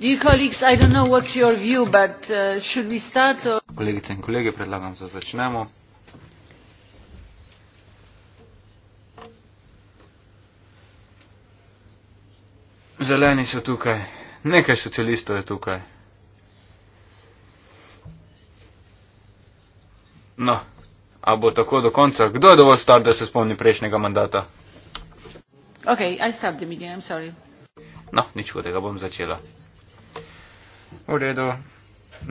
Uh, Kolegice in kolege, predlagam, da začnemo. Zeleni so tukaj, nekaj socialistov je tukaj. No, a bo tako do konca? Kdo je dovolj star, da se spomni prejšnjega mandata? Okay, no, nič hudega, bom začela. V redu,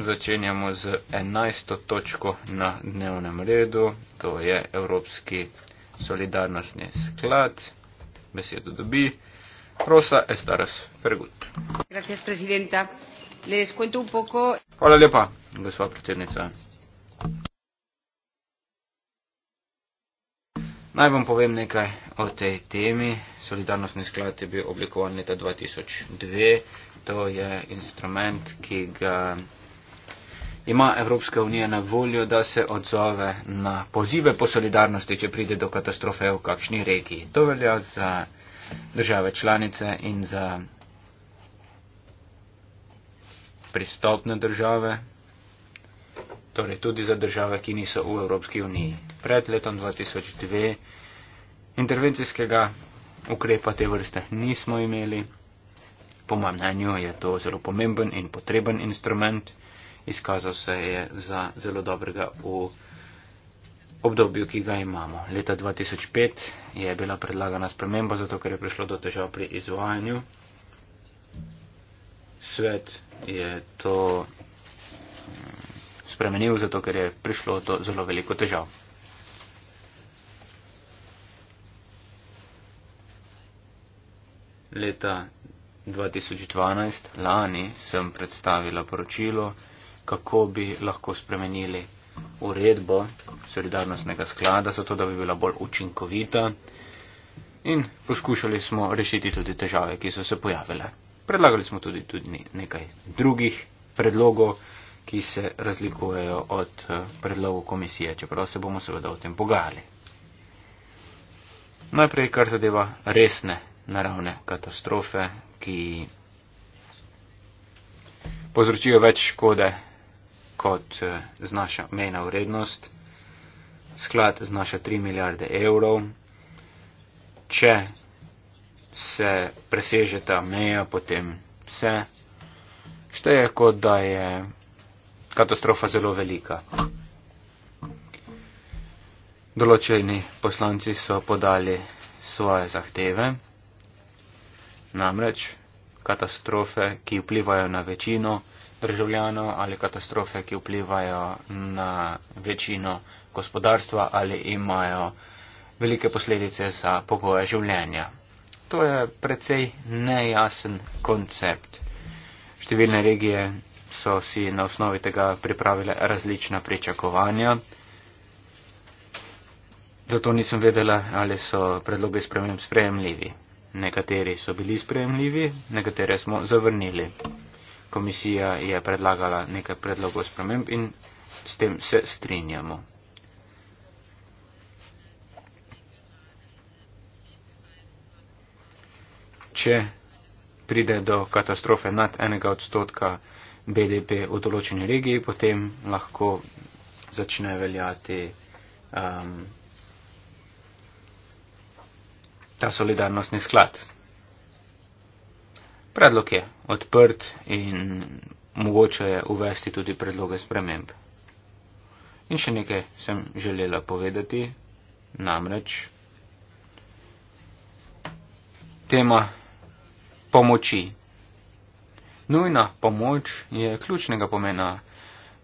začenjamo z enajsto točko na dnevnem redu, to je Evropski solidarnostni sklad. Besedo dobi Rosa Estaras Fergut. Hvala lepa, gospa predsednica. Naj vam povem nekaj o tej temi. Solidarnostni sklad je bil oblikovan leta 2002. To je instrument, ki ga ima Evropska unija na voljo, da se odzove na pozive po solidarnosti, če pride do katastrofe v kakšni regiji. To velja za države članice in za pristopne države, torej tudi za države, ki niso v Evropski uniji. Pred letom 2002 intervencijskega ukrepa te vrste nismo imeli. Po mojem mnenju je to zelo pomemben in potreben instrument. Izkazal se je za zelo dobrega v obdobju, ki ga imamo. Leta 2005 je bila predlagana sprememba, zato ker je prišlo do težav pri izvajanju. Svet je to mm, spremenil, zato ker je prišlo do zelo veliko težav. Leta 2012, lani, sem predstavila poročilo, kako bi lahko spremenili uredbo solidarnostnega sklada, zato da bi bila bolj učinkovita in poskušali smo rešiti tudi težave, ki so se pojavile. Predlagali smo tudi, tudi nekaj drugih predlogov, ki se razlikujejo od eh, predlogov komisije, čeprav se bomo seveda o tem pogajali. Najprej, kar zadeva resne naravne katastrofe, ki povzročijo več škode, kot eh, znaša mejna vrednost. Sklad znaša 3 milijarde evrov. Če se preseže ta meja, potem vse šteje, kot da je katastrofa zelo velika. Določeni poslanci so podali svoje zahteve. Namreč katastrofe, ki vplivajo na večino državljanov ali katastrofe, ki vplivajo na večino gospodarstva ali imajo velike posledice za pogoje življenja. To je precej nejasen koncept. Številne regije so si na osnovi tega pripravile različna pričakovanja. Zato nisem vedela, ali so predloge sprememb sprejemljivi. Nekateri so bili sprejemljivi, nekatere smo zavrnili. Komisija je predlagala nekaj predlogov sprememb in s tem se strinjamo. Če pride do katastrofe nad enega odstotka BDP v določeni regiji, potem lahko začne veljati um, ta solidarnostni sklad. Predlog je odprt in mogoče je uvesti tudi predloge sprememb. In še nekaj sem želela povedati, namreč tema pomoči. Nujna pomoč je ključnega pomena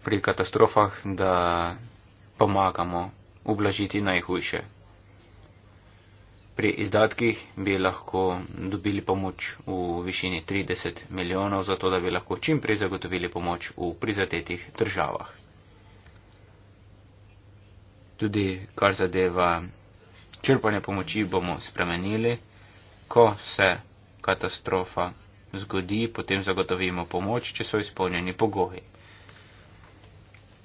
pri katastrofah, da pomagamo ublažiti najhujše. Pri izdatkih bi lahko dobili pomoč v višini 30 milijonov, zato da bi lahko čim prej zagotovili pomoč v prizadetih državah. Tudi kar zadeva črpanje pomoči bomo spremenili. Ko se katastrofa zgodi, potem zagotovimo pomoč, če so izpolnjeni pogoji.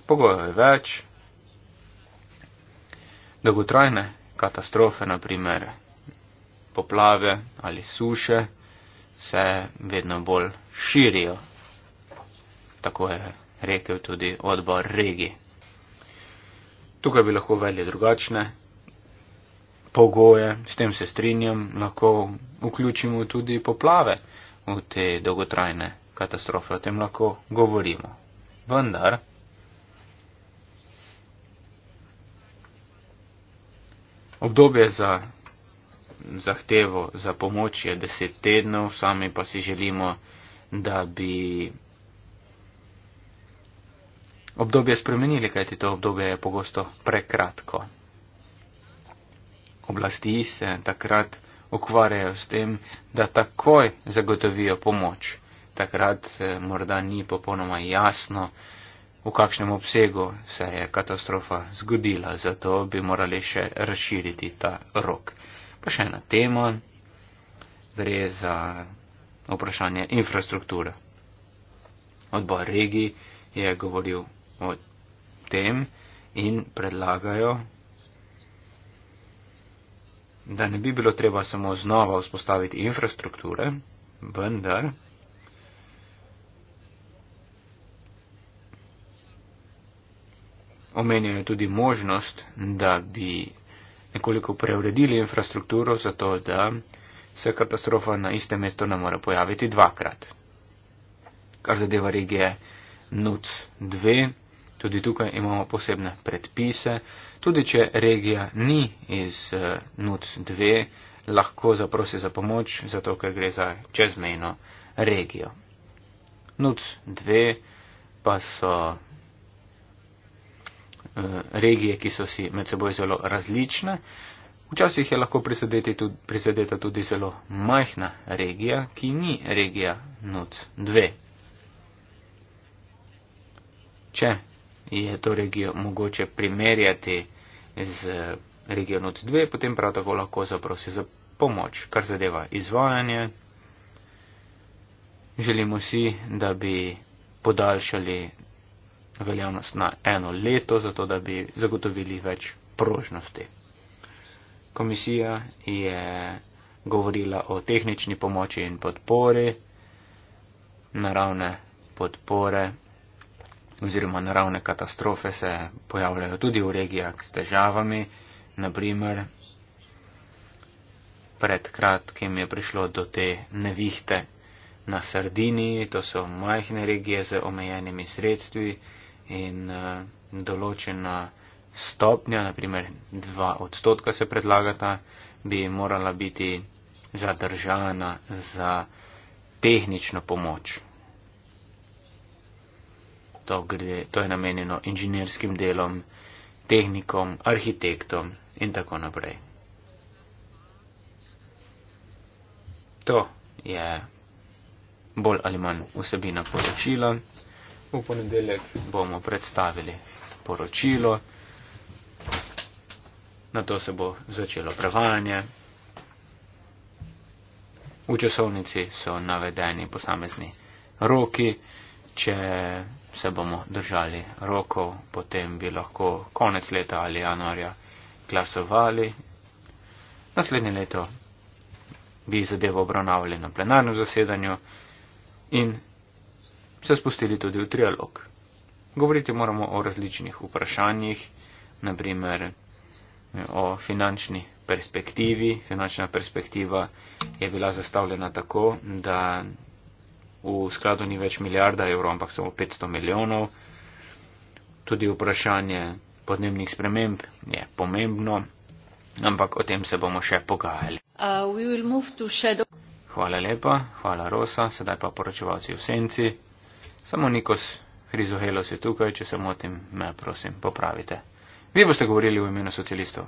Pogojev je več. Dolgotrajne katastrofe, naprimer poplave ali suše, se vedno bolj širijo. Tako je rekel tudi odbor regi. Tukaj bi lahko velje drugačne pogoje, s tem se strinjam, lahko vključimo tudi poplave v te dolgotrajne katastrofe, o tem lahko govorimo. Vendar, Obdobje za zahtevo za pomoč je deset tednov, sami pa si želimo, da bi obdobje spremenili, kajti to obdobje je pogosto prekratko. Oblasti se takrat ukvarjajo s tem, da takoj zagotovijo pomoč. Takrat morda ni popolnoma jasno, v kakšnem obsegu se je katastrofa zgodila, zato bi morali še razširiti ta rok. Pa še ena tema, gre za vprašanje infrastrukture. Odbor regij je govoril o tem in predlagajo, da ne bi bilo treba samo znova vzpostaviti infrastrukture, vendar omenjajo tudi možnost, da bi nekoliko preuredili infrastrukturo, zato da se katastrofa na iste mesto ne more pojaviti dvakrat. Kar zadeva regije NUC 2, tudi tukaj imamo posebne predpise. Tudi če regija ni iz eh, NUC 2, lahko zaprosi za pomoč, zato ker gre za čezmejno regijo. NUC 2 pa so Eh, regije, ki so si med seboj zelo različne. Včasih je lahko prizadeta tudi, prizadeta tudi zelo majhna regija, ki ni regija NUC 2. Če je to regijo mogoče primerjati z regijo NUC 2, potem prav tako lahko zaprosi za pomoč, kar zadeva izvajanje. Želimo si, da bi podaljšali veljavnost na eno leto, zato da bi zagotovili več prožnosti. Komisija je govorila o tehnični pomoči in podpori, naravne podpore oziroma naravne katastrofe se pojavljajo tudi v regijah s težavami, naprimer pred kratkim je prišlo do te nevihte na Sardiniji, to so majhne regije z omejenimi sredstvi, in uh, določena stopnja, naprimer dva odstotka se predlagata, bi morala biti zadržana za tehnično pomoč. To, gre, to je namenjeno inženirskim delom, tehnikom, arhitektom in tako naprej. To je bolj ali manj vsebina poročila v ponedeljek bomo predstavili poročilo, na to se bo začelo prevajanje. V časovnici so navedeni posamezni roki. Če se bomo držali rokov, potem bi lahko konec leta ali januarja glasovali. Naslednje leto bi zadevo obravnavali na plenarnem zasedanju in se spustili tudi v trialog. Govoriti moramo o različnih vprašanjih, naprimer o finančni perspektivi. Finančna perspektiva je bila zastavljena tako, da v skladu ni več milijarda evrov, ampak samo 500 milijonov. Tudi vprašanje podnebnih sprememb je pomembno, ampak o tem se bomo še pogajali. Uh, hvala lepa, hvala Rosa, sedaj pa poročevalci v senci. Samo Nikos Hrizohelos je tukaj, če se motim, me prosim, popravite. Vi boste govorili v imenu socialistov.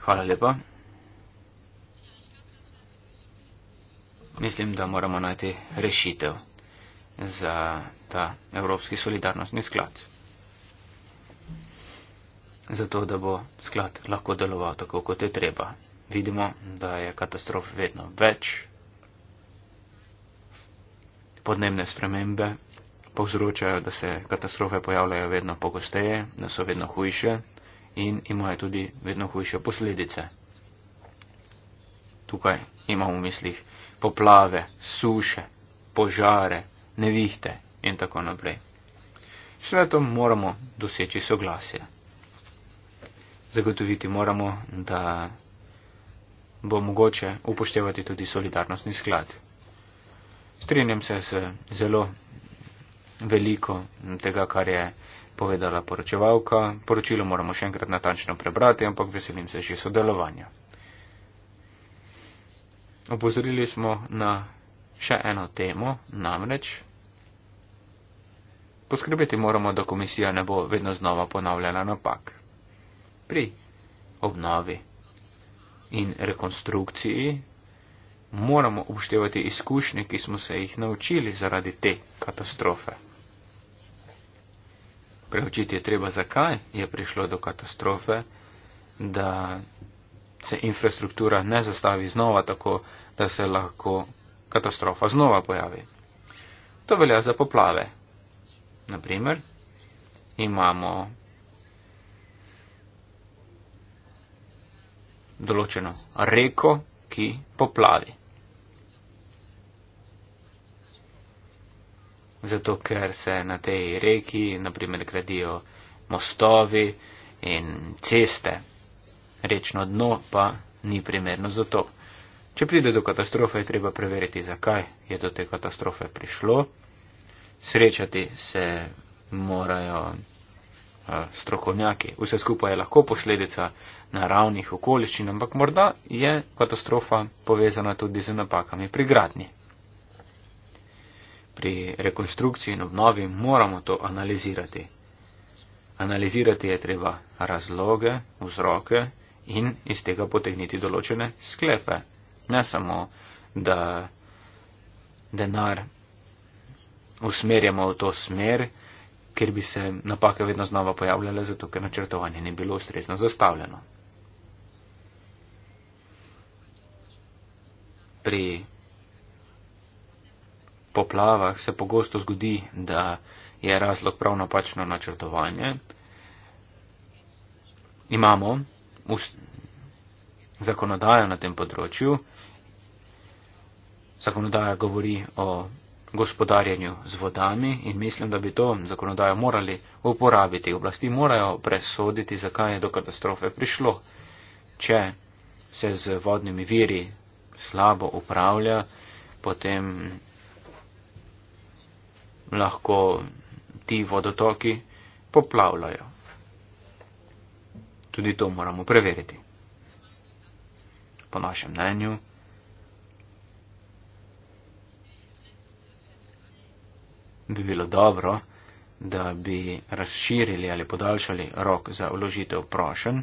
Hvala lepa. Mislim, da moramo najti rešitev za ta Evropski solidarnostni sklad zato da bo sklad lahko deloval tako, kot je treba. Vidimo, da je katastrof vedno več. Podnebne spremembe povzročajo, da se katastrofe pojavljajo vedno pogosteje, da so vedno hujše in imajo tudi vedno hujše posledice. Tukaj imamo v mislih poplave, suše, požare, nevihte in tako naprej. Svetom moramo doseči soglasje zagotoviti moramo, da bo mogoče upoštevati tudi solidarnostni sklad. Strinjam se z zelo veliko tega, kar je povedala poročevalka. Poročilo moramo še enkrat natančno prebrati, ampak veselim se že sodelovanja. Opozorili smo na še eno temo, namreč poskrbeti moramo, da komisija ne bo vedno znova ponavljala napak. Na pri obnovi in rekonstrukciji moramo upoštevati izkušnje, ki smo se jih naučili zaradi te katastrofe. Preučiti je treba, zakaj je prišlo do katastrofe, da se infrastruktura ne zastavi znova tako, da se lahko katastrofa znova pojavi. To velja za poplave. Naprimer, imamo določeno reko, ki poplavi. Zato, ker se na tej reki, naprimer, gradijo mostovi in ceste, rečno dno pa ni primerno za to. Če pride do katastrofe, je treba preveriti, zakaj je do te katastrofe prišlo. Srečati se morajo eh, strokovnjaki. Vse skupaj je lahko posledica naravnih okoliščin, ampak morda je katastrofa povezana tudi z napakami pri gradnji. Pri rekonstrukciji in obnovi moramo to analizirati. Analizirati je treba razloge, vzroke in iz tega potegniti določene sklepe. Ne samo, da denar usmerjamo v to smer, ker bi se napake vedno znova pojavljale, zato ker načrtovanje ni bilo ustrezno zastavljeno. pri poplavah se pogosto zgodi, da je razlog prav napačno načrtovanje. Imamo zakonodajo na tem področju. Zakonodaja govori o gospodarjenju z vodami in mislim, da bi to zakonodajo morali uporabiti. Oblasti morajo presoditi, zakaj je do katastrofe prišlo. Če se z vodnimi viri slabo upravlja, potem lahko ti vodotoki poplavljajo. Tudi to moramo preveriti. Po našem mnenju bi bilo dobro, da bi razširili ali podaljšali rok za vložitev prošen.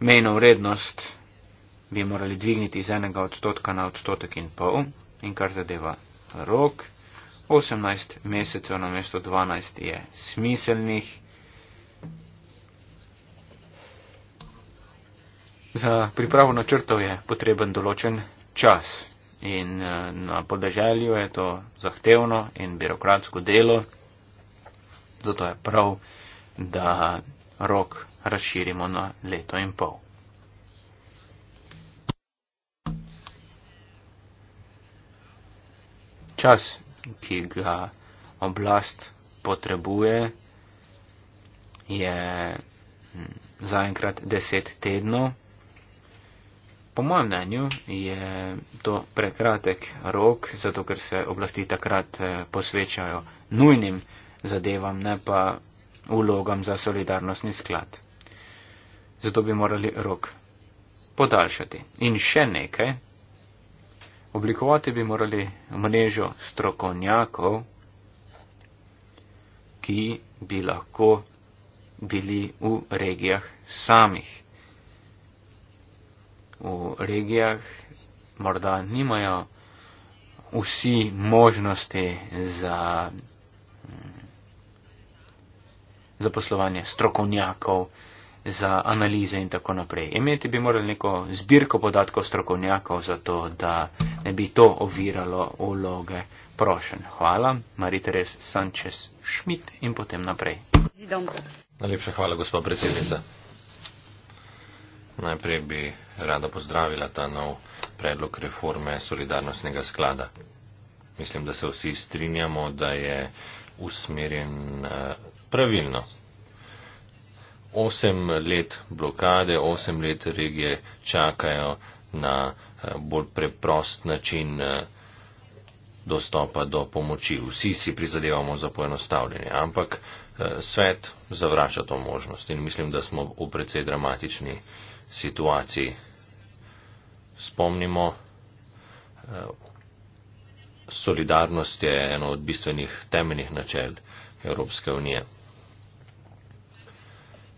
Mejno vrednost bi morali dvigniti iz enega odstotka na odstotek in pol in kar zadeva rok. 18 mesecev na mesto 12 je smiselnih Za pripravo načrtov je potreben določen čas in eh, na podeželju je to zahtevno in birokratsko delo, zato je prav, da rok razširimo na leto in pol. čas, ki ga oblast potrebuje, je hm, zaenkrat deset tednov. Po mojem mnenju je to prekratek rok, zato ker se oblasti takrat eh, posvečajo nujnim zadevam, ne pa vlogam za solidarnostni sklad. Zato bi morali rok podaljšati. In še nekaj, Oblikovati bi morali mrežo strokovnjakov, ki bi lahko bili v regijah samih. V regijah morda nimajo vsi možnosti za mm, zaposlovanje strokovnjakov, za analize in tako naprej. Imeti bi morali neko zbirko podatkov strokovnjakov za to, da ne bi to oviralo vloge prošen. Hvala, Mariteres Sanchez Schmidt in potem naprej. Najlepša hvala, gospod predsednica. Najprej bi rada pozdravila ta nov predlog reforme solidarnostnega sklada. Mislim, da se vsi strinjamo, da je usmerjen eh, pravilno osem let blokade, osem let regije čakajo na eh, bolj preprost način eh, dostopa do pomoči. Vsi si prizadevamo za poenostavljanje, ampak eh, svet zavrača to možnost in mislim, da smo v precej dramatični situaciji. Spomnimo, solidarnost je eno od bistvenih temeljnih načel Evropske unije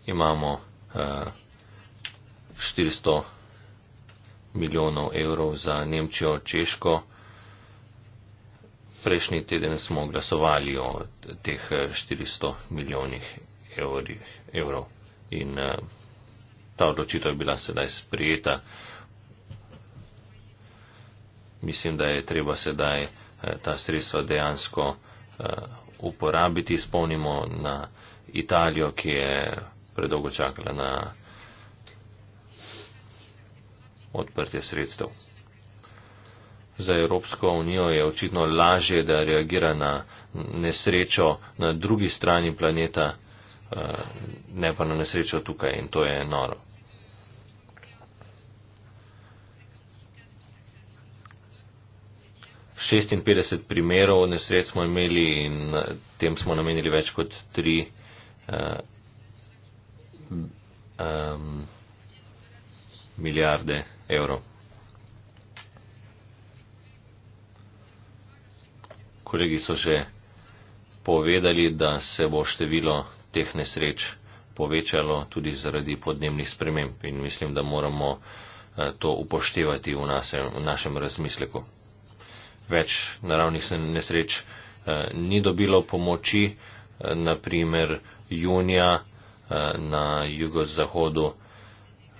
imamo uh, eh, 400 milijonov evrov za Nemčijo, Češko. Prejšnji teden smo glasovali o teh 400 eh, milijonih evrov in uh, ta odločitev je bila sedaj sprijeta. Mislim, da je treba sedaj uh, ta sredstva dejansko uh, uporabiti. Spomnimo na Italijo, ki je predolgo čakala na odprtje sredstev. Za Evropsko unijo je očitno lažje, da reagira na nesrečo na drugi strani planeta, eh, ne pa na nesrečo tukaj in to je noro. Šestinpetdeset primerov nesreč smo imeli in eh, tem smo namenili več kot tri eh, um, milijarde evrov. Kolegi so že povedali, da se bo število teh nesreč povečalo tudi zaradi podnebnih sprememb in mislim, da moramo eh, to upoštevati v, nase, v našem razmisleku. Več naravnih nesreč eh, ni dobilo pomoči, eh, naprimer junija Eh, na jugozahodu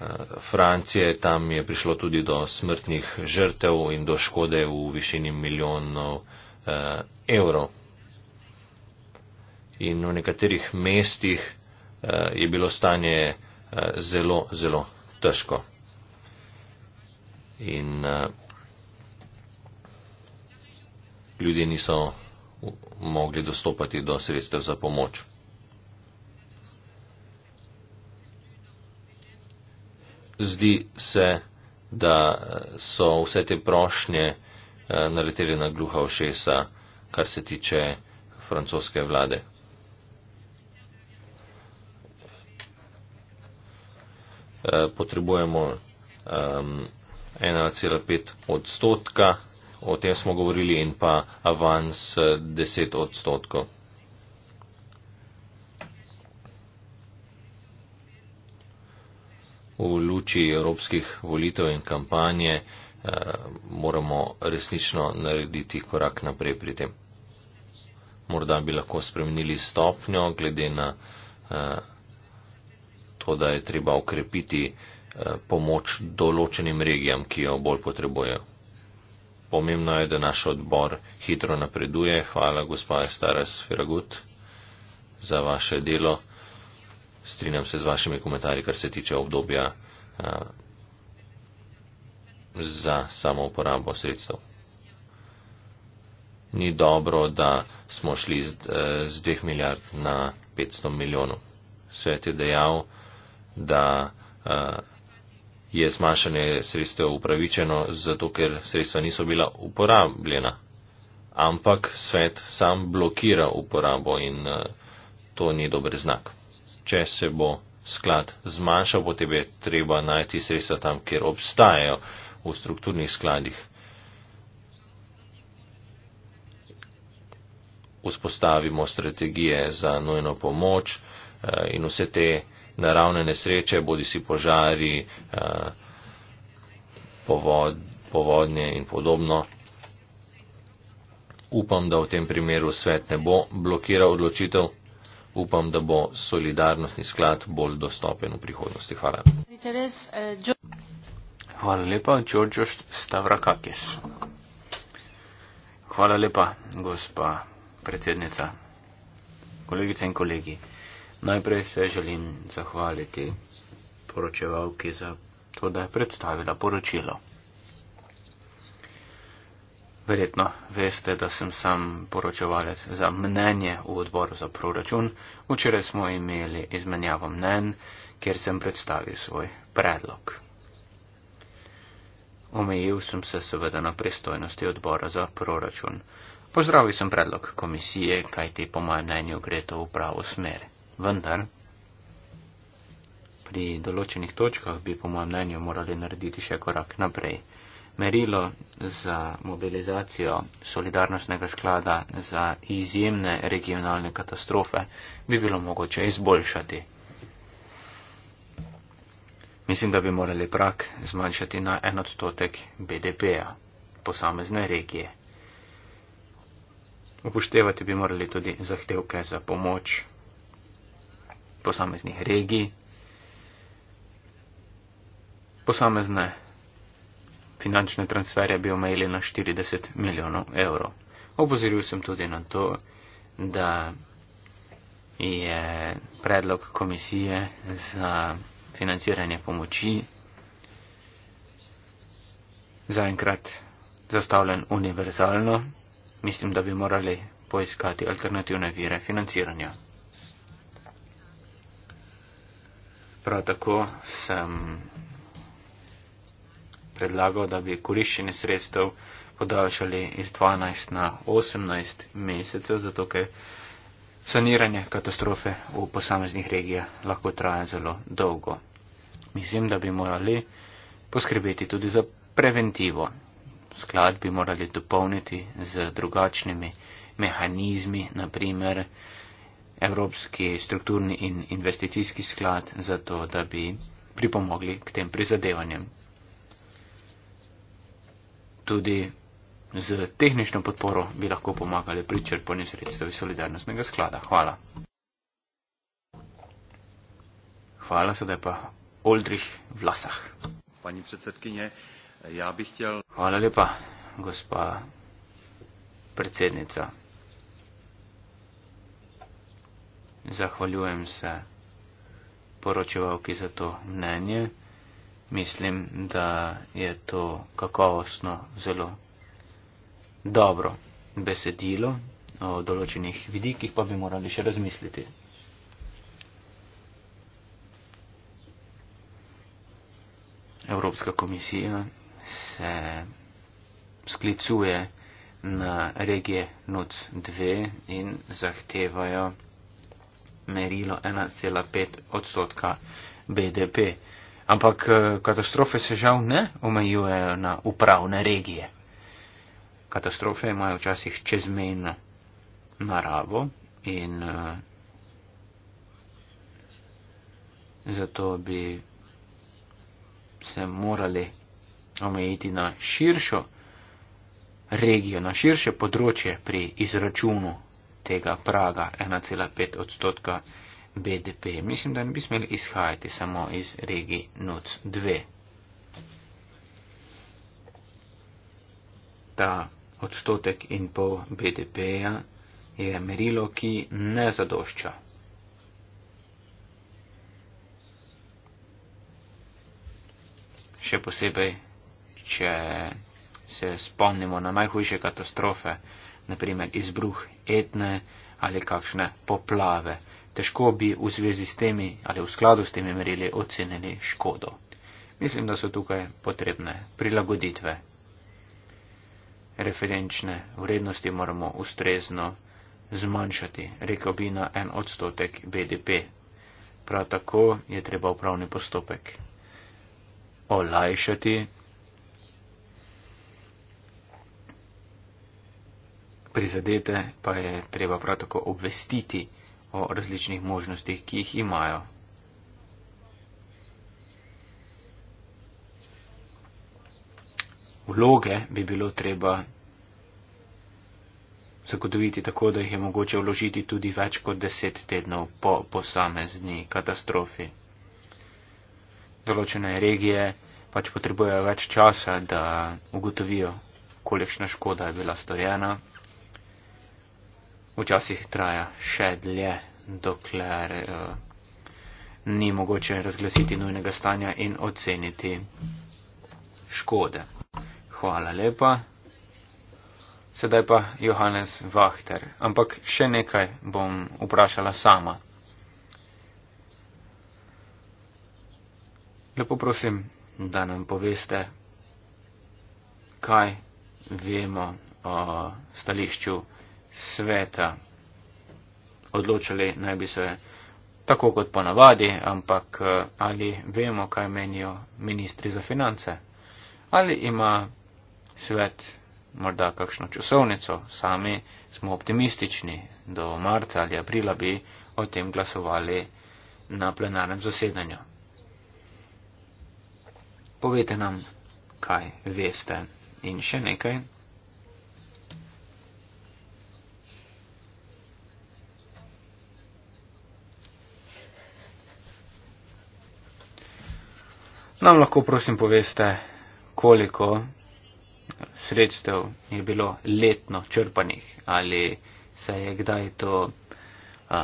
eh, Francije. Tam je prišlo tudi do smrtnih žrtev in do škode v višini milijonov eh, evrov. In v nekaterih mestih je bilo stanje zelo, zelo težko. In ljudje niso mogli dostopati do sredstev za pomoč. zdi se, da so vse te prošnje eh, naletele na gluha ošesa, kar se tiče francoske vlade. Eh, potrebujemo 1,5 ehm, odstotka, o tem smo govorili, in pa avans 10 eh, odstotkov. v luči evropskih volitev in kampanje eh, moramo resnično narediti korak naprej pri tem. Morda bi lahko spremenili stopnjo glede na eh, to, da je treba okrepiti eh, pomoč določenim regijam, ki jo bolj potrebujejo. Pomembno je, da naš odbor hitro napreduje. Hvala, gospod Staras Feragut, za vaše delo strinjam se z vašimi komentarji, kar se tiče obdobja eh, za samo uporabo sredstev. Ni dobro, da smo šli z 2 eh, milijard na 500 milijonov. Svet je dejal, da eh, je zmanjšanje sredstev upravičeno, zato ker sredstva niso bila uporabljena. Ampak svet sam blokira uporabo in to ni dober znak če se bo sklad zmanjšal, potem je treba najti sredstva tam, kjer obstajajo v strukturnih skladih. Vzpostavimo strategije za nujno pomoč eh, in vse te naravne nesreče, bodi si požari, eh, povodnje in podobno. Upam, da v tem primeru svet ne bo blokiral odločitev upam, da bo solidarnostni sklad bolj dostopen v prihodnosti. Hvala. Hvala lepa, Đorđo Stavrakakis. Hvala lepa, gospa predsednica, kolegice in kolegi. Najprej se želim zahvaliti poročevalki za to, da je predstavila poročilo. Verjetno veste, da sem sam poročevalec za mnenje v odboru za proračun. Včeraj smo imeli izmenjavo mnen, kjer sem predstavil svoj predlog. Omejil sem se seveda na pristojnosti odbora za proračun. Pozdravil sem predlog komisije, kajti po mojem mnenju gre to v pravo smer. Vendar, pri določenih točkah bi po mojem mnenju morali narediti še korak naprej merilo za mobilizacijo solidarnostnega sklada za izjemne regionalne katastrofe bi bilo mogoče izboljšati. Mislim, da bi morali prak zmanjšati na en odstotek BDP-ja posamezne regije. Upoštevati bi morali tudi zahtevke za pomoč posameznih regij, posamezne finančne transferje bi omejili na 40 milijonov evrov. Obozoril sem tudi na to, da je predlog komisije za financiranje pomoči zaenkrat zastavljen univerzalno. Mislim, da bi morali poiskati alternativne vire financiranja. Prav tako sem predlagal, da bi koriščenje sredstev podaljšali iz 12 na 18 mesecev, zato ker saniranje katastrofe v posameznih regijah lahko traja zelo dolgo. Mislim, da bi morali poskrbeti tudi za preventivo. Sklad bi morali dopolniti z drugačnimi mehanizmi, naprimer Evropski strukturni in investicijski sklad, zato da bi pripomogli k tem prizadevanjem tudi z tehnično podporo bi lahko pomagali pri črpanju sredstev iz solidarnostnega sklada. Hvala. Hvala, sedaj pa Oldrih Vlasah. Pani predsedkinje, ja bi htjel... Hvala lepa, gospa predsednica. Zahvaljujem se poročevalki za to mnenje mislim, da je to kakovostno, zelo dobro besedilo. O določenih vidikih pa bi morali še razmisliti. Evropska komisija se sklicuje na regije NUC 2 in zahtevajo merilo 1,5 odstotka BDP. Ampak eh, katastrofe se žal ne omejujejo na upravne regije. Katastrofe imajo včasih čezmejno naravo in uh, zato bi se morali omejiti na širšo regijo, na širše področje pri izračunu tega praga 1,5 odstotka BDP. Mislim, da ne bi smeli izhajati samo iz regije NUC 2. Ta odstotek in pol BDP-ja je merilo, ki ne zadošča. Še posebej, če se spomnimo na najhujše katastrofe, naprimer izbruh etne ali kakšne poplave težko bi v zvezi s temi ali v skladu s temi merili ocenili škodo. Mislim, da so tukaj potrebne prilagoditve. Referenčne vrednosti moramo ustrezno zmanjšati, rekel bi na en odstotek BDP. Prav tako je treba upravni postopek olajšati, prizadete pa je treba prav tako obvestiti, o različnih možnostih, ki jih imajo. Vloge bi bilo treba zagotoviti tako, da jih je mogoče vložiti tudi več kot deset tednov po posamezni katastrofi. Določene regije pač potrebujejo več časa, da ugotovijo, kolikšna škoda je bila storjena, včasih traja še dlje, dokler eh, ni mogoče razglasiti nujnega stanja in oceniti škode. Hvala lepa. Sedaj pa Johannes Vahter. Ampak še nekaj bom vprašala sama. Lepo prosim, da nam poveste, kaj vemo o stališču sveta. Odločili naj bi se tako kot ponavadi, ampak eh, ali vemo, kaj menijo ministri za finance? Ali ima svet morda kakšno časovnico? Sami smo optimistični, do marca ali aprila bi o tem glasovali na plenarnem zasedanju. Povejte nam, kaj veste. In še nekaj, Nam lahko prosim poveste, koliko sredstev je bilo letno črpanih ali se je kdaj to uh,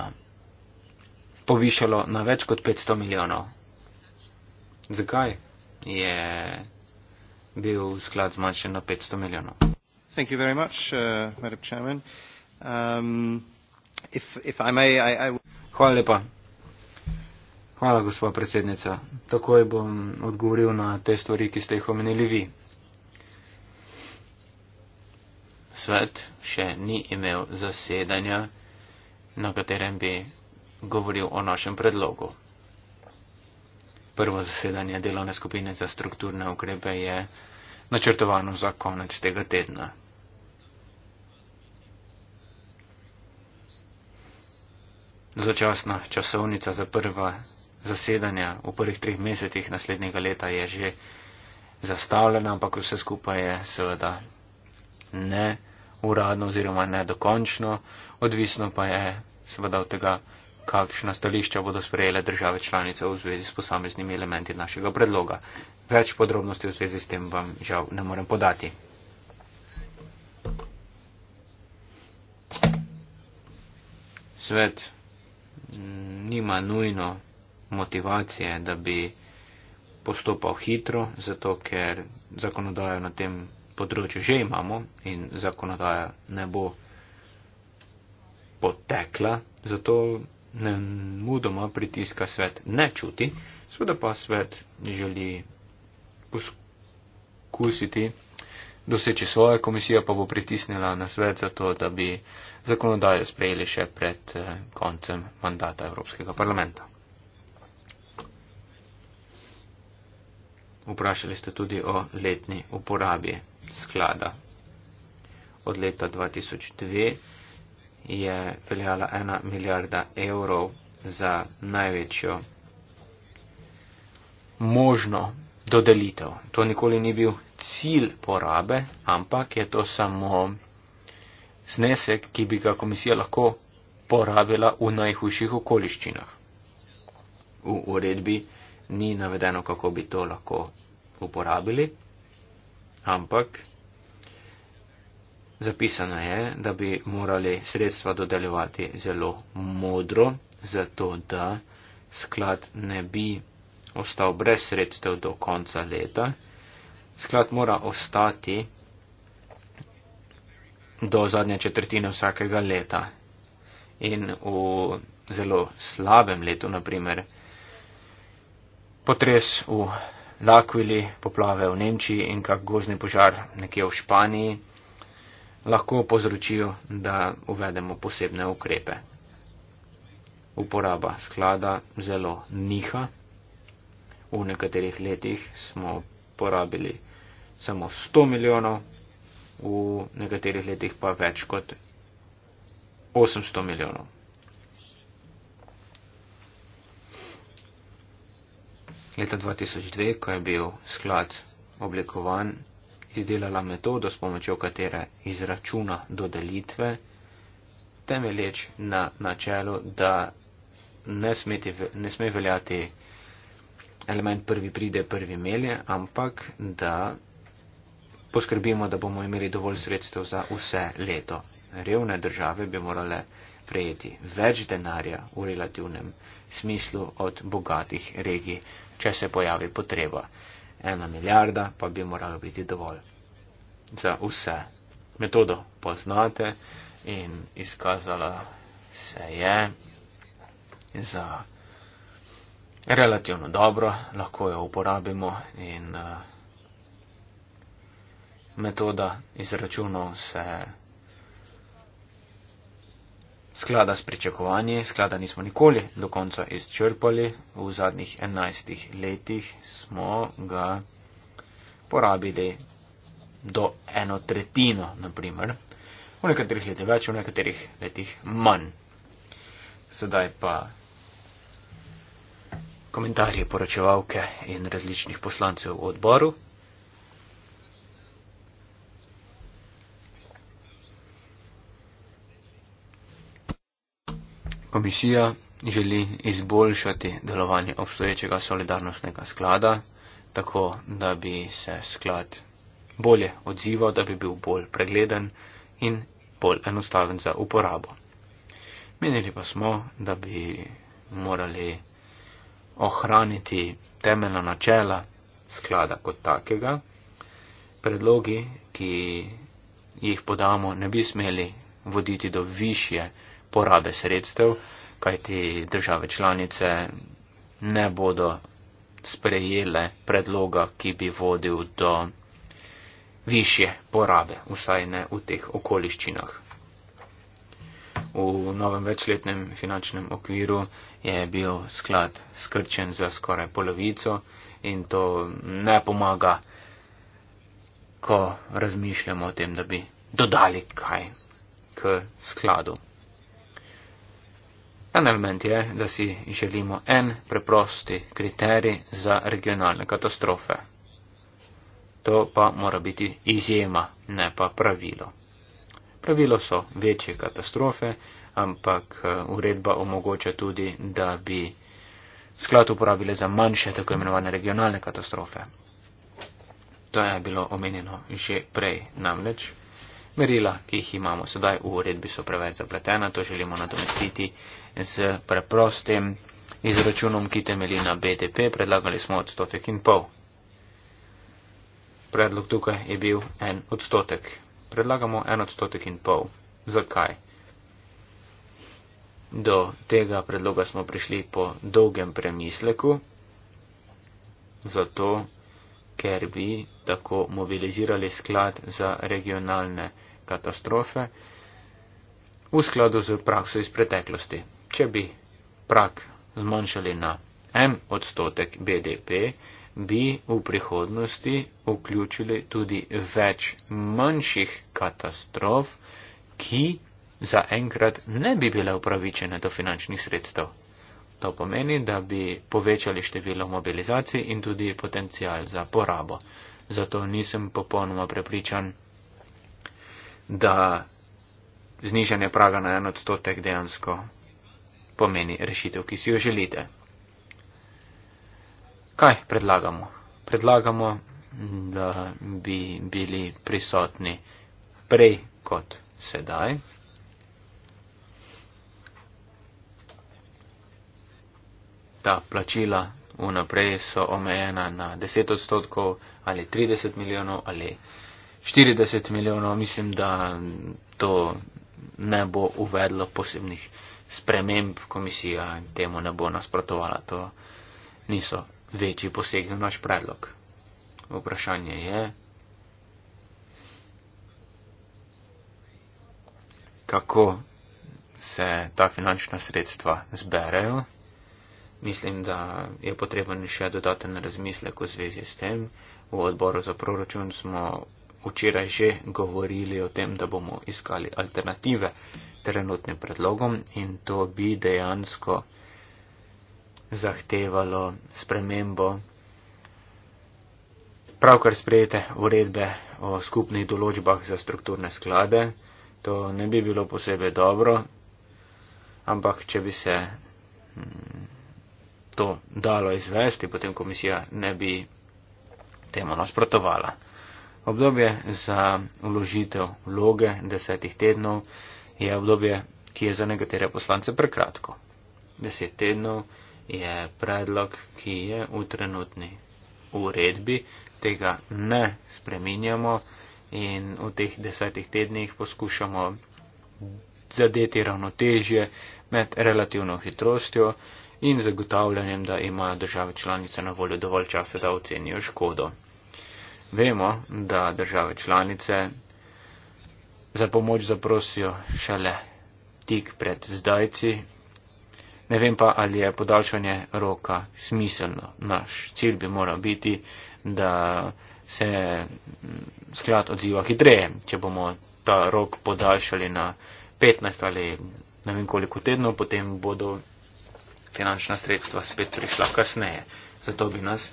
povišalo na več kot 500 milijonov. Zakaj je bil sklad zmanjšen na 500 milijonov? Thank you very much, uh, Madam Chairman. Um, if, if I may, I, I... Hvala lepa, Hvala, gospod predsednica. Takoj bom odgovoril na te stvari, ki ste jih omenili vi. Svet še ni imel zasedanja, na katerem bi govoril o našem predlogu. Prvo zasedanje delovne skupine za strukturne ukrepe je načrtovano za konec tega tedna. Začasna časovnica za prva zasedanja v prvih treh mesecih naslednjega leta je že zastavljena, ampak vse skupaj je seveda ne uradno oziroma ne dokončno, odvisno pa je seveda od tega, kakšna stališča bodo sprejele države članice v zvezi s posameznimi elementi našega predloga. Več podrobnosti v zvezi s tem vam žal ne morem podati. Svet mm, nima nujno motivacije, da bi postopal hitro, zato ker zakonodajo na tem področju že imamo in zakonodaja ne bo potekla, zato ne mudoma pritiska svet ne čuti, seveda pa svet želi poskusiti doseči svojo komisijo, pa bo pritisnila na svet za to, da bi zakonodajo sprejeli še pred eh, koncem mandata Evropskega parlamenta. Vprašali ste tudi o letni uporabi sklada. Od leta 2002 je veljala ena milijarda evrov za največjo možno dodelitev. To nikoli ni bil cilj porabe, ampak je to samo znesek, ki bi ga komisija lahko porabila v najhujših okoliščinah. V uredbi ni navedeno, kako bi to lahko uporabili, ampak zapisano je, da bi morali sredstva dodeljevati zelo modro, zato da sklad ne bi ostal brez sredstev do konca leta. Sklad mora ostati do zadnje četrtine vsakega leta. In v zelo slabem letu, naprimer, potres v Lakvili, poplave v Nemčiji in kak gozni požar nekje v Španiji lahko povzročijo, da uvedemo posebne ukrepe. Uporaba sklada zelo niha. V nekaterih letih smo porabili samo 100 milijonov, v nekaterih letih pa več kot 800 milijonov. leta 2002, ko je bil sklad oblikovan, izdelala metodo, s pomočjo katere izračuna dodelitve, temelječ na načelu, da ne, smeti, ne sme veljati element prvi pride, prvi melje, ampak da poskrbimo, da bomo imeli dovolj sredstev za vse leto. Revne države bi morale prejeti več denarja v relativnem smislu od bogatih regij, če se pojavi potreba. Ena milijarda pa bi morala biti dovolj za vse. Metodo poznate in izkazala se je za relativno dobro, lahko jo uporabimo in uh, metoda izračunov se je sklada s pričakovanji, sklada nismo nikoli do konca izčrpali, v zadnjih enajstih letih smo ga porabili do eno tretjino, naprimer, v nekaterih letih več, v nekaterih letih manj. Sedaj pa komentarje poročevalke in različnih poslancev v odboru. komisija želi izboljšati delovanje obstoječega solidarnostnega sklada, tako da bi se sklad bolje odzival, da bi bil bolj pregleden in bolj enostaven za uporabo. Menili pa smo, da bi morali ohraniti temeljna načela sklada kot takega. Predlogi, ki jih podamo, ne bi smeli voditi do višje porabe sredstev, kajti države članice ne bodo sprejele predloga, ki bi vodil do više porabe, vsaj ne v teh okoliščinah. V novem večletnem finančnem okviru je bil sklad skrčen za skoraj polovico in to ne pomaga, ko razmišljamo o tem, da bi dodali kaj k skladu. En element je, da si želimo en preprosti kriterij za regionalne katastrofe. To pa mora biti izjema, ne pa pravilo. Pravilo so večje katastrofe, ampak eh, uredba omogoča tudi, da bi sklad uporabili za manjše tako imenovane regionalne katastrofe. To je bilo omenjeno že prej namreč. Merila, ki jih imamo sedaj v uredbi, so preveč zapletena, to želimo nadomestiti s preprostim izračunom, ki temelji na BDP, predlagali smo odstotek in pol. Predlog tukaj je bil en odstotek. Predlagamo en odstotek in pol. Zakaj? Do tega predloga smo prišli po dolgem premisleku, zato ker bi tako mobilizirali sklad za regionalne katastrofe v skladu z prakso iz preteklosti če bi prak zmanjšali na en odstotek BDP, bi v prihodnosti vključili tudi več manjših katastrof, ki zaenkrat ne bi bile upravičene do finančnih sredstev. To pomeni, da bi povečali število mobilizacij in tudi potencial za porabo. Zato nisem popolnoma prepričan, da znižanje praga na en odstotek dejansko pomeni rešitev, ki si jo želite. Kaj predlagamo? Predlagamo, da bi bili prisotni prej kot sedaj. Ta plačila vnaprej so omejena na 10 odstotkov ali 30 milijonov ali 40 milijonov. Mislim, da to ne bo uvedlo posebnih sprememb komisija temu ne bo nasprotovala. To niso večji posegi v naš predlog. Vprašanje je, kako se ta finančna sredstva zberejo. Mislim, da je potreben še dodaten razmislek v zvezi s tem. V odboru za proračun smo včeraj že govorili o tem, da bomo iskali alternative trenutnim predlogom in to bi dejansko zahtevalo spremembo pravkar sprejete uredbe o skupnih določbah za strukturne sklade. To ne bi bilo posebej dobro, ampak če bi se mm, to dalo izvesti, potem komisija ne bi temu nasprotovala. Obdobje za uložitev vloge desetih tednov je obdobje, ki je za nekatere poslance prekratko. Deset tednov je predlog, ki je v trenutni uredbi, tega ne spreminjamo in v teh desetih tednih poskušamo zadeti ravnotežje med relativno hitrostjo in zagotavljanjem, da imajo države članice na voljo dovolj časa, da ocenijo škodo. Vemo, da države članice za pomoč zaprosijo šele tik pred zdajci. Ne vem pa, ali je podaljšanje roka smiselno. Naš cilj bi moral biti, da se sklad odziva hitreje, če bomo ta rok podaljšali na 15 ali ne vem koliko tednov, potem bodo finančna sredstva spet prišla kasneje. Zato bi nas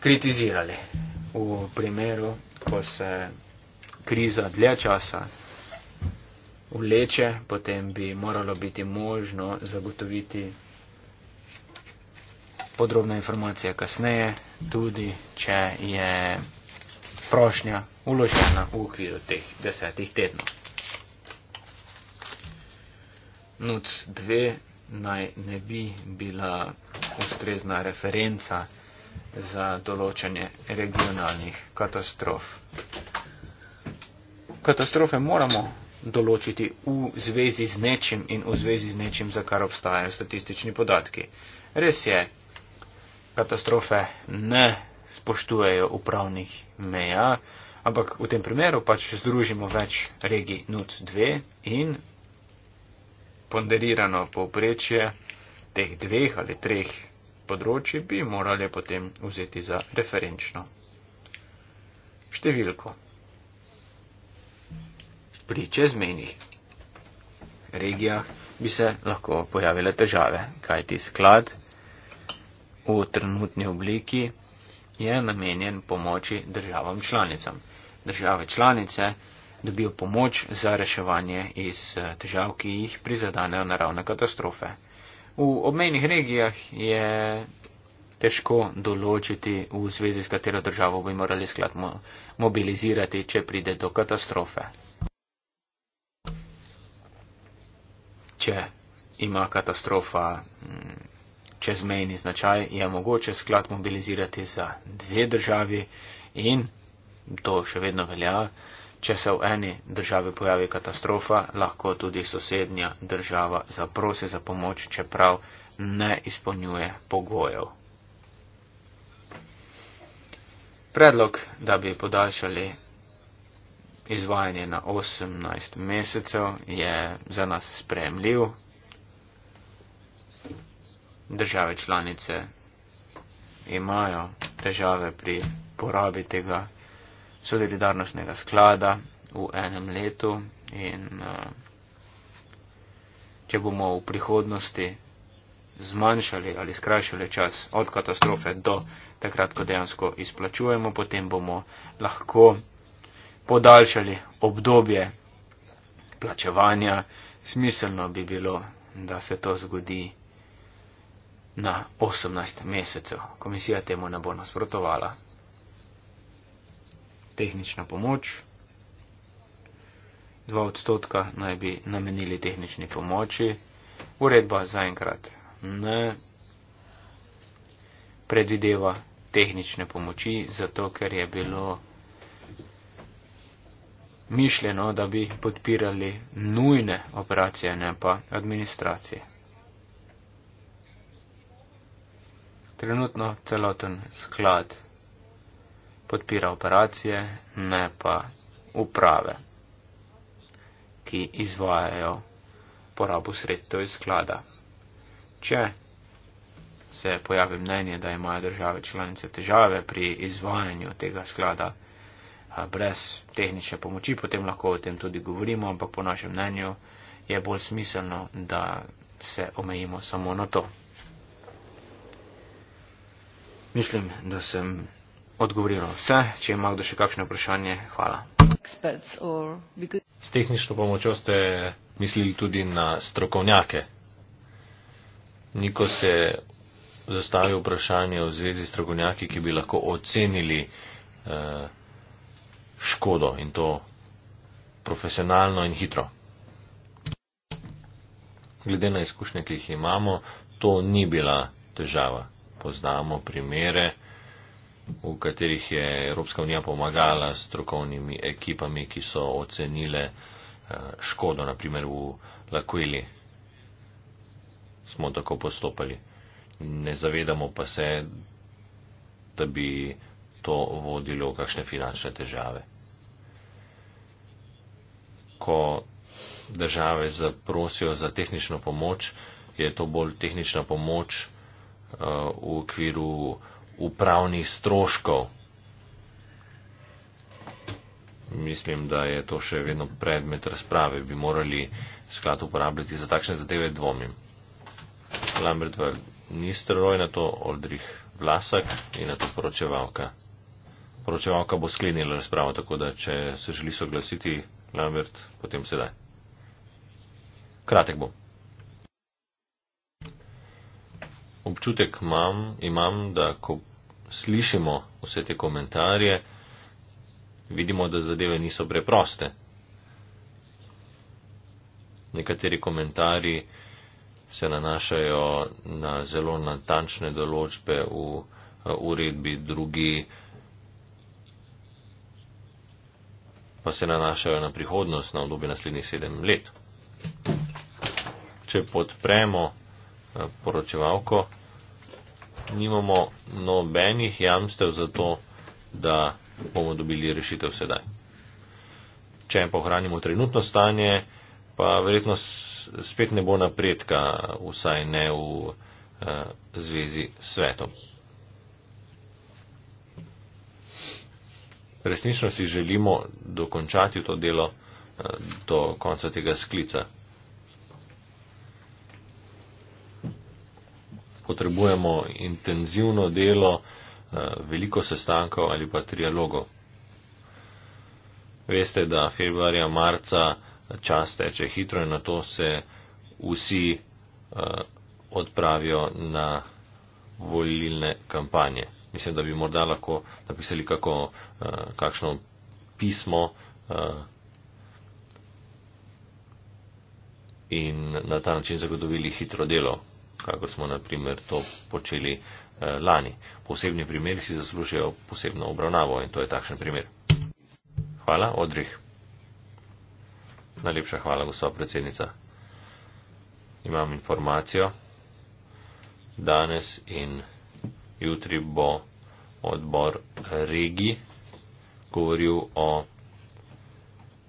kritizirali. V primeru, ko se kriza dlje časa vleče, potem bi moralo biti možno zagotoviti podrobne informacije kasneje, tudi če je prošnja uložena v okviru teh desetih tednov. NUC 2 naj ne bi bila ustrezna referenca za določanje regionalnih katastrof. Katastrofe moramo določiti v zvezi z nečim in v zvezi z nečim, za kar obstajajo statistični podatki. Res je, katastrofe ne spoštujejo upravnih meja, ampak v tem primeru pač združimo več regij NUC2 in ponderirano povprečje teh dveh ali treh področji bi morali potem vzeti za referenčno številko. Pri čezmejnih regijah bi se lahko pojavile težave, kajti sklad v trenutni obliki je namenjen pomoči državam članicam. Države članice dobijo pomoč za reševanje iz eh, težav, ki jih prizadanejo naravne katastrofe. V obmejnih regijah je težko določiti, v zvezi s katero državo bi morali sklad mobilizirati, če pride do katastrofe. Če ima katastrofa mm, čezmejni značaj, je mogoče sklad mobilizirati za dve državi in to še vedno velja. Če se v eni državi pojavi katastrofa, lahko tudi sosednja država zaprosi za pomoč, čeprav ne izpolnjuje pogojev. Predlog, da bi podaljšali izvajanje na 18 mesecev, je za nas spremljiv. Države članice imajo težave pri porabi tega solidarnostnega sklada v enem letu in eh, če bomo v prihodnosti zmanjšali ali skrajšali čas od katastrofe do takrat, ko dejansko izplačujemo, potem bomo lahko podaljšali obdobje plačevanja. Smiselno bi bilo, da se to zgodi na 18 mesecev. Komisija temu ne bo nasprotovala tehnična pomoč, 2 odstotka naj bi namenili tehnični pomoči, uredba zaenkrat ne predvideva tehnične pomoči, zato ker je bilo mišljeno, da bi podpirali nujne operacije, ne pa administracije. Trenutno celoten sklad podpira operacije, ne pa uprave, ki izvajajo porabo sredstev iz sklada. Če se pojavi mnenje, da imajo države članice težave pri izvajanju tega sklada brez tehnične pomoči, potem lahko o tem tudi govorimo, ampak po našem mnenju je bolj smiselno, da se omejimo samo na to. Mislim, da sem odgovorilo vse. Če ima kdo še kakšno vprašanje, hvala. S tehnično pomočjo ste mislili tudi na strokovnjake. Niko se zastavi vprašanje v zvezi s strokovnjaki, ki bi lahko ocenili uh, škodo in to profesionalno in hitro. Glede na izkušnje, ki jih imamo, to ni bila težava. Poznamo primere v katerih je Evropska unija pomagala strokovnimi ekipami, ki so ocenile eh, škodo, naprimer v Lakuili. Smo tako postopali. Ne zavedamo pa se, da bi to vodilo v kakšne finančne težave. Ko države zaprosijo za tehnično pomoč, je to bolj tehnična pomoč eh, v okviru upravnih stroškov. Mislim, da je to še vedno predmet razprave. Bi morali sklad uporabljati za takšne zadeve dvomim. Lambert Val Nisteroj na to, Oldrih Vlasak in na to poročevalka. Poročevalka bo sklenila razpravo, tako da če se želi soglasiti, Lambert, potem sedaj. Kratek bom. Občutek imam, imam da ko slišimo vse te komentarje, vidimo, da zadeve niso preproste. Nekateri komentarji se nanašajo na zelo natančne določbe v eh, uredbi, drugi pa se nanašajo na prihodnost, na obdobje naslednjih sedem let. Če podpremo eh, poročevalko, nimamo nobenih jamstev za to, da bomo dobili rešitev sedaj. Če pa ohranimo trenutno stanje, pa verjetno spet ne bo napredka, vsaj ne v eh, zvezi s svetom. Resnično si želimo dokončati to delo eh, do konca tega sklica. potrebujemo intenzivno delo, eh, veliko sestankov ali pa trialogov. Veste, da februarja, marca čas teče hitro in na to se vsi eh, odpravijo na volilne kampanje. Mislim, da bi morda lahko napisali kako, eh, kakšno pismo in na ta način zagotovili hitro delo, kako smo naprimer to počeli eh, lani. Posebni primeri si zaslužijo posebno obravnavo in to je takšen primer. Hvala, Odrih. Najlepša hvala, gospa predsednica. Imam informacijo. Danes in jutri bo odbor regi govoril o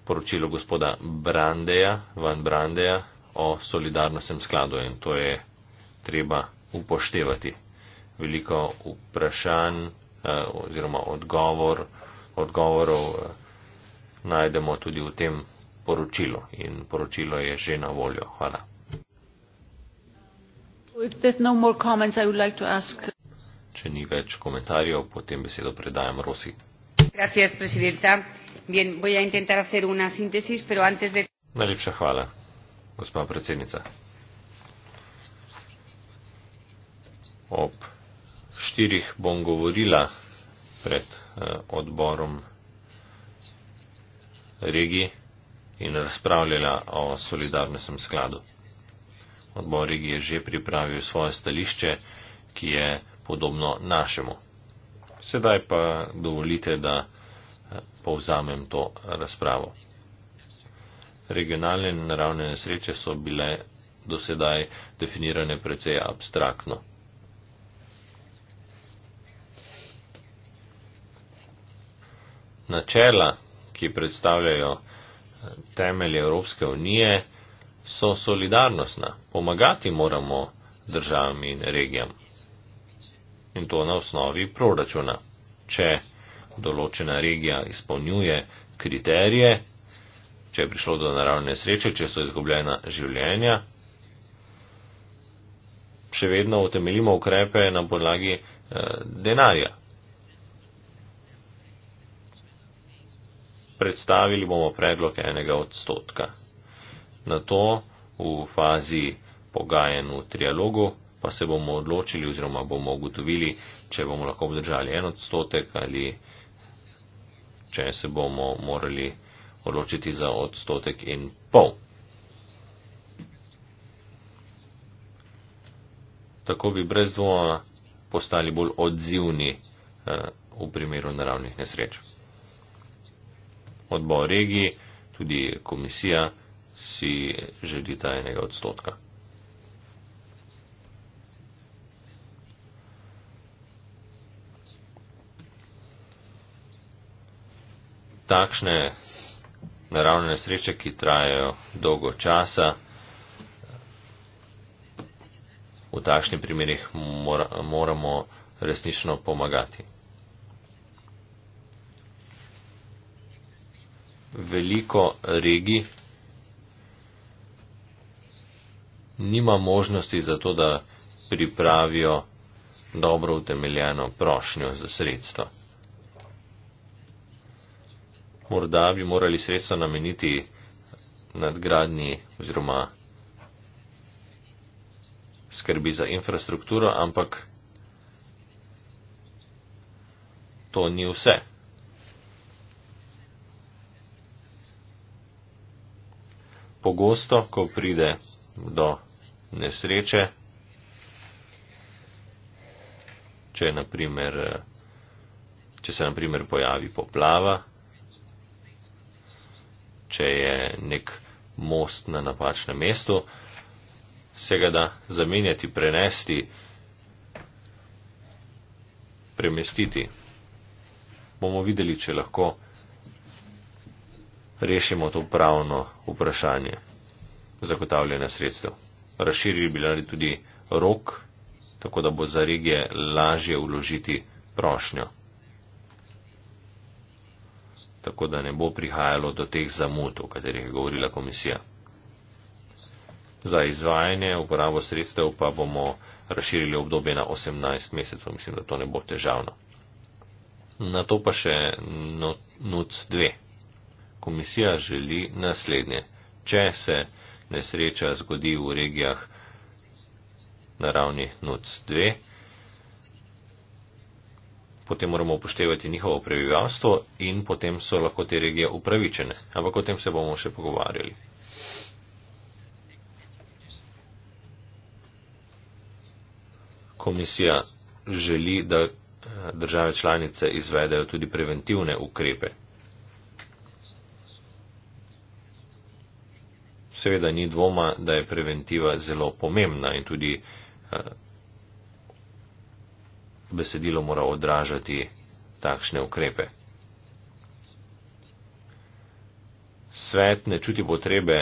poročilu gospoda Brandeja, Van Brandeja o solidarnostnem skladu in to je treba upoštevati. Veliko vprašanj eh, oziroma odgovor, odgovorov eh, najdemo tudi v tem poročilu in poročilo je že na voljo. Hvala. No comments, like ask... Če ni več komentarjev, potem besedo predajam Rosi. Gracias, Bien, de... Najlepša hvala, gospa predsednica. ob štirih bom govorila pred eh, odborom regi in razpravljala o solidarnostnem skladu. Odbor regi je že pripravil svoje stališče, ki je podobno našemu. Sedaj pa dovolite, da eh, povzamem to razpravo. Regionalne naravne nesreče so bile do sedaj definirane precej abstraktno. načela, ki predstavljajo eh, temelje Evropske unije, so solidarnostna. Pomagati moramo državam in regijam. In to na osnovi proračuna. Če določena regija izpolnjuje kriterije, če je prišlo do naravne sreče, če so izgubljena življenja, še vedno utemeljimo ukrepe na podlagi eh, denarja, predstavili bomo predlog enega odstotka. Na to v fazi pogajen v trialogu pa se bomo odločili oziroma bomo ugotovili, če bomo lahko obdržali en odstotek ali če se bomo morali odločiti za odstotek in pol. Tako bi brez dvoma postali bolj odzivni eh, v primeru naravnih nesreč odbor regiji, tudi komisija si želi ta enega odstotka. Takšne naravne nesreče, ki trajajo dolgo časa, v takšnih primerih mora, moramo resnično pomagati. veliko regij nima možnosti za to, da pripravijo dobro utemeljeno prošnjo za sredstva. Morda bi morali sredstva nameniti nadgradni oziroma skrbi za infrastrukturo, ampak to ni vse. pogosto, ko pride do nesreče, če, naprimer, eh, če se naprimer pojavi poplava, če je nek most na napačnem mestu, se ga da zamenjati, prenesti, premestiti. Bomo videli, če lahko rešimo to pravno vprašanje zagotavljanja sredstev. Razširili bi radi tudi rok, tako da bo za regije lažje vložiti prošnjo. Tako da ne bo prihajalo do teh zamud, o katerih je govorila komisija. Za izvajanje uporabo sredstev pa bomo razširili obdobje na 18 mesecev. Mislim, da to ne bo težavno. Na to pa še NUC 2 komisija želi naslednje. Če se nesreča zgodi v regijah na ravni NUC 2, potem moramo upoštevati njihovo prebivalstvo in potem so lahko te regije upravičene. Ampak o tem se bomo še pogovarjali. Komisija želi, da eh, države članice izvedejo tudi preventivne ukrepe. Seveda ni dvoma, da je preventiva zelo pomembna in tudi eh, besedilo mora odražati takšne ukrepe. Svet ne čuti potrebe,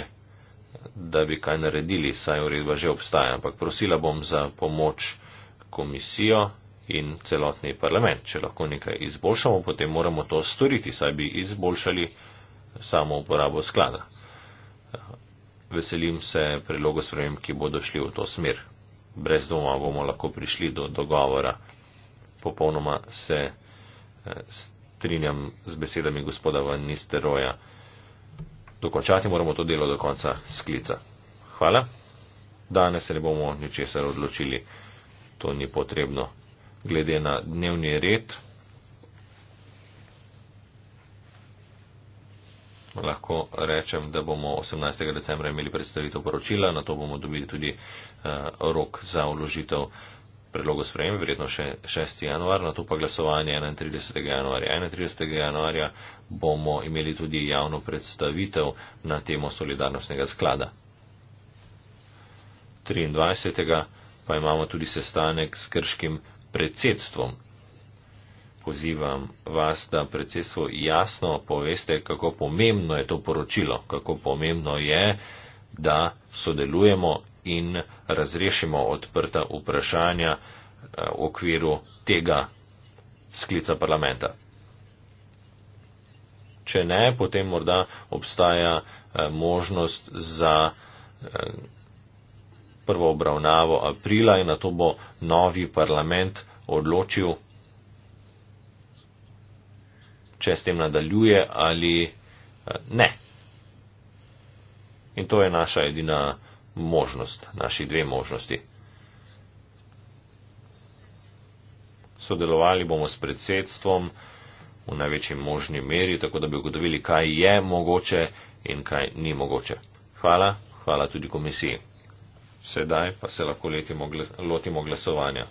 da bi kaj naredili, saj uredba že obstaja, ampak prosila bom za pomoč komisijo in celotni parlament. Če lahko nekaj izboljšamo, potem moramo to storiti, saj bi izboljšali samo uporabo sklada veselim se predlogov sprejem, ki bodo šli v to smer. Brez doma bomo lahko prišli do dogovora. Popolnoma se eh, strinjam z besedami gospoda Van Nisteroja. Dokončati moramo to delo do konca sklica. Hvala. Danes se ne bomo ničesar odločili. To ni potrebno. Glede na dnevni red. lahko rečem, da bomo 18. decembra imeli predstavitev poročila, na to bomo dobili tudi uh, rok za uložitev predlogo sprejem, verjetno še 6. januar, na to pa glasovanje 31. januarja. 31. januarja bomo imeli tudi javno predstavitev na temo solidarnostnega sklada. 23. pa imamo tudi sestanek s krškim predsedstvom pozivam vas, da predsedstvo jasno poveste, kako pomembno je to poročilo, kako pomembno je, da sodelujemo in razrešimo odprta vprašanja eh, v okviru tega sklica parlamenta. Če ne, potem morda obstaja eh, možnost za eh, prvo obravnavo aprila in na to bo novi parlament odločil, če s tem nadaljuje ali eh, ne. In to je naša edina možnost, naši dve možnosti. Sodelovali bomo s predsedstvom v največji možni meri, tako da bi ugotovili, kaj je mogoče in kaj ni mogoče. Hvala, hvala tudi komisiji. Sedaj pa se lahko letimo, lotimo glasovanja.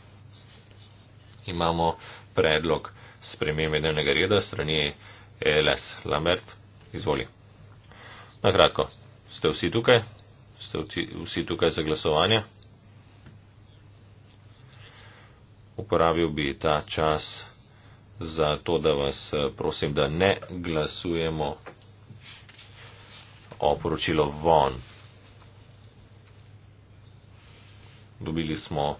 Imamo predlog spremembe dnevnega reda strani LS Lambert. Izvoli. Na kratko, ste vsi tukaj? Ste vsi tukaj za glasovanje? Uporabil bi ta čas za to, da vas prosim, da ne glasujemo o poročilo von. Dobili smo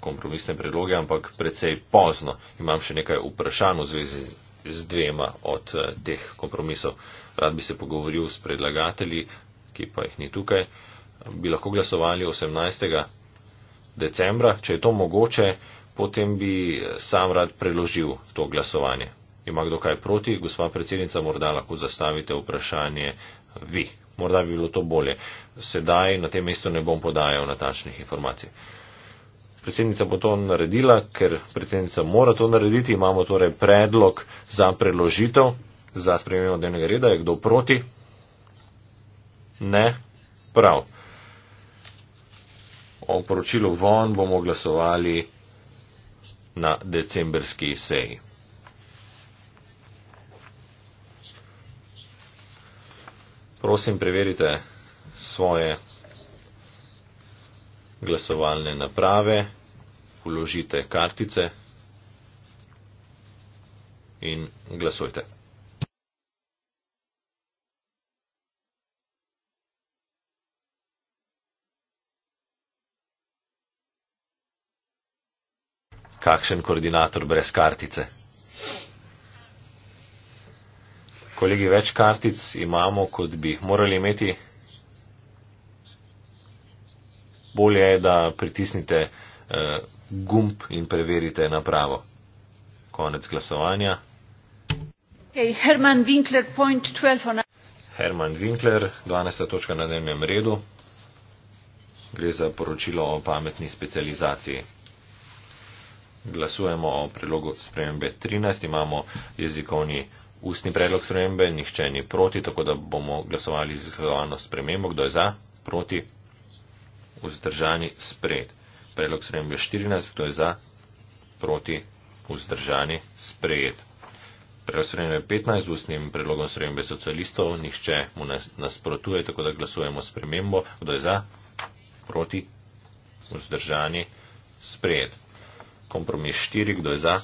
kompromisne predloge, ampak precej pozno. Imam še nekaj vprašanj v zvezi z dvema od eh, teh kompromisov. Rad bi se pogovoril s predlagatelji, ki pa jih ni tukaj. Bi lahko glasovali 18. decembra, če je to mogoče, potem bi eh, sam rad preložil to glasovanje. Ima kdo kaj proti? Gospa predsednica, morda lahko zastavite vprašanje vi. Morda bi bilo to bolje. Sedaj na tem mestu ne bom podajal natančnih informacij. Predsednica bo to naredila, ker predsednica mora to narediti. Imamo torej predlog za predložitev za sprejemljeno dnevnega reda. Je kdo proti? Ne. Prav. O poročilu von bomo glasovali na decembrski seji. Prosim, preverite svoje glasovalne naprave vložite kartice in glasujte. Kakšen koordinator brez kartice? Kolegi, več kartic imamo, kot bi jih morali imeti. Bolje je, da pritisnite eh, gumb in preverite napravo. Konec glasovanja. Okay, Herman Winkler, point 12. Herman Winkler, 12. točka na dnevnem redu. Gre za poročilo o pametni specializaciji. Glasujemo o predlogu spremembe 13. Imamo jezikovni ustni predlog spremembe, nihče ni proti, tako da bomo glasovali za izglasovano spremembo. Kdo je za? Proti? Vzdržani spred predlog sprejem je 14, kdo je za, proti, vzdržani, sprejet. Predlog sprejem je 15, z ustnim predlogom sprejem je socialistov, nihče mu nasprotuje, tako da glasujemo spremembo, kdo je za, proti, vzdržani, sprejet. Kompromis 4, kdo je za,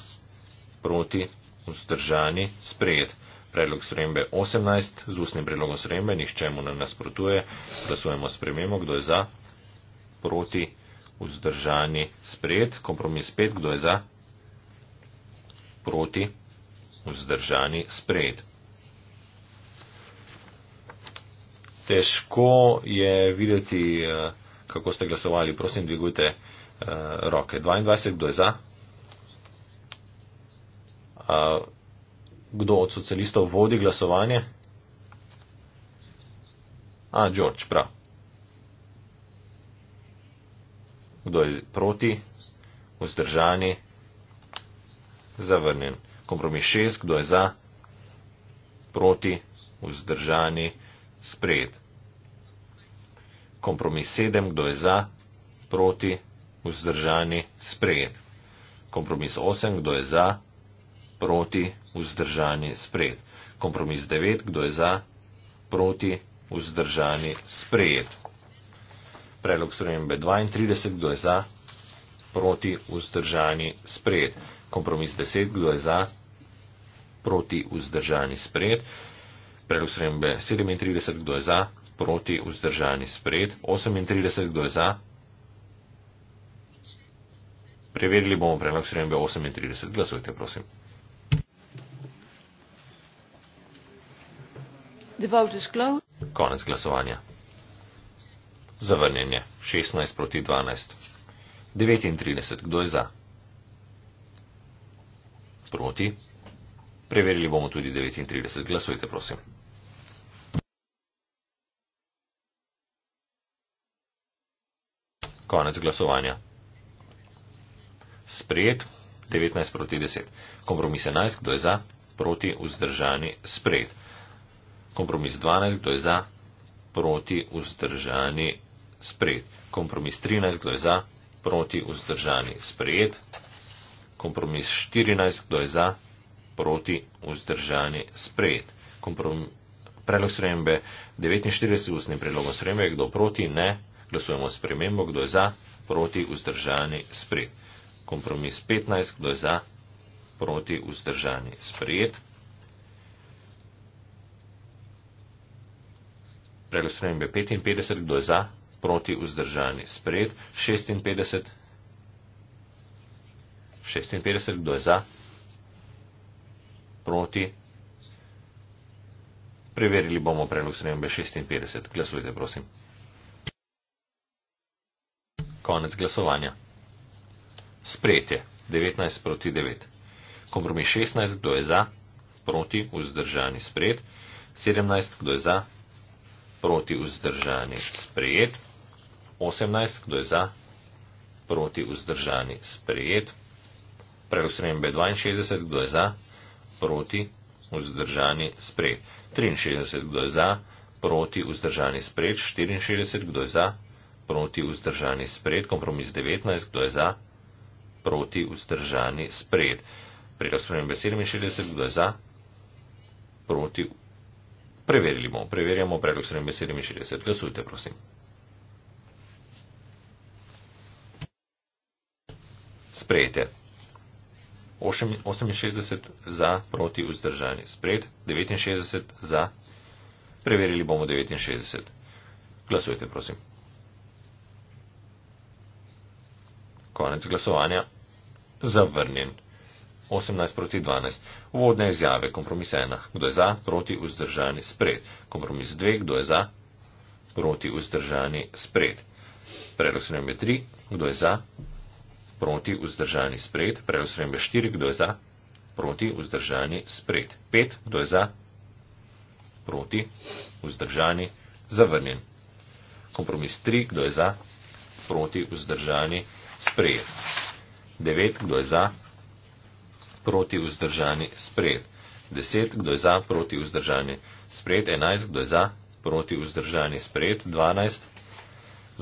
proti, vzdržani, sprejet. Predlog sprejembe 18, z ustnim predlogom sprejembe, nihče mu ne nasprotuje, glasujemo spremembo, kdo je za, proti, vzdržani, sprejet vzdržani, sprejet, kompromis pet, kdo je za, proti, vzdržani, sprejet. Težko je videti, eh, kako ste glasovali, prosim, dvigujte eh, roke. 22, kdo je za? Kdo od socialistov vodi glasovanje? A, George, prav. kdo je proti, vzdržani, zavrnjen. Kompromis šest, kdo je za, proti, vzdržani, sprejet. Kompromis sedem, kdo je za, proti, vzdržani, sprejet. Kompromis osem, kdo je za, proti, vzdržani, sprejet. Kompromis devet, kdo je za, proti, vzdržani, sprejet predlog spremembe 32, kdo je za, proti, vzdržani, sprejet. Kompromis 10, kdo je za, proti, vzdržani, sprejet. Predlog spremembe 37, kdo je za, proti, vzdržani, sprejet. 38, kdo je za. Preverili bomo predlog spremembe 38. Glasujte, prosim. The vote is closed. Konec glasovanja. Zavrnjenje 16 proti 12. 39. Kdo je za? Proti. Preverili bomo tudi 39. Glasujte, prosim. Konec glasovanja. Sprejet 19 proti 10. Kompromis 11. Kdo je za? Proti. Vzdržani. Sprejet. Kompromis 12. Kdo je za? Proti. Vzdržani. Sprejet sprejet. Kompromis 13, kdo je za, proti, vzdržani, sprejet. Kompromis 14, kdo je za, proti, vzdržani, sprejet. Komprom... Predlog sremembe 49, ustnim predlogom sremembe, kdo proti, ne, glasujemo s premembo, kdo je za, proti, vzdržani, sprejet. Kompromis 15, kdo je za, proti, vzdržani, sprejet. Predlog sremembe 55, kdo je za, proti vzdržani. Spred 56. 56, kdo je za? Proti. Preverili bomo predlog spremembe 56. Glasujte, prosim. Konec glasovanja. Sprejetje 19 proti 9. Kompromis 16, kdo je za? Proti, vzdržani, sprejet. 17, kdo je za? Proti, vzdržani, sprejet. 18, kdo je za, proti vzdržani, sprejet. Predlog spremembe 62, kdo je za, proti vzdržani, sprejet. 63, kdo je za, proti vzdržani, sprejet. 64, kdo je za, proti vzdržani, sprejet. Kompromis 19, kdo je za, proti vzdržani, sprejet. Predlog spremembe 67, kdo je za, proti. Preverili bomo, preverjamo predlog spremembe 67. Glasujte, prosim. sprejete. 68 za, proti, vzdržani. Sprejet. 69 za. Preverili bomo 69. Glasujte, prosim. Konec glasovanja. Zavrnjen. 18 proti 12. Vodne izjave. Kompromis 1. Kdo je za, proti, vzdržani. Sprejet. Kompromis 2. Kdo je za, proti, vzdržani. Sprejet. Predlog sprememb je 3. Kdo je za? proti vzdržani spred, preusrembe 4, kdo je za, proti vzdržani spred, 5, kdo je za, proti vzdržani zavrnjen. Kompromis 3, kdo je za, proti vzdržani spred, 9, kdo je za, proti vzdržani spred, 10, kdo je za, proti vzdržani spred, 11, kdo je za, proti vzdržani spred, 12,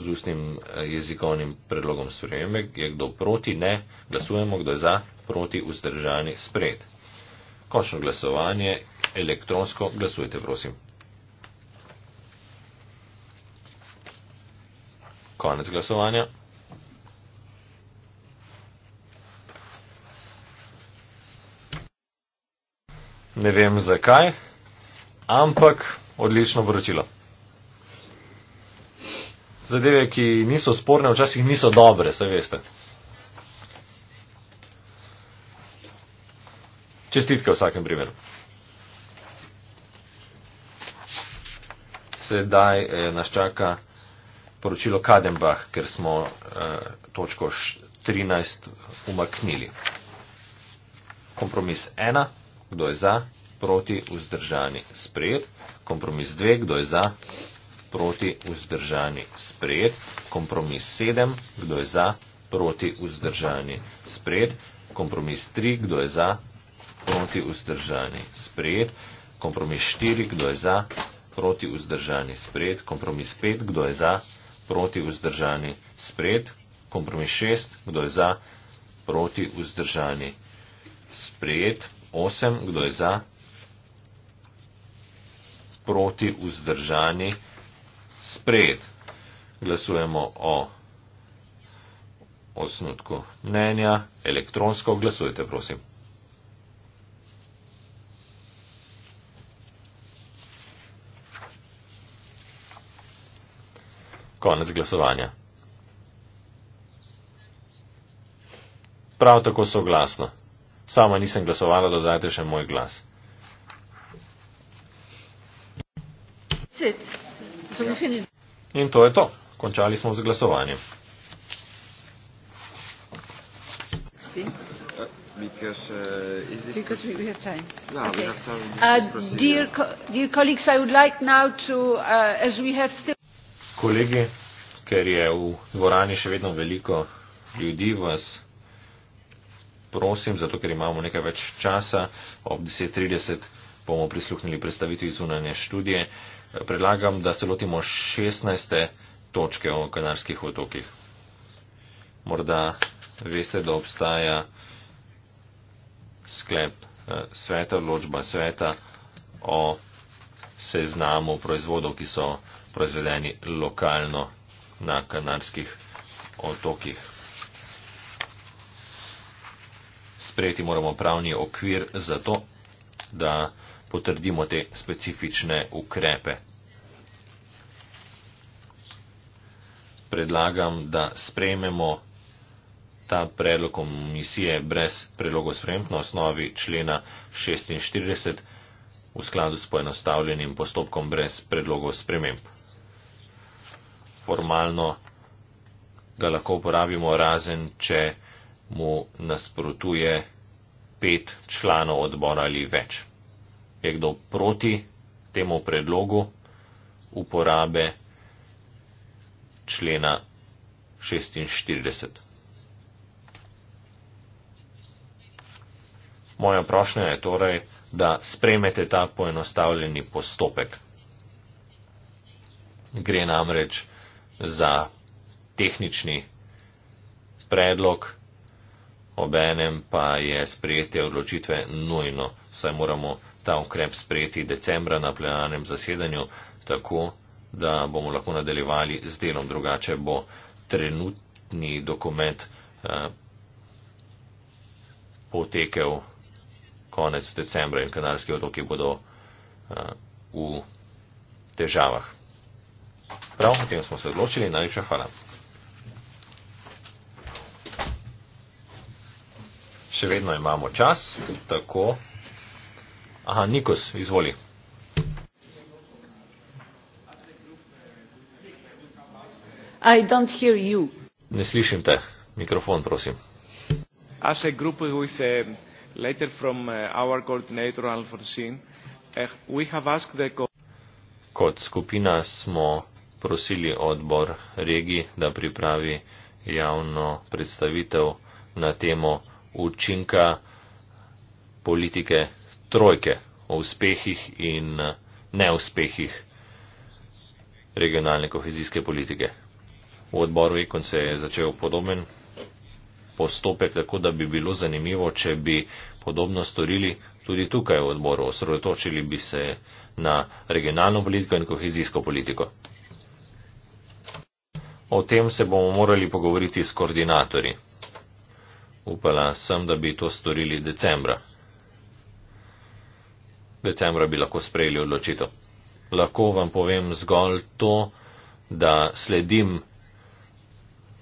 z ustnim eh, jezikovnim predlogom spremembe, je kdo proti, ne, glasujemo, kdo je za, proti, vzdržani, spred. Končno glasovanje, elektronsko glasujte, prosim. Konec glasovanja. Ne vem zakaj, ampak odlično poročilo zadeve, ki niso sporne, včasih niso dobre, se veste. Čestitke v vsakem primeru. Sedaj eh, nas čaka poročilo Kadenbach, ker smo eh, točko 13 umaknili. Kompromis 1, kdo je za, proti, vzdržani, sprejet. Kompromis 2, kdo je za, proti vzdržani spred, kompromis 7, kdo je za, proti vzdržani spred, kompromis 3, kdo je za, proti vzdržani spred, kompromis 4, kdo je za, proti vzdržani spred, kompromis 5, kdo je za, proti vzdržani spred, kompromis 6, kdo je za, proti vzdržani spred, 8, kdo je za, proti vzdržani spred sprejet. Glasujemo o osnutku mnenja. Elektronsko glasujte, prosim. Konec glasovanja. Prav tako soglasno. Sama nisem glasovala, dodajte še moj glas. Ja. In to je to. Končali smo z glasovanjem. Kolegi, ker je v dvorani še vedno veliko ljudi, vas prosim, zato ker imamo nekaj več časa ob 10.30 bomo prisluhnili predstavitvi zunanje študije, predlagam, da se lotimo 16. točke o Kanarskih otokih. Morda veste, da obstaja sklep eh, sveta, ločba sveta o seznamu proizvodov, ki so proizvedeni lokalno na Kanarskih otokih. Sprejeti moramo pravni okvir za to, da potrdimo te specifične ukrepe. Predlagam, da sprejmemo ta predlog komisije brez predlogov sprememb na osnovi člena 46 v skladu s poenostavljenim postopkom brez predlogov sprememb. Formalno ga lahko uporabimo razen, če mu nasprotuje pet članov odbora ali več je kdo proti temu predlogu uporabe člena 46. Moja prošnja je torej, da spremete ta poenostavljeni postopek. Gre namreč za tehnični predlog, obenem pa je sprejetje odločitve nujno, saj moramo ta ukrep sprejeti decembra na plenarnem zasedanju, tako da bomo lahko nadaljevali z delom, drugače bo trenutni dokument eh, potekel konec decembra in kanarski otoki bodo eh, v težavah. Prav, o tem smo se odločili. Najlepša hvala. Še vedno imamo čas, tako. Aha, Nikos, izvoli. I don't hear you. Ne slišim te. Mikrofon, prosim. As a group with a letter from uh, our coordinator Alfonsin, eh, we have asked the Kot skupina smo prosili odbor regi, da pripravi javno predstavitev na temo učinka politike trojke o uspehih in eh, neuspehih regionalne kohezijske politike. V odboru Ekon se je začel podoben postopek, tako da bi bilo zanimivo, če bi podobno storili tudi tukaj v odboru. Osredotočili bi se na regionalno politiko in kohezijsko politiko. O tem se bomo morali pogovoriti s koordinatorji. Upala sem, da bi to storili decembra decembra bi lahko sprejeli odločitev. Lahko vam povem zgolj to, da sledim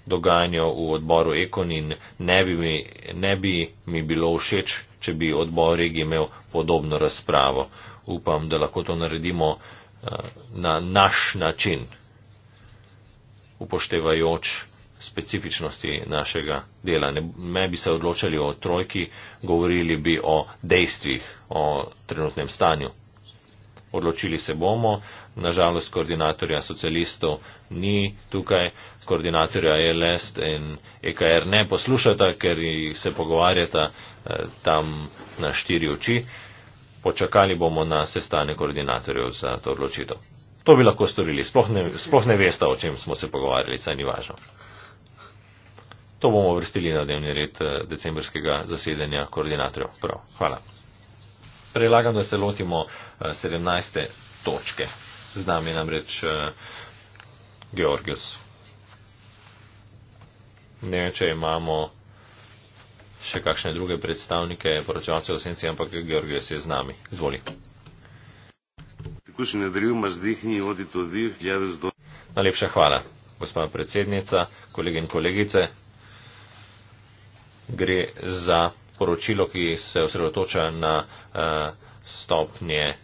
dogajanju v odboru Ekon in ne bi, mi, ne bi mi bilo všeč, če bi odbor regi imel podobno razpravo. Upam, da lahko to naredimo eh, na naš način, upoštevajoč specifičnosti našega dela. Ne, ne bi se odločali o trojki, govorili bi o dejstvih, o trenutnem stanju. Odločili se bomo, nažalost koordinatorja socialistov ni tukaj, koordinatorja ELS in EKR ne poslušata, ker se pogovarjata eh, tam na štiri oči. Počakali bomo na sestane koordinatorjev za to odločitev. To bi lahko storili, sploh ne, sploh ne veste, o čem smo se pogovarjali, saj ni važno. To bomo vrstili na dnevni red eh, decembrskega zasedanja koordinatorjev. Prav. Hvala. Prelagam, da se lotimo 17. Eh, točke. Z nami je namreč eh, Georgius. Ne vem, če imamo še kakšne druge predstavnike poročevalcev osenci, ampak Georgius je z nami. Izvoli. Najlepša hvala, gospod predsednica, kolegi in kolegice gre za poročilo, ki se osredotoča na uh, stopnje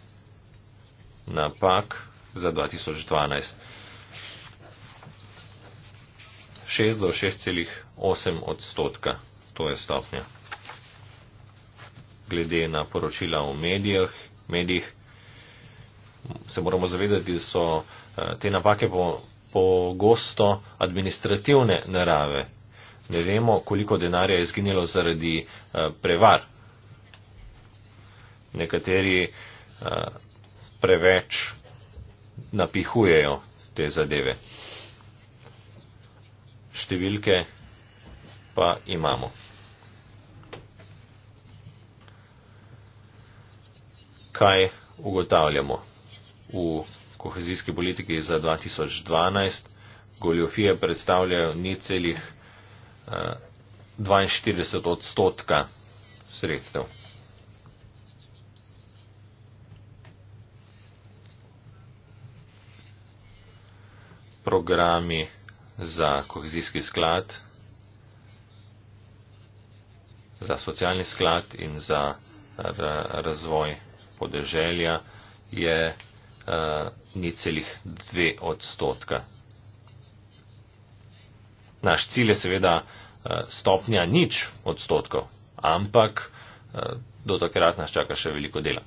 napak za 2012. 6 do 6,8 odstotka, to je stopnja. Glede na poročila v medijah, medijih, se moramo zavedati, da so uh, te napake po, pogosto administrativne narave ne vemo, koliko denarja je izginilo zaradi eh, prevar. Nekateri eh, preveč napihujejo te zadeve. Številke pa imamo. Kaj ugotavljamo v kohezijski politiki za 2012? Goljofije predstavljajo ni celih 42 odstotka sredstev. Programi za kohezijski sklad, za socialni sklad in za razvoj podeželja je uh, eh, ni celih dve odstotka Naš cilj je seveda eh, stopnja nič odstotkov, ampak eh, do takrat nas čaka še veliko dela.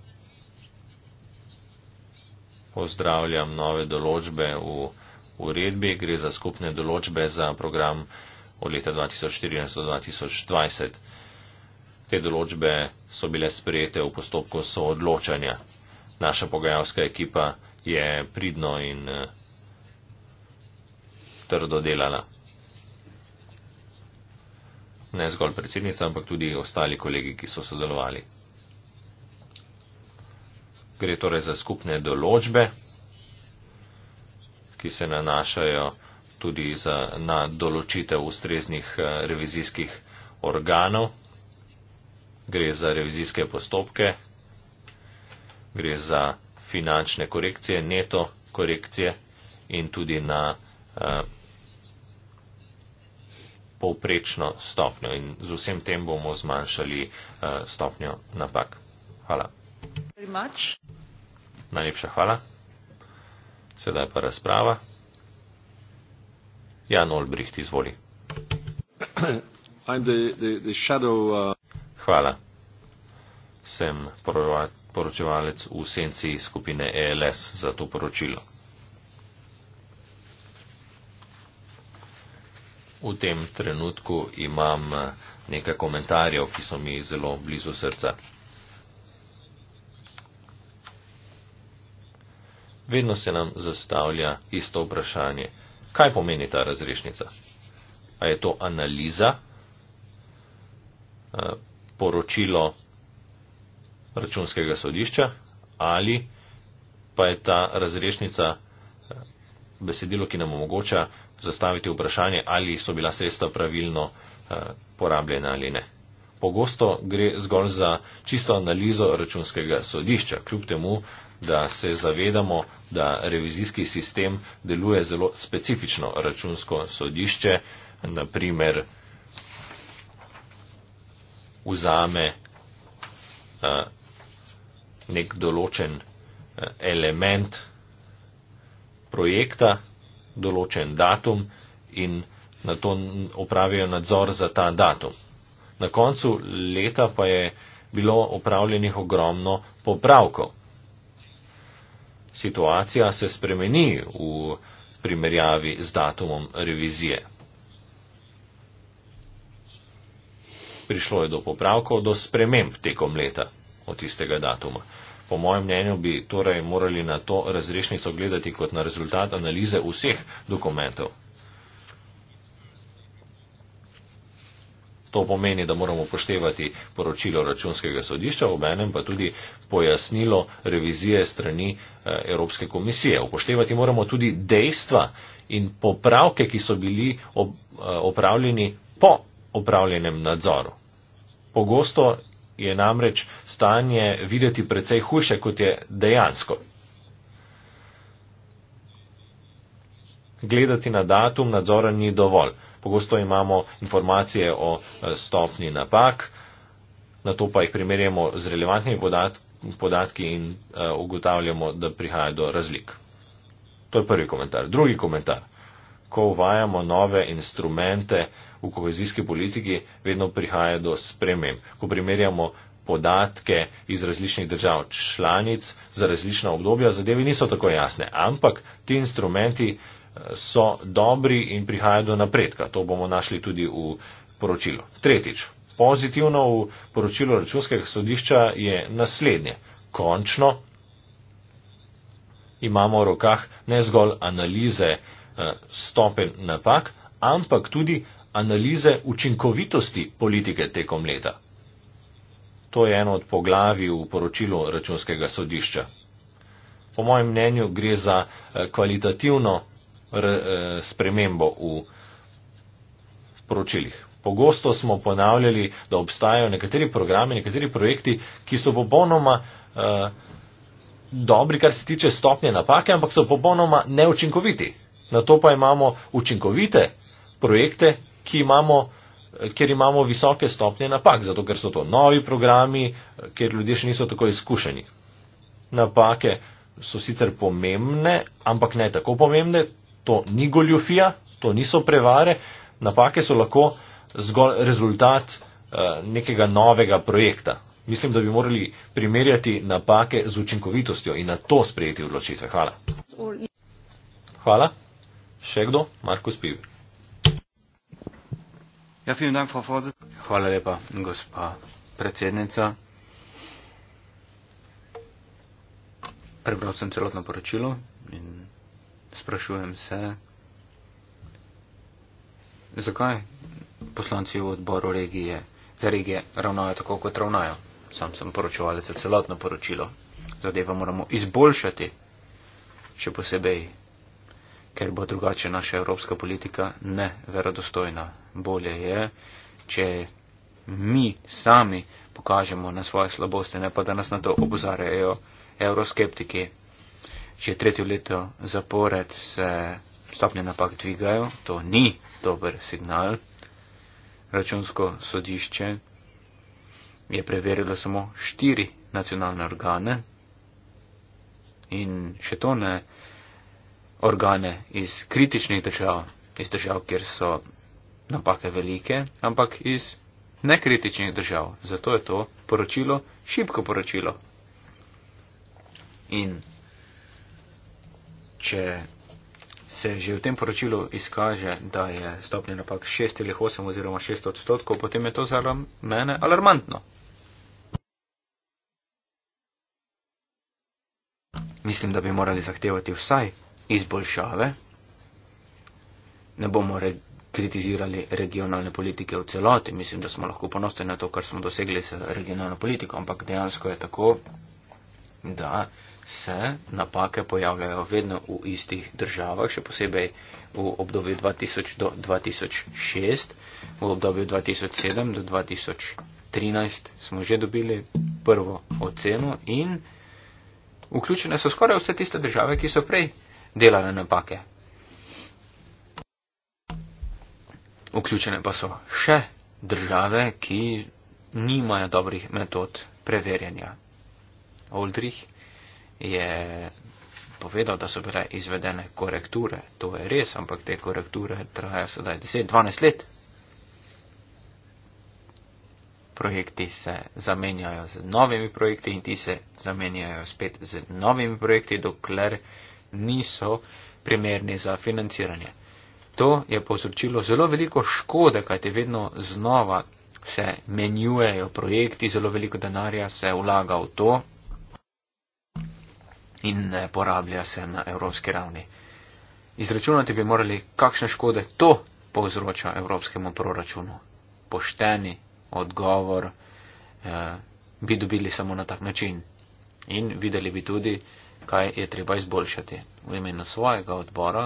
Pozdravljam nove določbe v uredbi, gre za skupne določbe za program od leta 2014 do 2020. Te določbe so bile sprejete v postopku soodločanja. Naša pogajalska ekipa je pridno in eh, trdo delala ne zgolj predsednica, ampak tudi ostali kolegi, ki so sodelovali. Gre torej za skupne določbe, ki se nanašajo tudi za, na določitev ustreznih eh, revizijskih organov. Gre za revizijske postopke, gre za finančne korekcije, neto korekcije in tudi na. Uh, povprečno stopnjo in z vsem tem bomo zmanjšali uh, stopnjo napak. Hvala. Najlepša hvala. Sedaj pa razprava. Jan Olbricht, izvoli. The, the, the shadow, uh... Hvala. Sem poročevalec v senci skupine ELS za to poročilo. V tem trenutku imam eh, nekaj komentarjev, ki so mi zelo blizu srca. Vedno se nam zastavlja isto vprašanje, kaj pomeni ta razrešnica? A je to analiza, eh, poročilo računskega sodišča ali pa je ta razrešnica besedilo, ki nam omogoča zastaviti vprašanje, ali so bila sredstva pravilno eh, porabljena ali ne. Pogosto gre zgolj za čisto analizo računskega sodišča, kljub temu, da se zavedamo, da revizijski sistem deluje zelo specifično računsko sodišče, naprimer vzame eh, nek določen eh, element projekta, določen datum in na to opravijo nadzor za ta datum. Na koncu leta pa je bilo opravljenih ogromno popravkov. Situacija se spremeni v primerjavi z datumom revizije. Prišlo je do popravkov, do sprememb tekom leta od tistega datuma. Po mojem mnenju bi torej morali na to razrešnico gledati kot na rezultat analize vseh dokumentov. To pomeni, da moramo poštevati poročilo računskega sodišča, obenem pa tudi pojasnilo revizije strani eh, Evropske komisije. Upoštevati moramo tudi dejstva in popravke, ki so bili eh, opravljeni po opravljenem nadzoru. Pogosto je namreč stanje videti precej hujše, kot je dejansko. Gledati na datum nadzora ni dovolj. Pogosto imamo informacije o eh, stopni napak, na to pa jih primerjamo z relevantnimi podatki in eh, ugotavljamo, da prihaja do razlik. To je prvi komentar. Drugi komentar ko uvajamo nove instrumente v kohezijski politiki, vedno prihaja do spremem. Ko primerjamo podatke iz različnih držav članic za različna obdobja, zadeve niso tako jasne, ampak ti instrumenti eh, so dobri in prihaja do napredka. To bomo našli tudi v poročilu. Tretjič. Pozitivno v poročilu računskega sodišča je naslednje. Končno imamo v rokah ne zgolj analize Eh, stopenj napak, ampak tudi analize učinkovitosti politike tekom leta. To je eno od poglavij v poročilu računskega sodišča. Po mojem mnenju gre za eh, kvalitativno eh, spremembo v poročilih. Pogosto smo ponavljali, da obstajajo nekateri programi, nekateri projekti, ki so popolnoma eh, dobri, kar se tiče stopnje napake, ampak so popolnoma neučinkoviti. Na to pa imamo učinkovite projekte, imamo, kjer imamo visoke stopnje napak, zato ker so to novi programi, kjer ljudje še niso tako izkušeni. Napake so sicer pomembne, ampak ne tako pomembne, to ni goljufija, to niso prevare, napake so lahko zgolj rezultat eh, nekega novega projekta. Mislim, da bi morali primerjati napake z učinkovitostjo in na to sprejeti odločitve. Hvala. Hvala. Še kdo? Markus Piv. Ja, dan, Hvala lepa, gospa predsednica. Prebral sem celotno poročilo in sprašujem se, zakaj poslanci v odboru regije, za regije ravnajo tako, kot ravnajo. Sam sem poročoval za celotno poročilo. Zadeva moramo izboljšati, še posebej ker bo drugače naša evropska politika neverodostojna. Bolje je, če mi sami pokažemo na svoje slabosti, ne pa da nas na to obozarejo euroskeptiki. Že tretje leto zapored se stopnje napak dvigajo, to ni dober signal. Računsko sodišče je preverilo samo štiri nacionalne organe in še to ne organe iz kritičnih držav, iz držav, kjer so napake velike, ampak iz nekritičnih držav. Zato je to poročilo šibko poročilo. In če se že v tem poročilu izkaže, da je stopnja napak 6 ali 8 oziroma 6 odstotkov, potem je to za mene alarmantno. Mislim, da bi morali zahtevati vsaj izboljšave. Ne bomo re kritizirali regionalne politike v celoti, mislim, da smo lahko ponosni na to, kar smo dosegli s regionalno politiko, ampak dejansko je tako, da se napake pojavljajo vedno v istih državah, še posebej v obdobju 2000 do 2006, v obdobju 2007 do 2013 smo že dobili prvo oceno in vključene so skoraj vse tiste države, ki so prej delale napake. Vključene pa so še države, ki nimajo dobrih metod preverjanja. Oldrich je povedal, da so bile izvedene korekture. To je res, ampak te korekture trajajo sedaj 10-12 let. Projekti se zamenjajo z novimi projekti in ti se zamenjajo spet z novimi projekti, dokler niso primerni za financiranje. To je povzročilo zelo veliko škode, kajte vedno znova se menjujejo projekti, zelo veliko denarja se vlaga v to in ne porablja se na evropski ravni. Izračunati bi morali, kakšne škode to povzroča evropskemu proračunu. Pošteni odgovor eh, bi dobili samo na tak način. In videli bi tudi, kaj je treba izboljšati. V imenu svojega odbora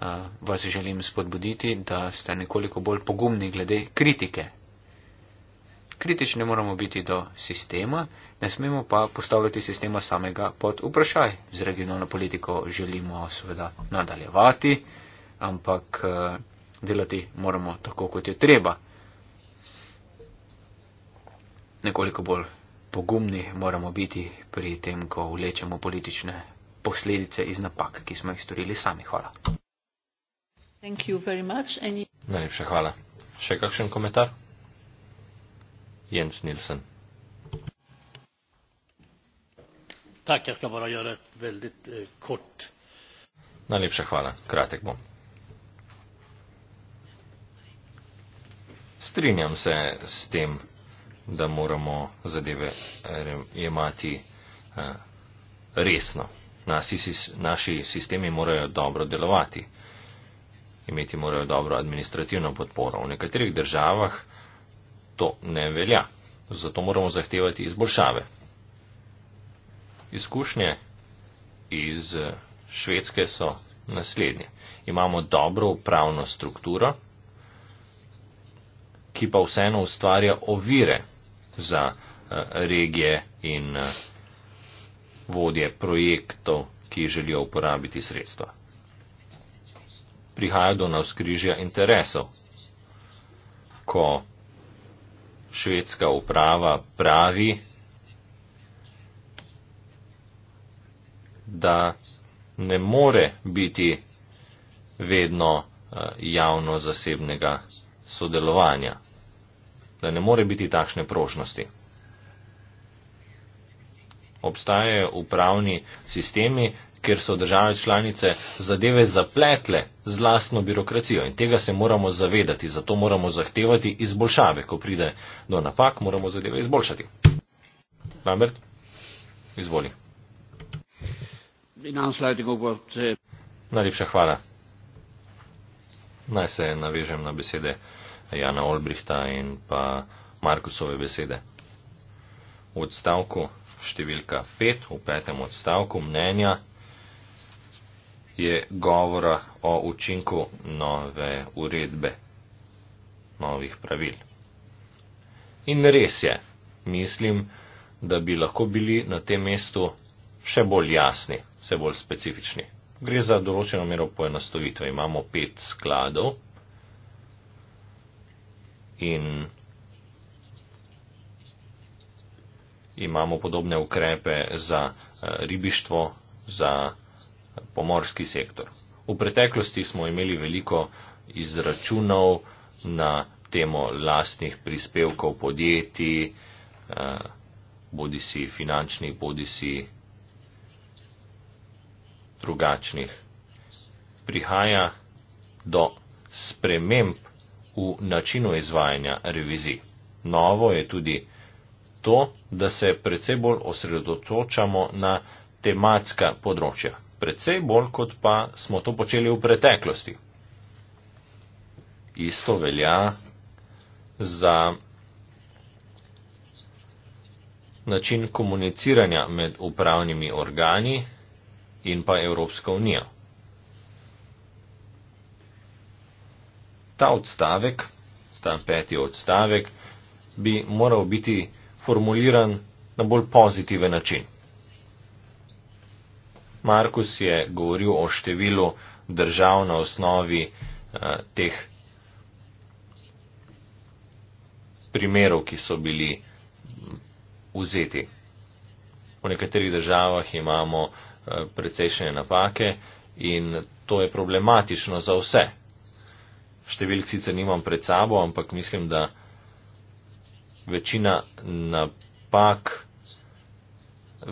uh, vas želim spodbuditi, da ste nekoliko bolj pogumni glede kritike. Kritični moramo biti do sistema, ne smemo pa postavljati sistema samega pod vprašaj. Z regionalno politiko želimo seveda nadaljevati, ampak eh, delati moramo tako, kot je treba. Nekoliko bolj pogumni moramo biti pri tem, ko vlečemo politične posledice iz napak, ki smo jih storili sami. Hvala. Najlepša hvala. Še kakšen komentar? Jens Nilsen. Tak, jaz ga moram narediti veldi eh, kort. Najlepša hvala, kratek bom. Strinjam se s tem, da moramo zadeve eh, jemati eh, resno. Naši sistemi morajo dobro delovati, imeti morajo dobro administrativno podporo. V nekaterih državah to ne velja, zato moramo zahtevati izboljšave. Izkušnje iz eh, Švedske so naslednje. Imamo dobro upravno strukturo, ki pa vseeno ustvarja ovire za eh, regije in eh, vodje projektov, ki želijo uporabiti sredstva. Prihaja do navskrižja interesov, ko švedska uprava pravi, da ne more biti vedno eh, javno-zasebnega sodelovanja da ne more biti takšne prožnosti. Obstajajo upravni sistemi, kjer so države članice zadeve zapletle z lastno birokracijo in tega se moramo zavedati, zato moramo zahtevati izboljšave. Ko pride do napak, moramo zadeve izboljšati. Lambert, izvoli. Najlepša hvala. Naj se navežem na besede. Jana Olbrihta in pa Markusove besede. V odstavku številka 5, v petem odstavku mnenja, je govora o učinku nove uredbe, novih pravil. In res je, mislim, da bi lahko bili na tem mestu še bolj jasni, vse bolj specifični. Gre za določeno mero poenostavitve. Imamo pet skladov, in imamo podobne ukrepe za eh, ribištvo, za pomorski sektor. V preteklosti smo imeli veliko izračunov na temo lastnih prispevkov podjetij, eh, bodi si finančnih, bodi si drugačnih. Prihaja do sprememb v načinu izvajanja revizij. Novo je tudi to, da se predvsej bolj osredotočamo na tematska področja, predvsej bolj kot pa smo to počeli v preteklosti. Isto velja za način komuniciranja med upravnimi organi in pa Evropsko unijo. ta odstavek, ta peti odstavek, bi moral biti formuliran na bolj pozitiven način. Markus je govoril o številu držav na osnovi eh, teh primerov, ki so bili mm, vzeti. V nekaterih državah imamo eh, precejšnje napake in to je problematično za vse številk sicer nimam pred sabo, ampak mislim, da večina napak,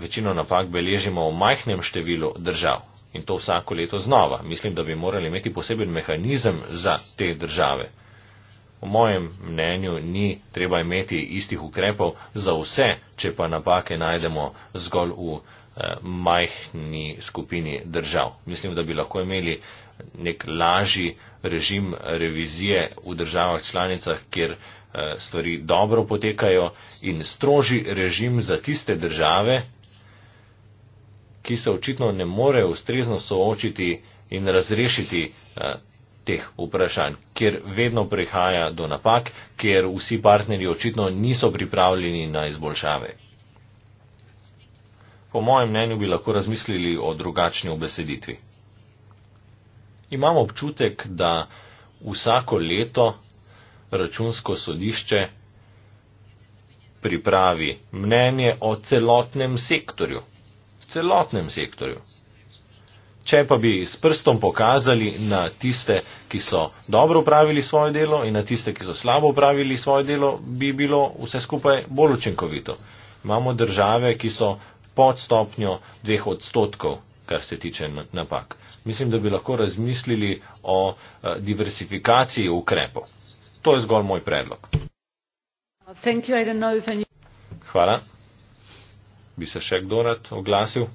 večino napak beležimo v majhnem številu držav in to vsako leto znova. Mislim, da bi morali imeti poseben mehanizem za te države. V mojem mnenju ni treba imeti istih ukrepov za vse, če pa napake najdemo zgolj v eh, majhni skupini držav. Mislim, da bi lahko imeli nek lažji režim revizije v državah članicah, kjer eh, stvari dobro potekajo in stroži režim za tiste države, ki se očitno ne morejo ustrezno soočiti in razrešiti eh, teh vprašanj, kjer vedno prihaja do napak, kjer vsi partnerji očitno niso pripravljeni na izboljšave. Po mojem mnenju bi lahko razmislili o drugačni obeseditvi imam občutek, da vsako leto računsko sodišče pripravi mnenje o celotnem sektorju. Celotnem sektorju. Če pa bi s prstom pokazali na tiste, ki so dobro upravili svoje delo in na tiste, ki so slabo upravili svoje delo, bi bilo vse skupaj bolj učinkovito. Imamo države, ki so pod stopnjo dveh odstotkov kar se tiče napak. Mislim, da bi lahko razmislili o eh, diversifikaciji ukrepov. To je zgolj moj predlog. Hvala. Bi se še kdo rad oglasil?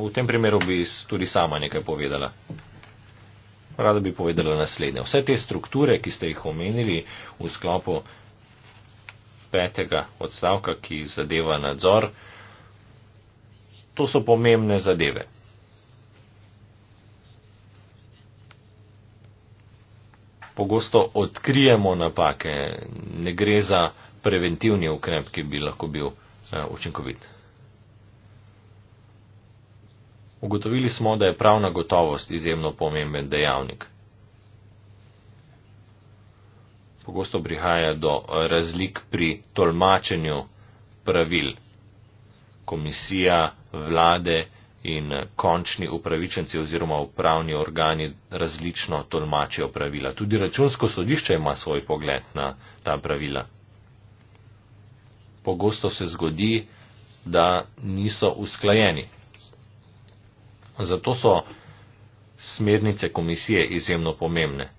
V tem primeru bi tudi sama nekaj povedala. Rada bi povedala naslednje. Vse te strukture, ki ste jih omenili v sklopu petega odstavka, ki zadeva nadzor, To so pomembne zadeve. Pogosto odkrijemo napake, ne gre za preventivni ukrep, ki bi lahko bil eh, učinkovit. Ugotovili smo, da je pravna gotovost izjemno pomemben dejavnik. Pogosto prihaja do razlik pri tolmačenju pravil. Komisija vlade in končni upravičenci oziroma upravni organi različno tolmačijo pravila. Tudi računsko sodišče ima svoj pogled na ta pravila. Pogosto se zgodi, da niso usklajeni. Zato so smernice komisije izjemno pomembne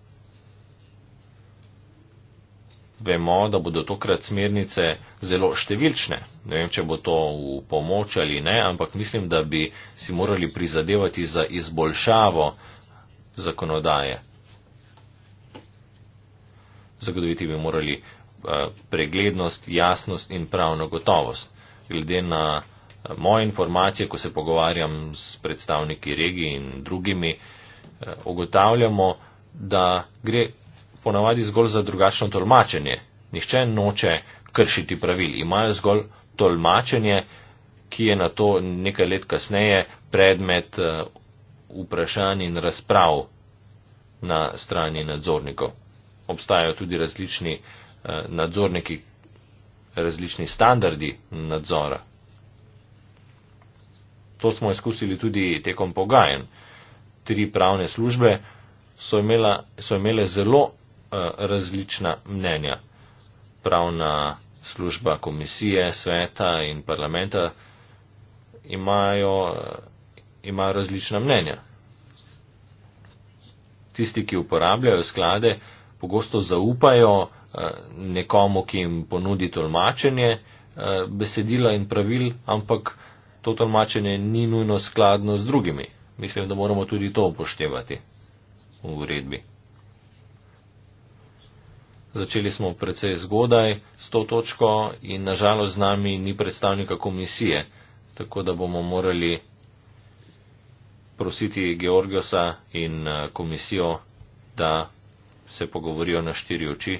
vemo, da bodo tokrat smernice zelo številčne. Ne vem, če bo to v pomoč ali ne, ampak mislim, da bi si morali prizadevati za izboljšavo zakonodaje. Zagotoviti bi morali eh, preglednost, jasnost in pravno gotovost. Glede na eh, moje informacije, ko se pogovarjam s predstavniki regij in drugimi, eh, ugotavljamo, da gre ponavadi zgolj za drugačno tolmačenje. Nihče noče kršiti pravil, imajo zgolj tolmačenje, ki je na to nekaj let kasneje predmet eh, vprašanj in razprav na strani nadzornikov. Obstajajo tudi različni eh, nadzorniki, različni standardi nadzora. To smo izkusili tudi tekom pogajanj. Tri pravne službe so, imela, so imele zelo Eh, različna mnenja. Pravna služba komisije, sveta in parlamenta imajo, eh, imajo različna mnenja. Tisti, ki uporabljajo sklade, pogosto zaupajo eh, nekomu, ki jim ponudi tolmačenje besedila in pravil, ampak to tolmačenje ni nujno skladno z drugimi. Mislim, da moramo tudi to upoštevati v uredbi. Začeli smo precej zgodaj s to točko in nažalost z nami ni predstavnika komisije, tako da bomo morali prositi Georgiosa in eh, komisijo, da se pogovorijo na štiri oči.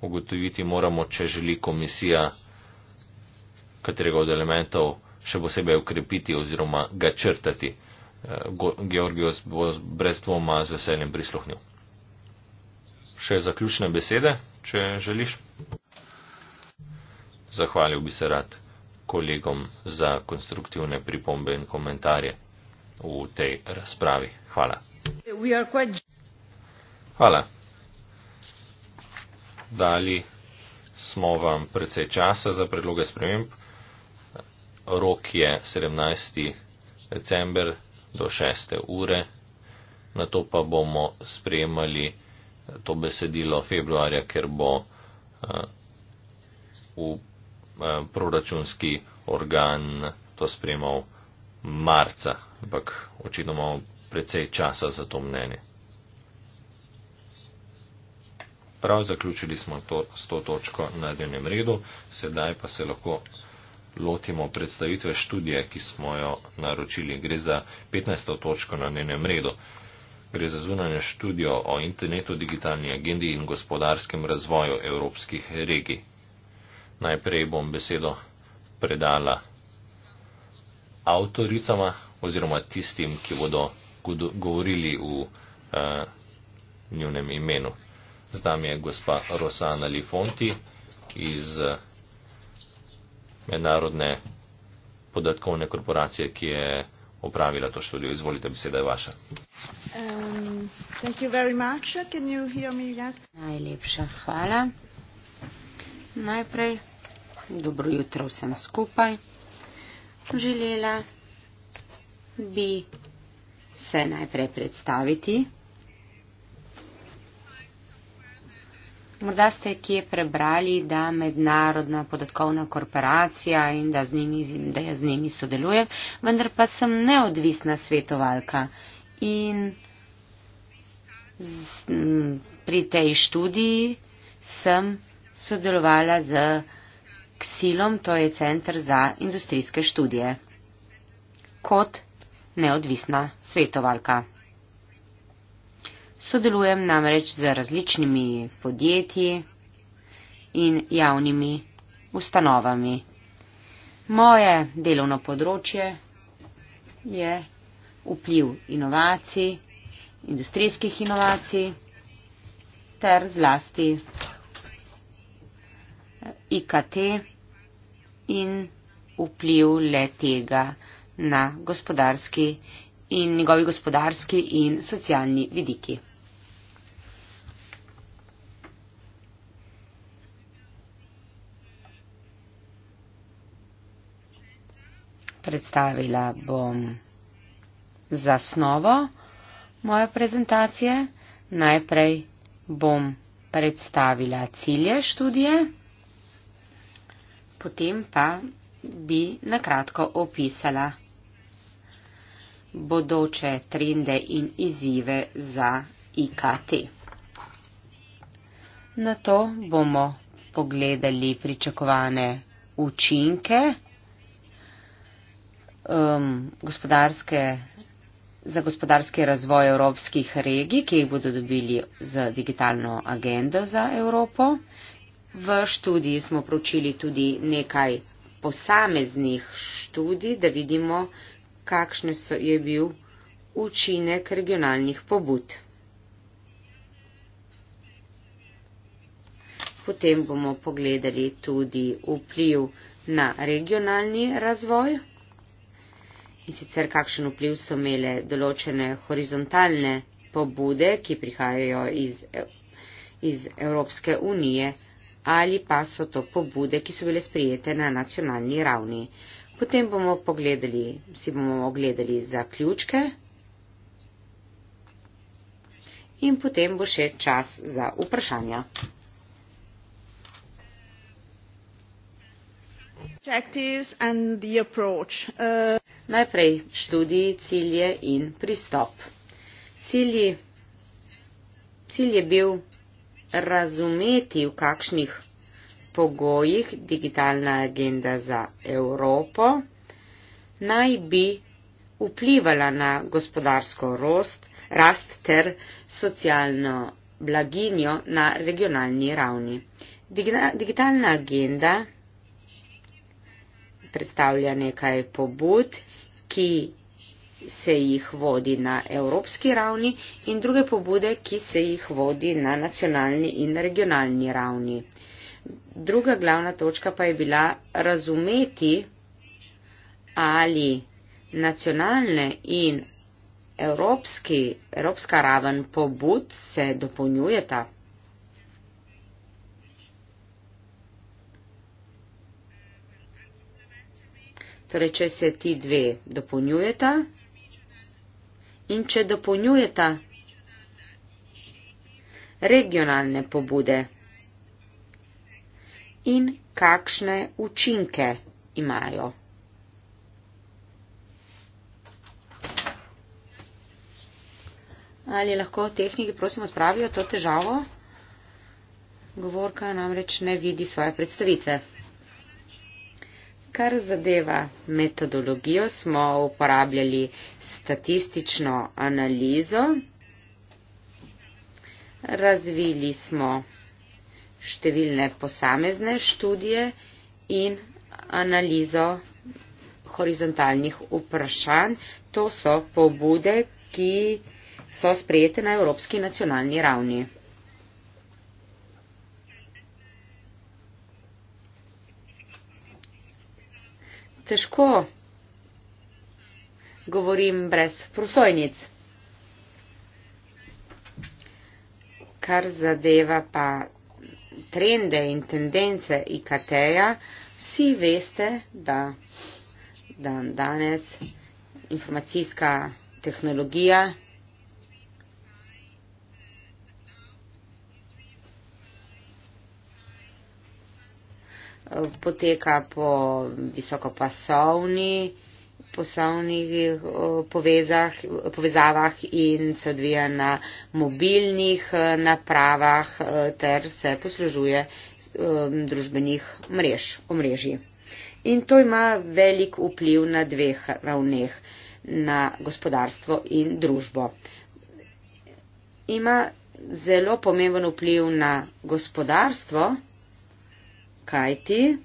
Ugotoviti moramo, če želi komisija katerega od elementov še posebej ukrepiti oziroma ga črtati. Eh, Georgios bo brez dvoma z veseljem prisluhnil še zaključne besede, če želiš. Zahvalil bi se rad kolegom za konstruktivne pripombe in komentarje v tej razpravi. Hvala. Hvala. Dali smo vam precej časa za predloge sprememb. Rok je 17. december do 6. ure. Na to pa bomo sprejemali to besedilo februarja, ker bo eh, v eh, proračunski organ to spremal marca, ampak očitno imamo precej časa za to mnenje. Prav zaključili smo to, s to točko na dnevnem redu, sedaj pa se lahko lotimo predstavitve študije, ki smo jo naročili. Gre za 15. točko na dnevnem redu gre za zunanje študijo o internetu, digitalni agendi in gospodarskem razvoju evropskih regij. Najprej bom besedo predala avtoricama oziroma tistim, ki bodo govorili v uh, njunem imenu. Z nami je gospa Rosana Lifonti iz uh, Mednarodne podatkovne korporacije, ki je uh, opravila to študijo. Izvolite, beseda je vaša. Um, yes? Najlepša hvala. Najprej dobro jutro vsem skupaj. Želela bi se najprej predstaviti. Morda ste kje prebrali, da mednarodna podatkovna korporacija in da, z njimi, da jaz z njimi sodelujem, vendar pa sem neodvisna svetovalka. In z, m, pri tej študiji sem sodelovala z Ksilom, to je Centr za industrijske študije, kot neodvisna svetovalka. Sodelujem namreč z različnimi podjetji in javnimi ustanovami. Moje delovno področje je vpliv inovacij, industrijskih inovacij ter zlasti IKT in vpliv le tega na gospodarski in njegovi gospodarski in socialni vidiki. predstavila bom zasnovo moje prezentacije. Najprej bom predstavila cilje študije, potem pa bi nakratko opisala bodoče trende in izzive za IKT. Na to bomo pogledali pričakovane učinke um, gospodarske, za gospodarski razvoj evropskih regij, ki jih bodo dobili z digitalno agendo za Evropo. V študiji smo pročili tudi nekaj posameznih študij, da vidimo, kakšen je bil učinek regionalnih pobud. Potem bomo pogledali tudi vpliv na regionalni razvoj in sicer kakšen vpliv so imele določene horizontalne pobude, ki prihajajo iz, iz Evropske unije, ali pa so to pobude, ki so bile sprijete na nacionalni ravni. Potem bomo pogledali, si bomo ogledali zaključke in potem bo še čas za vprašanja. Objectives and the approach. Uh... Najprej študiji, cilje in pristop. Cilj, cilj je bil razumeti, v kakšnih pogojih digitalna agenda za Evropo naj bi vplivala na gospodarsko rost, rast ter socialno blaginjo na regionalni ravni. Digitalna agenda predstavlja nekaj pobud, ki se jih vodi na evropski ravni in druge pobude, ki se jih vodi na nacionalni in regionalni ravni. Druga glavna točka pa je bila razumeti, ali nacionalne in evropski, evropska raven pobud se dopolnjujeta. Torej, če se ti dve dopolnjujeta in če dopolnjujeta regionalne pobude in kakšne učinke imajo. Ali lahko tehniki, prosim, odpravijo to težavo? Govorka namreč ne vidi svoje predstavitve. Kar zadeva metodologijo, smo uporabljali statistično analizo, razvili smo številne posamezne študije in analizo horizontalnih vprašanj. To so pobude, ki so sprejete na evropski nacionalni ravni. težko govorim brez prosojnic. Kar zadeva pa trende in tendence IKT-ja, vsi veste, da dan danes informacijska tehnologija poteka po visokopasovni poslovnih eh, povezah, povezavah in se odvija na mobilnih eh, napravah eh, ter se poslužuje družbenih mrež, omrežij. In to ima velik vpliv na dveh ravneh, na gospodarstvo in družbo. Ima zelo pomemben vpliv na gospodarstvo, kajti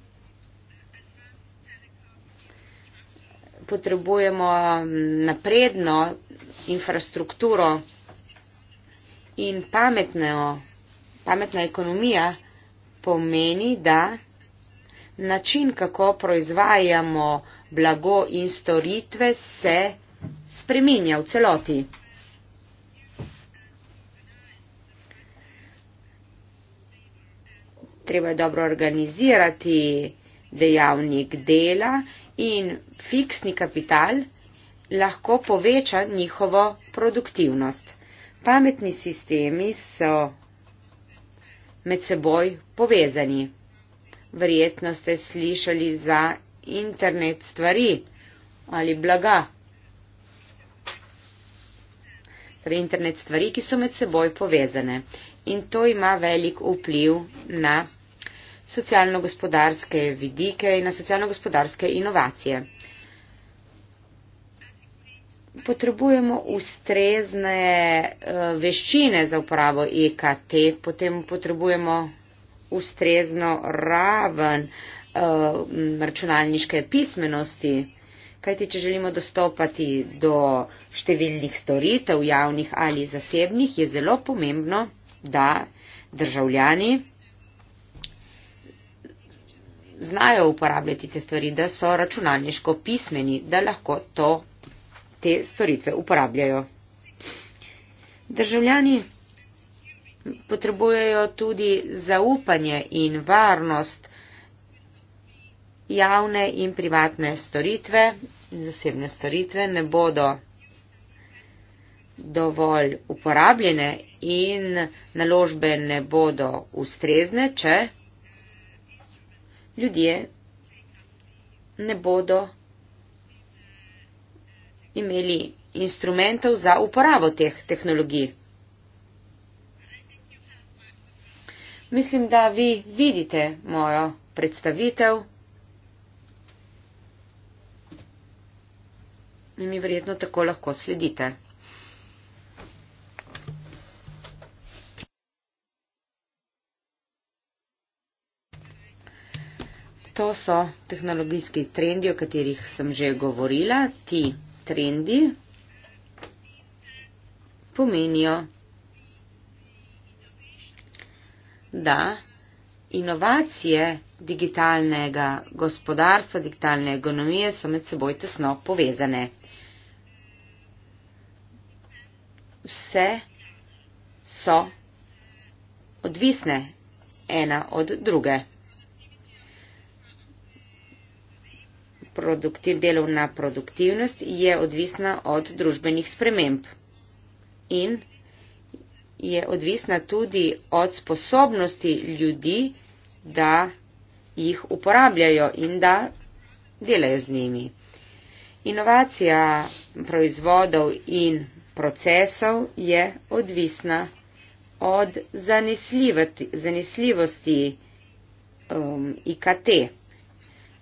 potrebujemo napredno infrastrukturo in pametno, pametna ekonomija pomeni, da način, kako proizvajamo blago in storitve, se spreminja v celoti. treba je dobro organizirati dejavnik dela in fiksni kapital lahko poveča njihovo produktivnost. Pametni sistemi so med seboj povezani. Verjetno ste slišali za internet stvari ali blaga. Torej internet stvari, ki so med seboj povezane. In to ima velik vpliv na socialno-gospodarske vidike in na socialno-gospodarske inovacije. Potrebujemo ustrezne eh, veščine za uporabo IKT, e potem potrebujemo ustrezno raven eh, računalniške pismenosti, kajti če želimo dostopati do številnih storitev, javnih ali zasebnih, je zelo pomembno, da državljani znajo uporabljati te stvari, da so računalniško pismeni, da lahko to, te storitve uporabljajo. Državljani potrebujejo tudi zaupanje in varnost javne in privatne storitve, zasebne storitve ne bodo dovolj uporabljene in naložbe ne bodo ustrezne, če ljudje ne bodo imeli instrumentov za uporabo teh tehnologij. Mislim, da vi vidite mojo predstavitev in mi verjetno tako lahko sledite. to so tehnologijski trendi, o katerih sem že govorila. Ti trendi pomenijo, da inovacije digitalnega gospodarstva, digitalne ekonomije so med seboj tesno povezane. Vse so odvisne ena od druge. produktiv, delovna produktivnost je odvisna od družbenih sprememb in je odvisna tudi od sposobnosti ljudi, da jih uporabljajo in da delajo z njimi. Inovacija proizvodov in procesov je odvisna od zanesljivosti um, IKT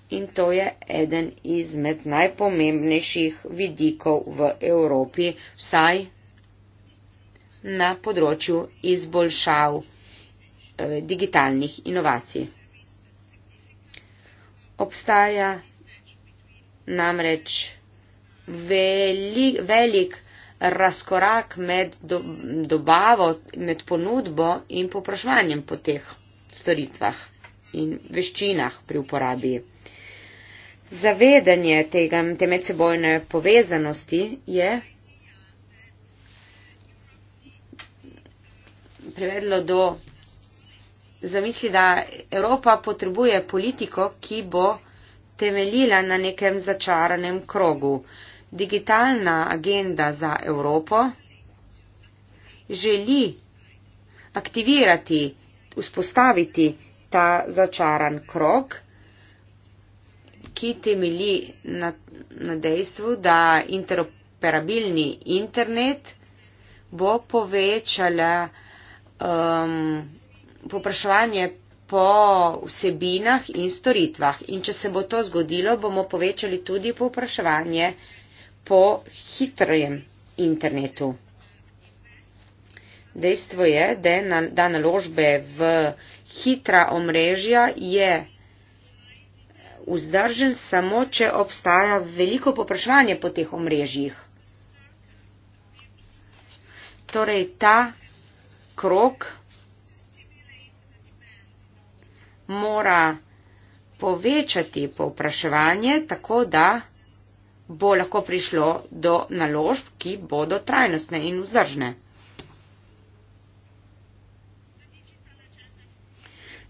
in to je eden izmed najpomembnejših vidikov v Evropi, vsaj na področju izboljšav eh, digitalnih inovacij. Obstaja namreč velik, velik razkorak med dobavo, med ponudbo in poprašanjem po teh storitvah in veščinah pri uporabi. Zavedanje tega, te medsebojne povezanosti je prevedlo do zamisli, da Evropa potrebuje politiko, ki bo temeljila na nekem začaranem krogu. Digitalna agenda za Evropo želi aktivirati, vzpostaviti ta začaran krog ki temelji na, na dejstvu, da interoperabilni internet bo povečala um, popraševanje po vsebinah in storitvah. In če se bo to zgodilo, bomo povečali tudi popraševanje po hitrejem internetu. Dejstvo je, da, na, da naložbe v hitra omrežja je vzdržen samo, če obstaja veliko poprašanje po teh omrežjih. Torej, ta krok mora povečati poprašanje, tako da bo lahko prišlo do naložb, ki bodo trajnostne in vzdržne.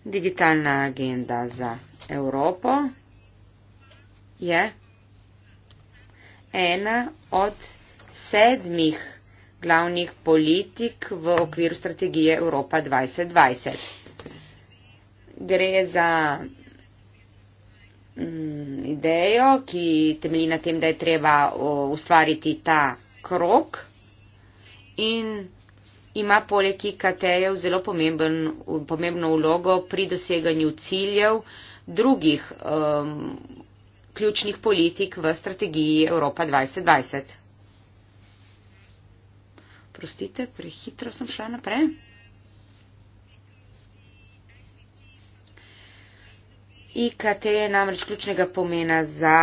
Digitalna agenda za Evropo je ena od sedmih glavnih politik v okviru strategije Evropa 2020. Gre za mm, idejo, ki temelji na tem, da je treba ustvariti ta krok in ima poleg IKT-jev zelo pomemben, pomembno vlogo pri doseganju ciljev drugih um, ključnih politik v strategiji Evropa 2020. Prostite, prehitro sem šla naprej. IKT je namreč ključnega pomena za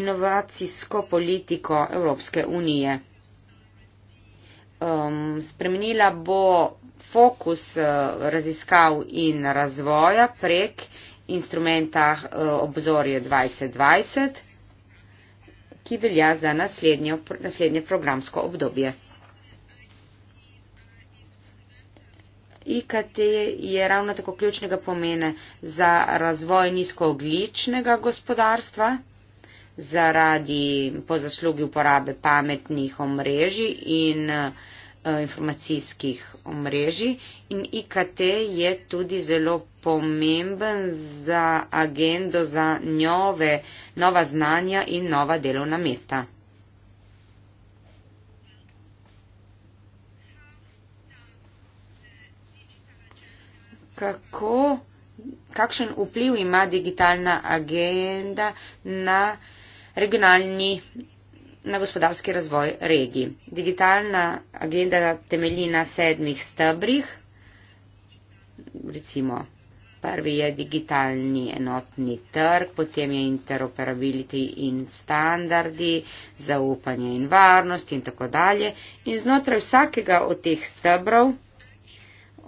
inovacijsko politiko Evropske unije. Um, spremenila bo fokus uh, raziskav in razvoja prek uh, instrumentah eh, obzorje 2020, ki velja za naslednjo, naslednje programsko obdobje. IKT je ravno tako ključnega pomena za razvoj nizkoogličnega gospodarstva zaradi po zaslugi uporabe pametnih omrežij in uh, Eh, informacijskih omrežij in IKT je tudi zelo pomemben za agendo za nove, nova znanja in nova delovna mesta. Kako, kakšen vpliv ima digitalna agenda na regionalni na gospodarski razvoj regij. Digitalna agenda temelji na sedmih stebrih, recimo prvi je digitalni enotni trg, potem je interoperability in standardi, zaupanje in varnost in tako dalje. In znotraj vsakega od teh stebrov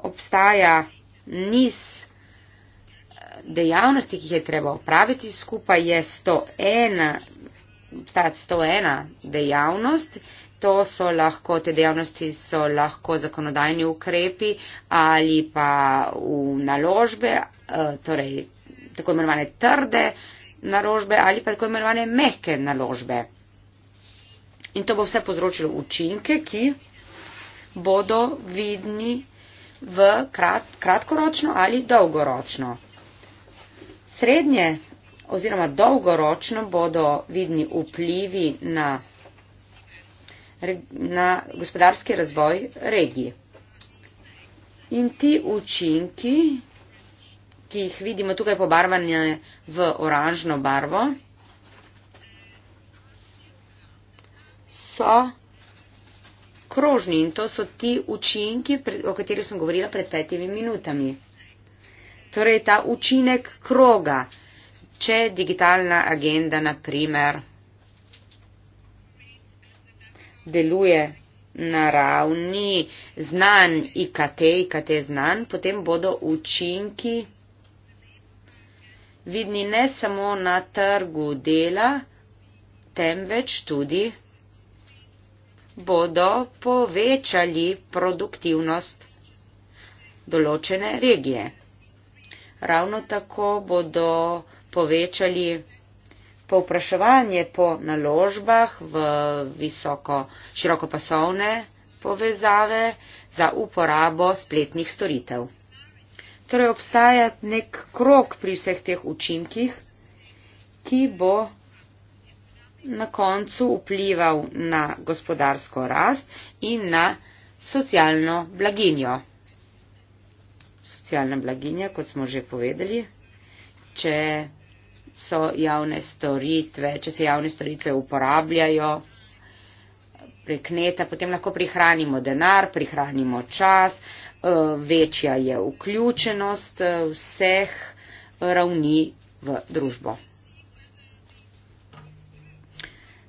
obstaja niz eh, dejavnosti, ki jih je treba opraviti, skupaj je 101 obstaja 101 dejavnost. To so lahko, te dejavnosti so lahko zakonodajni ukrepi ali pa v naložbe, eh, torej tako imenovane trde naložbe ali pa tako imenovane mehke naložbe. In to bo vse povzročilo učinke, ki bodo vidni v krat, kratkoročno ali dolgoročno. Srednje oziroma dolgoročno bodo vidni vplivi na, na gospodarski razvoj regije. In ti učinki, ki jih vidimo tukaj pobarvanje v oranžno barvo, so krožni in to so ti učinki, o katerih sem govorila pred petimi minutami. Torej ta učinek kroga, Če digitalna agenda, na primer, deluje na ravni znan IKT, IKT znan, potem bodo učinki vidni ne samo na trgu dela, temveč tudi bodo povečali produktivnost določene regije. Ravno tako bodo povečali povpraševanje po naložbah v visoko, širokopasovne povezave za uporabo spletnih storitev. Torej obstaja nek krok pri vseh teh učinkih, ki bo na koncu vplival na gospodarsko rast in na socialno blaginjo. Socialna blaginja, kot smo že povedali, če so javne storitve, če se javne storitve uporabljajo prek neta, potem lahko prihranimo denar, prihranimo čas, eh, večja je vključenost eh, vseh ravni v družbo.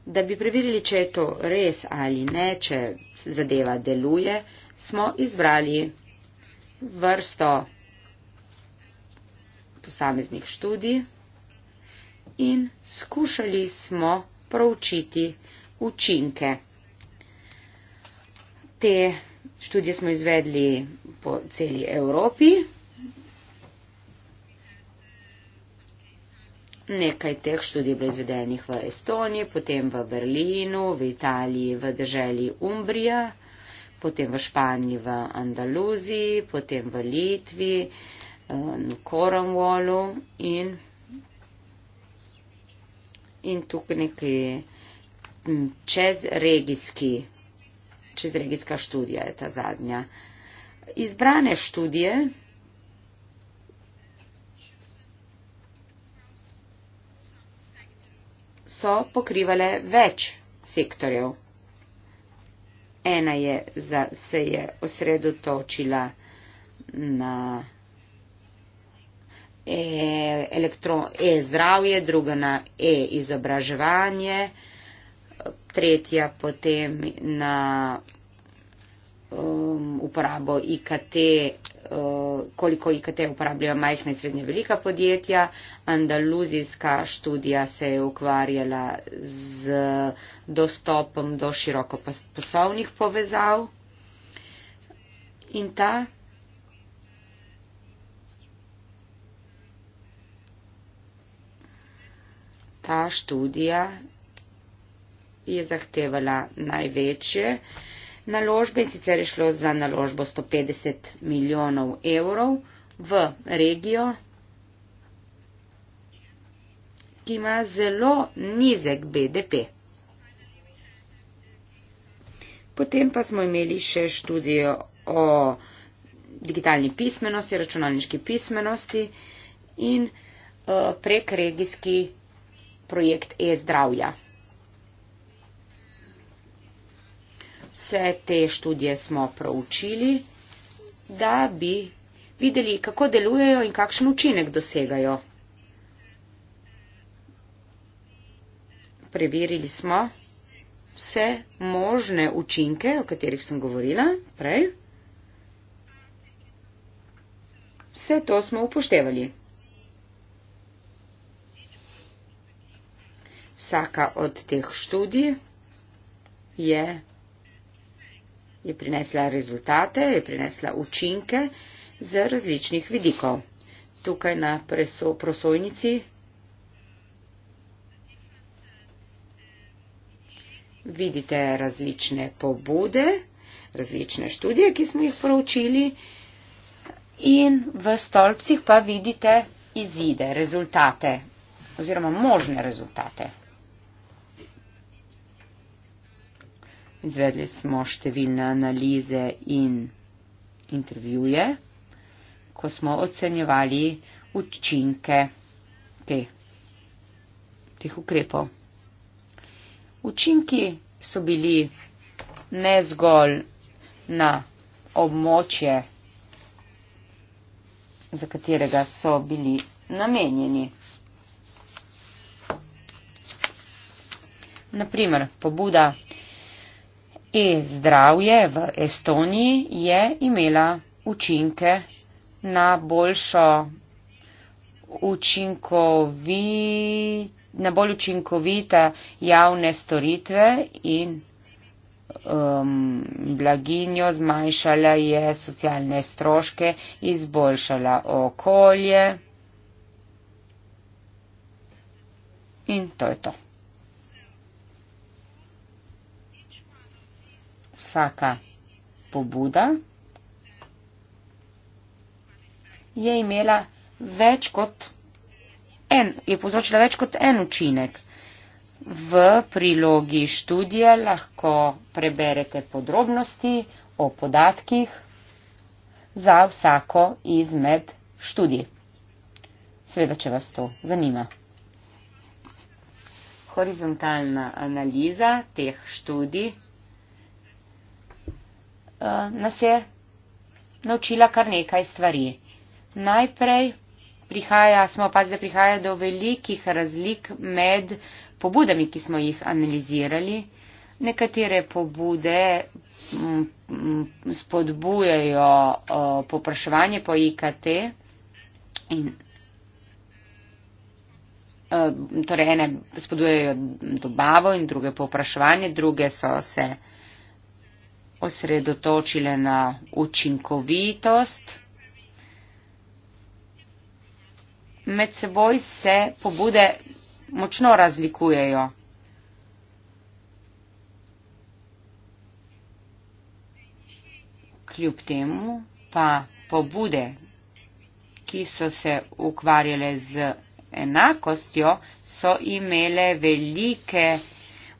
Da bi preverili, če je to res ali ne, če zadeva deluje, smo izbrali vrsto posameznih študij in skušali smo proučiti učinke. Te študije smo izvedli po celi Evropi. Nekaj teh študij je bilo izvedenih v Estoniji, potem v Berlinu, v Italiji, v državi Umbrija, potem v Španiji, v Andaluziji, potem v Litvi, eh, v Cornwallu in in tukaj nekaj mm, čezregijski, čezregijska študija je ta zadnja. Izbrane študije so pokrivale več sektorjev. Ena je za, se je osredotočila na elektron E zdravje, druga na E izobraževanje, tretja potem na um, uporabo IKT, uh, koliko IKT uporabljajo majhne in srednje velika podjetja. Andaluzijska študija se je ukvarjala z dostopom do široko poslovnih povezav. In ta ta študija je zahtevala največje naložbe in sicer je šlo za naložbo 150 milijonov evrov v regijo, ki ima zelo nizek BDP. Potem pa smo imeli še študijo o digitalni pismenosti, računalniški pismenosti in uh, prekregijski projekt e-zdravja. Vse te študije smo proučili, da bi videli, kako delujejo in kakšen učinek dosegajo. Preverili smo vse možne učinke, o katerih sem govorila prej. Vse to smo upoštevali. vsaka od teh študij je, je prinesla rezultate, je prinesla učinke z različnih vidikov. Tukaj na preso, prosojnici vidite različne pobude, različne študije, ki smo jih proučili in v stolpcih pa vidite izide, rezultate oziroma možne rezultate. Izvedli smo številne analize in intervjuje, ko smo ocenjevali učinke te, teh ukrepov. Učinki so bili ne zgolj na območje, za katerega so bili namenjeni. Naprimer, pobuda e-zdravje v Estoniji je imela učinke na boljšo učinkovit, na bolj učinkovite javne storitve in um, blaginjo zmanjšala je socialne stroške, izboljšala okolje in to je to. vsaka pobuda je imela več kot en, je povzročila več kot en učinek. V prilogi študije lahko preberete podrobnosti o podatkih za vsako izmed študij. Sveda, če vas to zanima. Horizontalna analiza teh študij Eh, nas je naučila kar nekaj stvari. Najprej prihaja, smo opazili, da prihaja do velikih razlik med pobudami, ki smo jih analizirali. Nekatere pobude mm, mm, spodbujajo eh, popraševanje po IKT. In, eh, torej, ene spodbujajo dobavo in druge popraševanje, druge so se osredotočile na učinkovitost. Med seboj se pobude močno razlikujejo. Kljub temu pa pobude, ki so se ukvarjale z enakostjo, so imele velike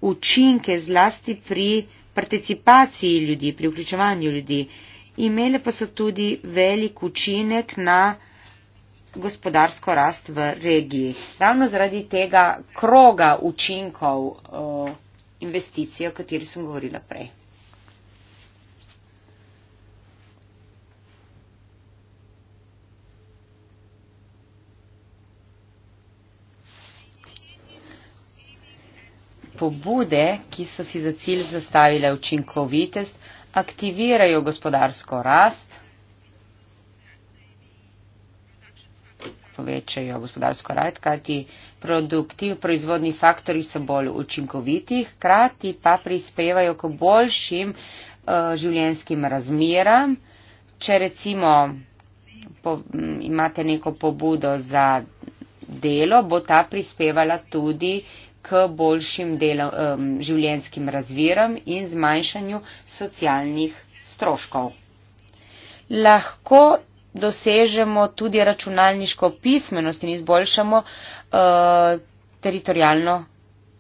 učinke zlasti pri participaciji ljudi, pri vključevanju ljudi. Imele pa so tudi velik učinek na gospodarsko rast v regiji. Ravno zaradi tega kroga učinkov eh, investicij, o kateri sem govorila prej. pobude, ki so si za cilj zastavile učinkovitost, aktivirajo gospodarsko rast, povečajo gospodarsko rast, kajti produktiv proizvodni faktori so bolj učinkoviti, hkrati pa prispevajo k boljšim uh, eh, življenskim razmeram. Če recimo po, imate neko pobudo za delo, bo ta prispevala tudi k boljšim delo, um, življenskim razviram in zmanjšanju socialnih stroškov. Lahko dosežemo tudi računalniško pismenost in izboljšamo uh, teritorijalno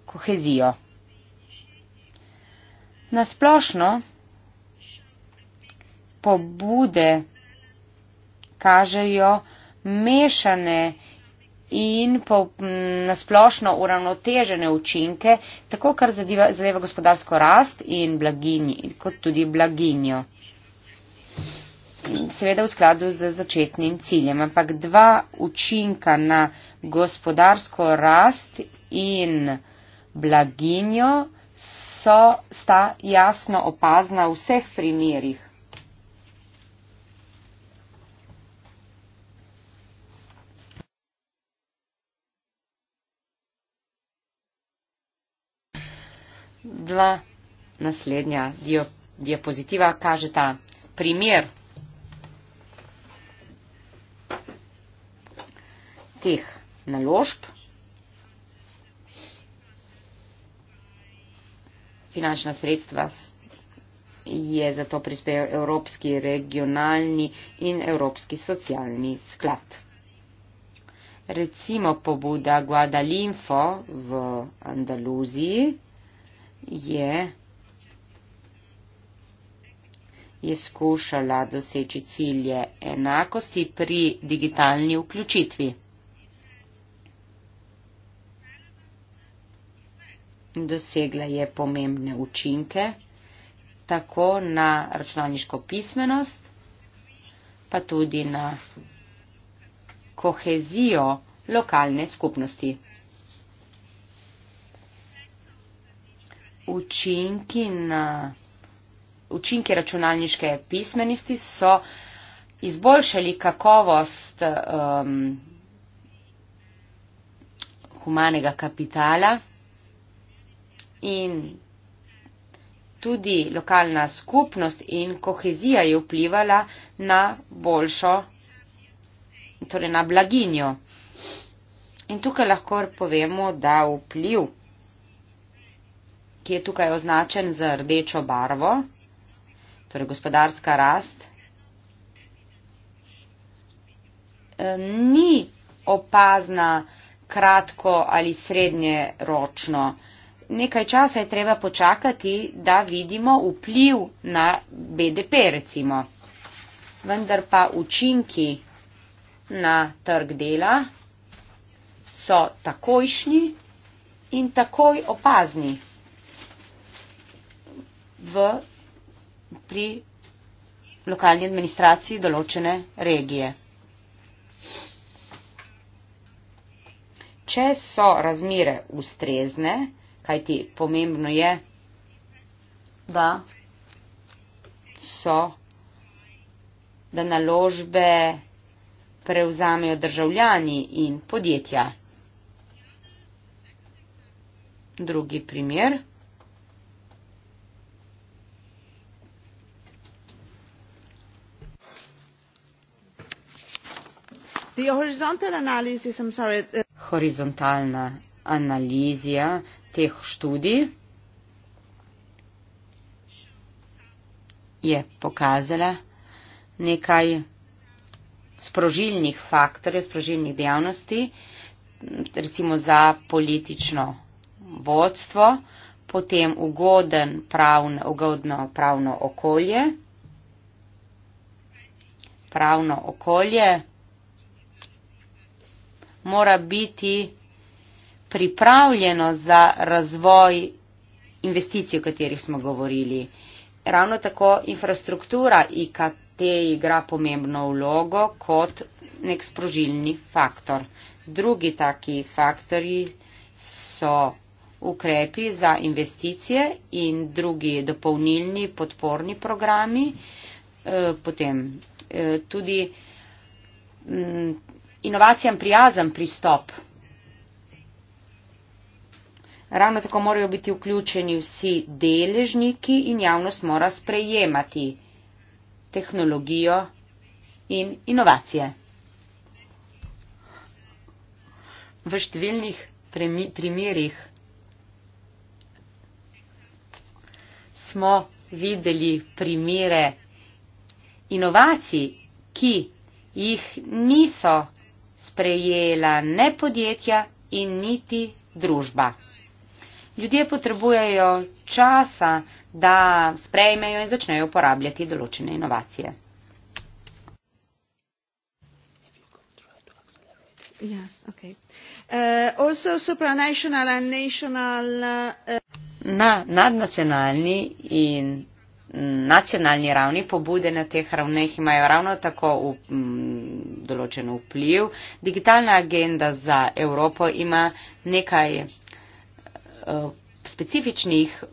kohezijo. Nasplošno pobude kažejo mešane in pa na splošno uravnotežene učinke, tako kar zadeva, zadeva gospodarsko rast in blaginji, kot tudi blaginjo. Seveda v skladu z začetnim ciljem, ampak dva učinka na gospodarsko rast in blaginjo so, sta jasno opazna v vseh primerjih. dva naslednja dio, diapozitiva kažeta primer teh naložb. Finančna sredstva je zato prispel Evropski regionalni in Evropski socialni sklad. Recimo pobuda Guadalinfo v Andaluziji, je, je skušala doseči cilje enakosti pri digitalni vključitvi. Dosegla je pomembne učinke tako na računalniško pismenost, pa tudi na kohezijo lokalne skupnosti. učinki, na, učinki računalniške pismenosti so izboljšali kakovost um, humanega kapitala in tudi lokalna skupnost in kohezija je vplivala na boljšo, torej na blaginjo. In tukaj lahko povemo, da vpliv ki je tukaj označen z rdečo barvo, torej gospodarska rast, eh, ni opazna kratko ali srednje ročno. Nekaj časa je treba počakati, da vidimo vpliv na BDP recimo. Vendar pa učinki na trg dela so takojšnji in takoj opazni v, pri lokalni administraciji določene regije. Če so razmire ustrezne, kajti pomembno je, da so, da naložbe prevzamejo državljani in podjetja. Drugi primer. Uh, Horizontalna analizija teh študij je pokazala nekaj sprožilnih faktorjev, sprožilnih dejavnosti, recimo za politično vodstvo, potem ugoden pravne, ugodno pravno okolje, pravno okolje, mora biti pripravljeno za razvoj investicij, o katerih smo govorili. Ravno tako infrastruktura IKT igra pomembno vlogo kot nek sprožilni faktor. Drugi taki faktori so ukrepi za investicije in drugi dopolnilni podporni programi. Eh, potem eh, tudi mm, inovacijam prijazen pristop. Ravno tako morajo biti vključeni vsi deležniki in javnost mora sprejemati tehnologijo in inovacije. V številnih primerjih smo videli primere inovacij, ki jih niso sprejela ne podjetja in niti družba. Ljudje potrebujejo časa, da sprejmejo in začnejo uporabljati določene inovacije. Yes, okay. uh, national, uh, Na nadnacionalni in nacionalni ravni, pobude na teh ravneh imajo ravno tako v, m, določen vpliv. Digitalna agenda za Evropo ima nekaj uh, specifičnih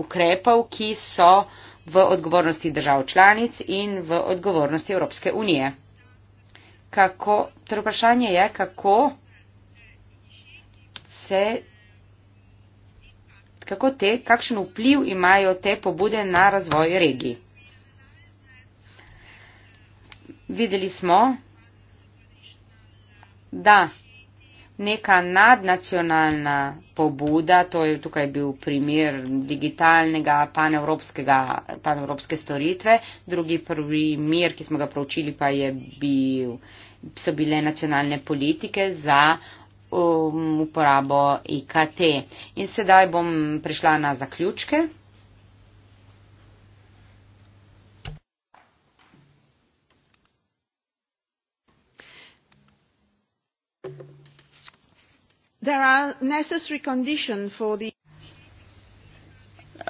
ukrepov, ki so v odgovornosti držav članic in v odgovornosti Evropske unije. Kako, ter torej vprašanje je, kako se kako te, kakšen vpliv imajo te pobude na razvoj regij. Videli smo, da neka nadnacionalna pobuda, to je tukaj bil primer digitalnega panevropske storitve, drugi primer, ki smo ga pravčili, pa je bil, so bile nacionalne politike za Um, uporabo IKT. In sedaj bom prišla na zaključke.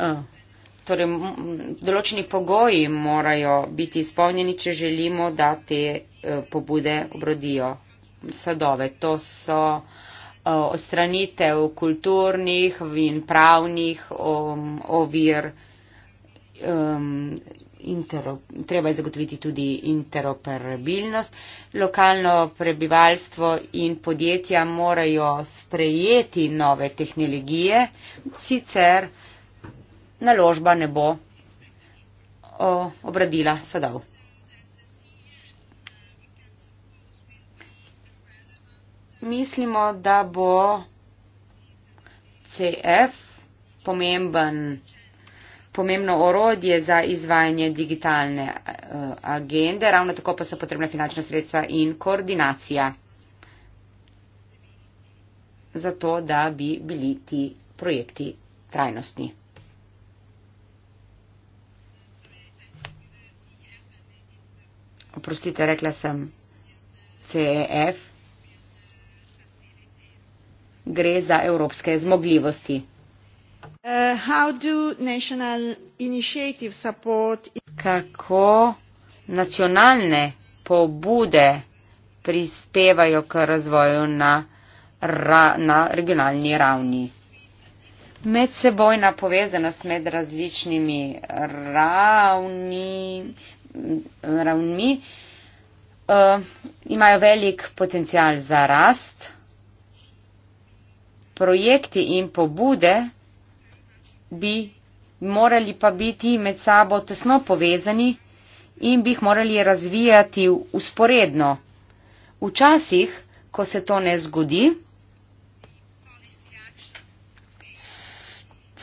Uh, torej, določeni pogoji morajo biti izpolnjeni, če želimo, da te uh, pobude obrodijo sadove. To so eh, ostranitev kulturnih in pravnih um, ovir. Um, Interop, treba je zagotoviti tudi interoperabilnost. Lokalno prebivalstvo in podjetja morajo sprejeti nove tehnologije, sicer naložba ne bo obradila sadov. mislimo, da bo CF pomemben, pomembno orodje za izvajanje digitalne uh, agende, ravno tako pa so potrebna finančna sredstva in koordinacija za to, da bi bili ti projekti trajnostni. Oprostite, rekla sem CEF gre za evropske zmogljivosti. Eh, Kako nacionalne pobude prispevajo k razvoju na, na regionalni ravni? Medsebojna povezanost med različnimi ravni, ravni uh, imajo velik potencial za rast projekti in pobude bi morali pa biti med sabo tesno povezani in bi jih morali razvijati usporedno. Včasih, ko se to ne zgodi,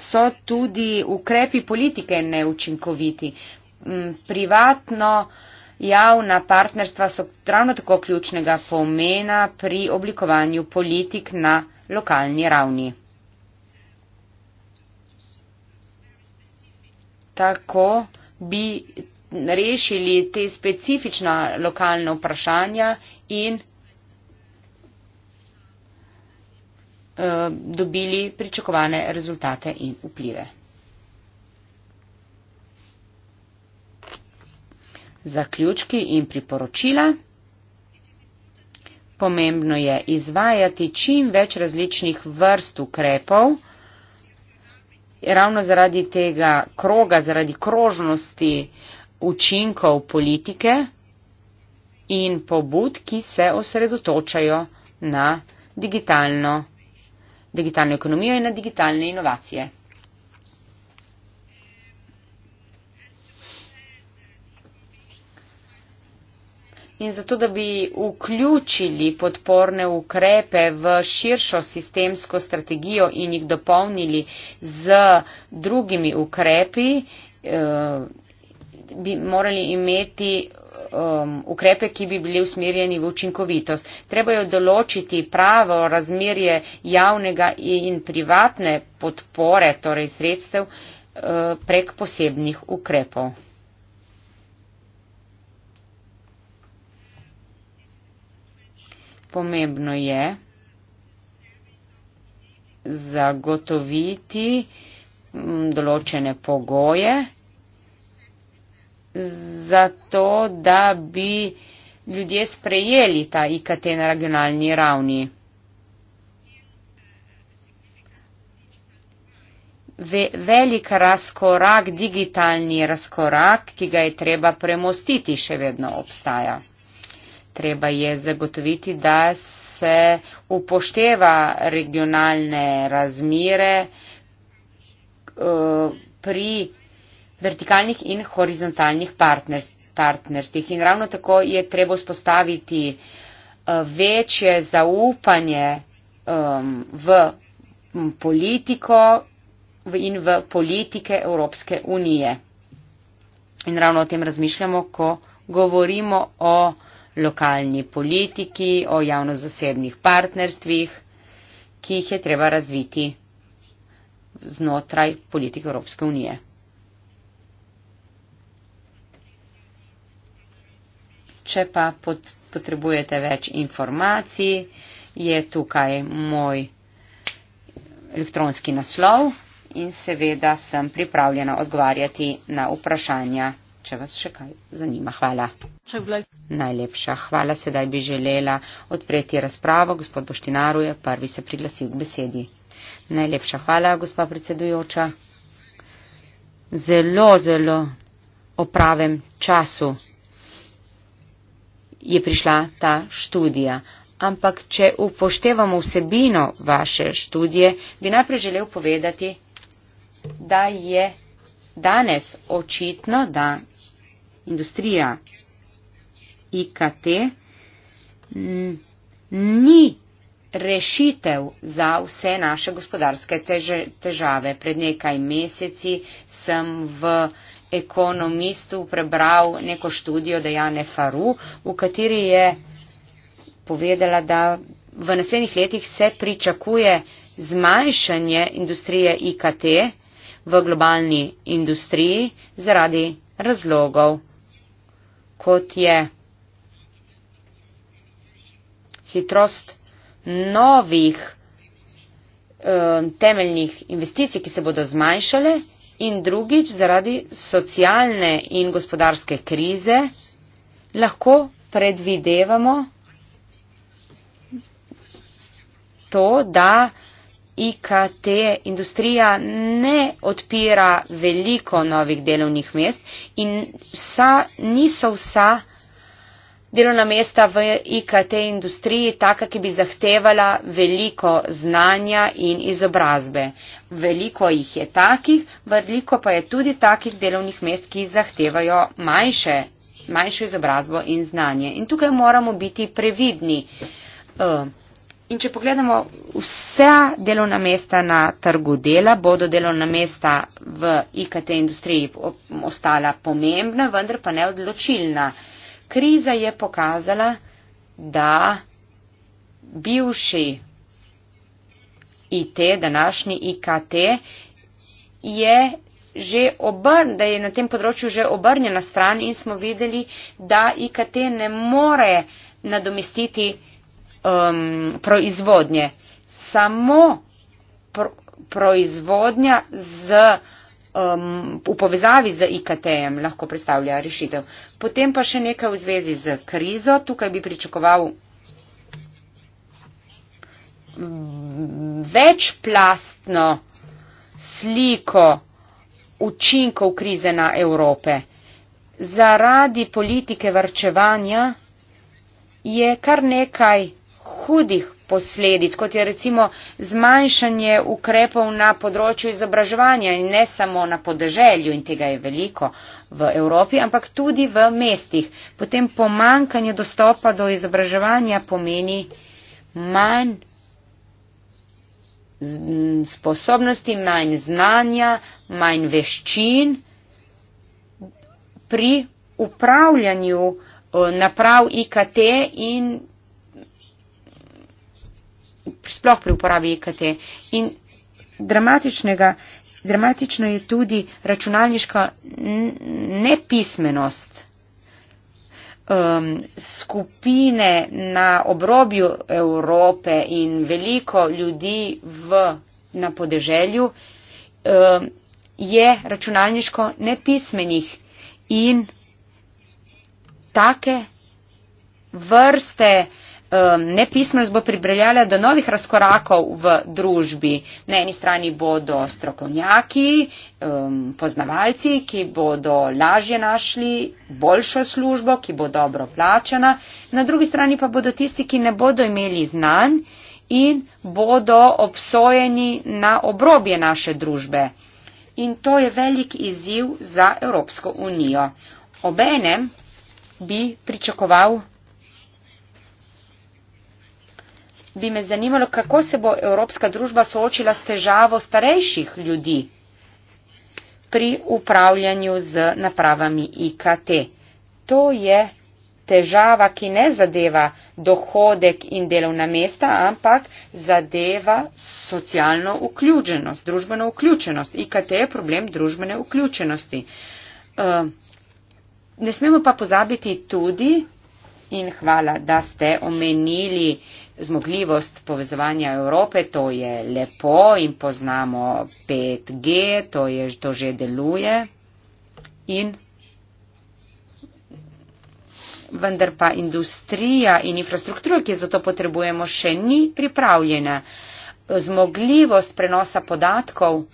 so tudi ukrepi politike neučinkoviti. Mm, privatno javna partnerstva so ravno tako ključnega pomena pri oblikovanju politik na lokalni ravni. Tako bi rešili te specifična lokalna vprašanja in eh, dobili pričakovane rezultate in vplive. Zaključki in priporočila. Pomembno je izvajati čim več različnih vrst ukrepov, ravno zaradi tega kroga, zaradi krožnosti učinkov politike in pobud, ki se osredotočajo na digitalno, digitalno ekonomijo in na digitalne inovacije. in zato, da bi vključili podporne ukrepe v širšo sistemsko strategijo in jih dopolnili z drugimi ukrepi, eh, bi morali imeti um, ukrepe, ki bi bili usmerjeni v učinkovitost. Treba je določiti pravo razmerje javnega in privatne podpore, torej sredstev, eh, prek posebnih ukrepov. pomembno je zagotoviti mm, določene pogoje za to, da bi ljudje sprejeli ta IKT na regionalni ravni. Velik razkorak, digitalni razkorak, ki ga je treba premostiti, še vedno obstaja treba je zagotoviti, da se upošteva regionalne razmire eh, pri vertikalnih in horizontalnih partnerstvih. In ravno tako je treba spostaviti eh, večje zaupanje v politiko in v politike Evropske unije. In ravno o tem razmišljamo, ko govorimo o lokalni politiki, o javno-zasebnih partnerstvih, ki jih je treba razviti znotraj politike Evropske unije. Če pa pot, potrebujete več informacij, je tukaj moj elektronski naslov in seveda sem pripravljena odgovarjati na vprašanja če vas še kaj zanima. Hvala. Najlepša hvala. Sedaj bi želela odpreti razpravo. Gospod Boštinaru je prvi se priglasil k besedi. Najlepša hvala, gospa predsedujoča. Zelo, zelo o pravem času je prišla ta študija. Ampak, če upoštevamo vsebino vaše študije, bi najprej želel povedati, da je danes očitno, da industrija IKT ni rešitev za vse naše gospodarske tež težave. Pred nekaj meseci sem v ekonomistu prebral neko študijo Dejane Faru, v kateri je povedala, da v naslednjih letih se pričakuje zmanjšanje industrije IKT v globalni industriji zaradi razlogov kot je hitrost novih eh, temeljnih investicij, ki se bodo zmanjšale in drugič zaradi socialne in gospodarske krize lahko predvidevamo to, da IKT industrija ne odpira veliko novih delovnih mest in vsa, niso vsa delovna mesta v IKT industriji taka, ki bi zahtevala veliko znanja in izobrazbe. Veliko jih je takih, veliko pa je tudi takih delovnih mest, ki zahtevajo manjše, manjšo izobrazbo in znanje. In tukaj moramo biti previdni. Uh, In če pogledamo vsa delovna mesta na trgu dela, bodo delovna mesta v IKT industriji ostala pomembna, vendar pa ne odločilna. Kriza je pokazala, da bivši IT, današnji IKT, je že obrn, da je na tem področju že obrnjena stran in smo videli, da IKT ne more nadomestiti um, proizvodnje. Samo pro, proizvodnja z, um, v povezavi z IKT-em lahko predstavlja rešitev. Potem pa še nekaj v zvezi z krizo. Tukaj bi pričakoval večplastno sliko učinkov krize na Evrope. Zaradi politike vrčevanja je kar nekaj hudih posledic, kot je recimo zmanjšanje ukrepov na področju izobraževanja in ne samo na podeželju in tega je veliko v Evropi, ampak tudi v mestih. Potem pomankanje dostopa do izobraževanja pomeni manj sposobnosti, manj znanja, manj veščin pri upravljanju eh, naprav IKT in sploh pri uporabi IKT. In dramatično je tudi računalniška nepismenost um, skupine na obrobju Evrope in veliko ljudi v, na podeželju um, je računalniško nepismenih in take vrste uh, Um, nepismenost bo pripeljala do novih razkorakov v družbi. Na eni strani bodo strokovnjaki, um, poznavalci, ki bodo lažje našli boljšo službo, ki bo dobro plačena, na drugi strani pa bodo tisti, ki ne bodo imeli znanj in bodo obsojeni na obrobje naše družbe. In to je velik izziv za Evropsko unijo. Obenem bi pričakoval bi me zanimalo, kako se bo evropska družba soočila s težavo starejših ljudi pri upravljanju z napravami IKT. To je težava, ki ne zadeva dohodek in delovna mesta, ampak zadeva socialno vključenost, družbeno vključenost. IKT je problem družbene vključenosti. Eh, ne smemo pa pozabiti tudi, in hvala, da ste omenili zmogljivost povezovanja Evrope, to je lepo in poznamo 5G, to, je, to že deluje. In vendar pa industrija in infrastruktura, ki za to potrebujemo, še ni pripravljena. Zmogljivost prenosa podatkov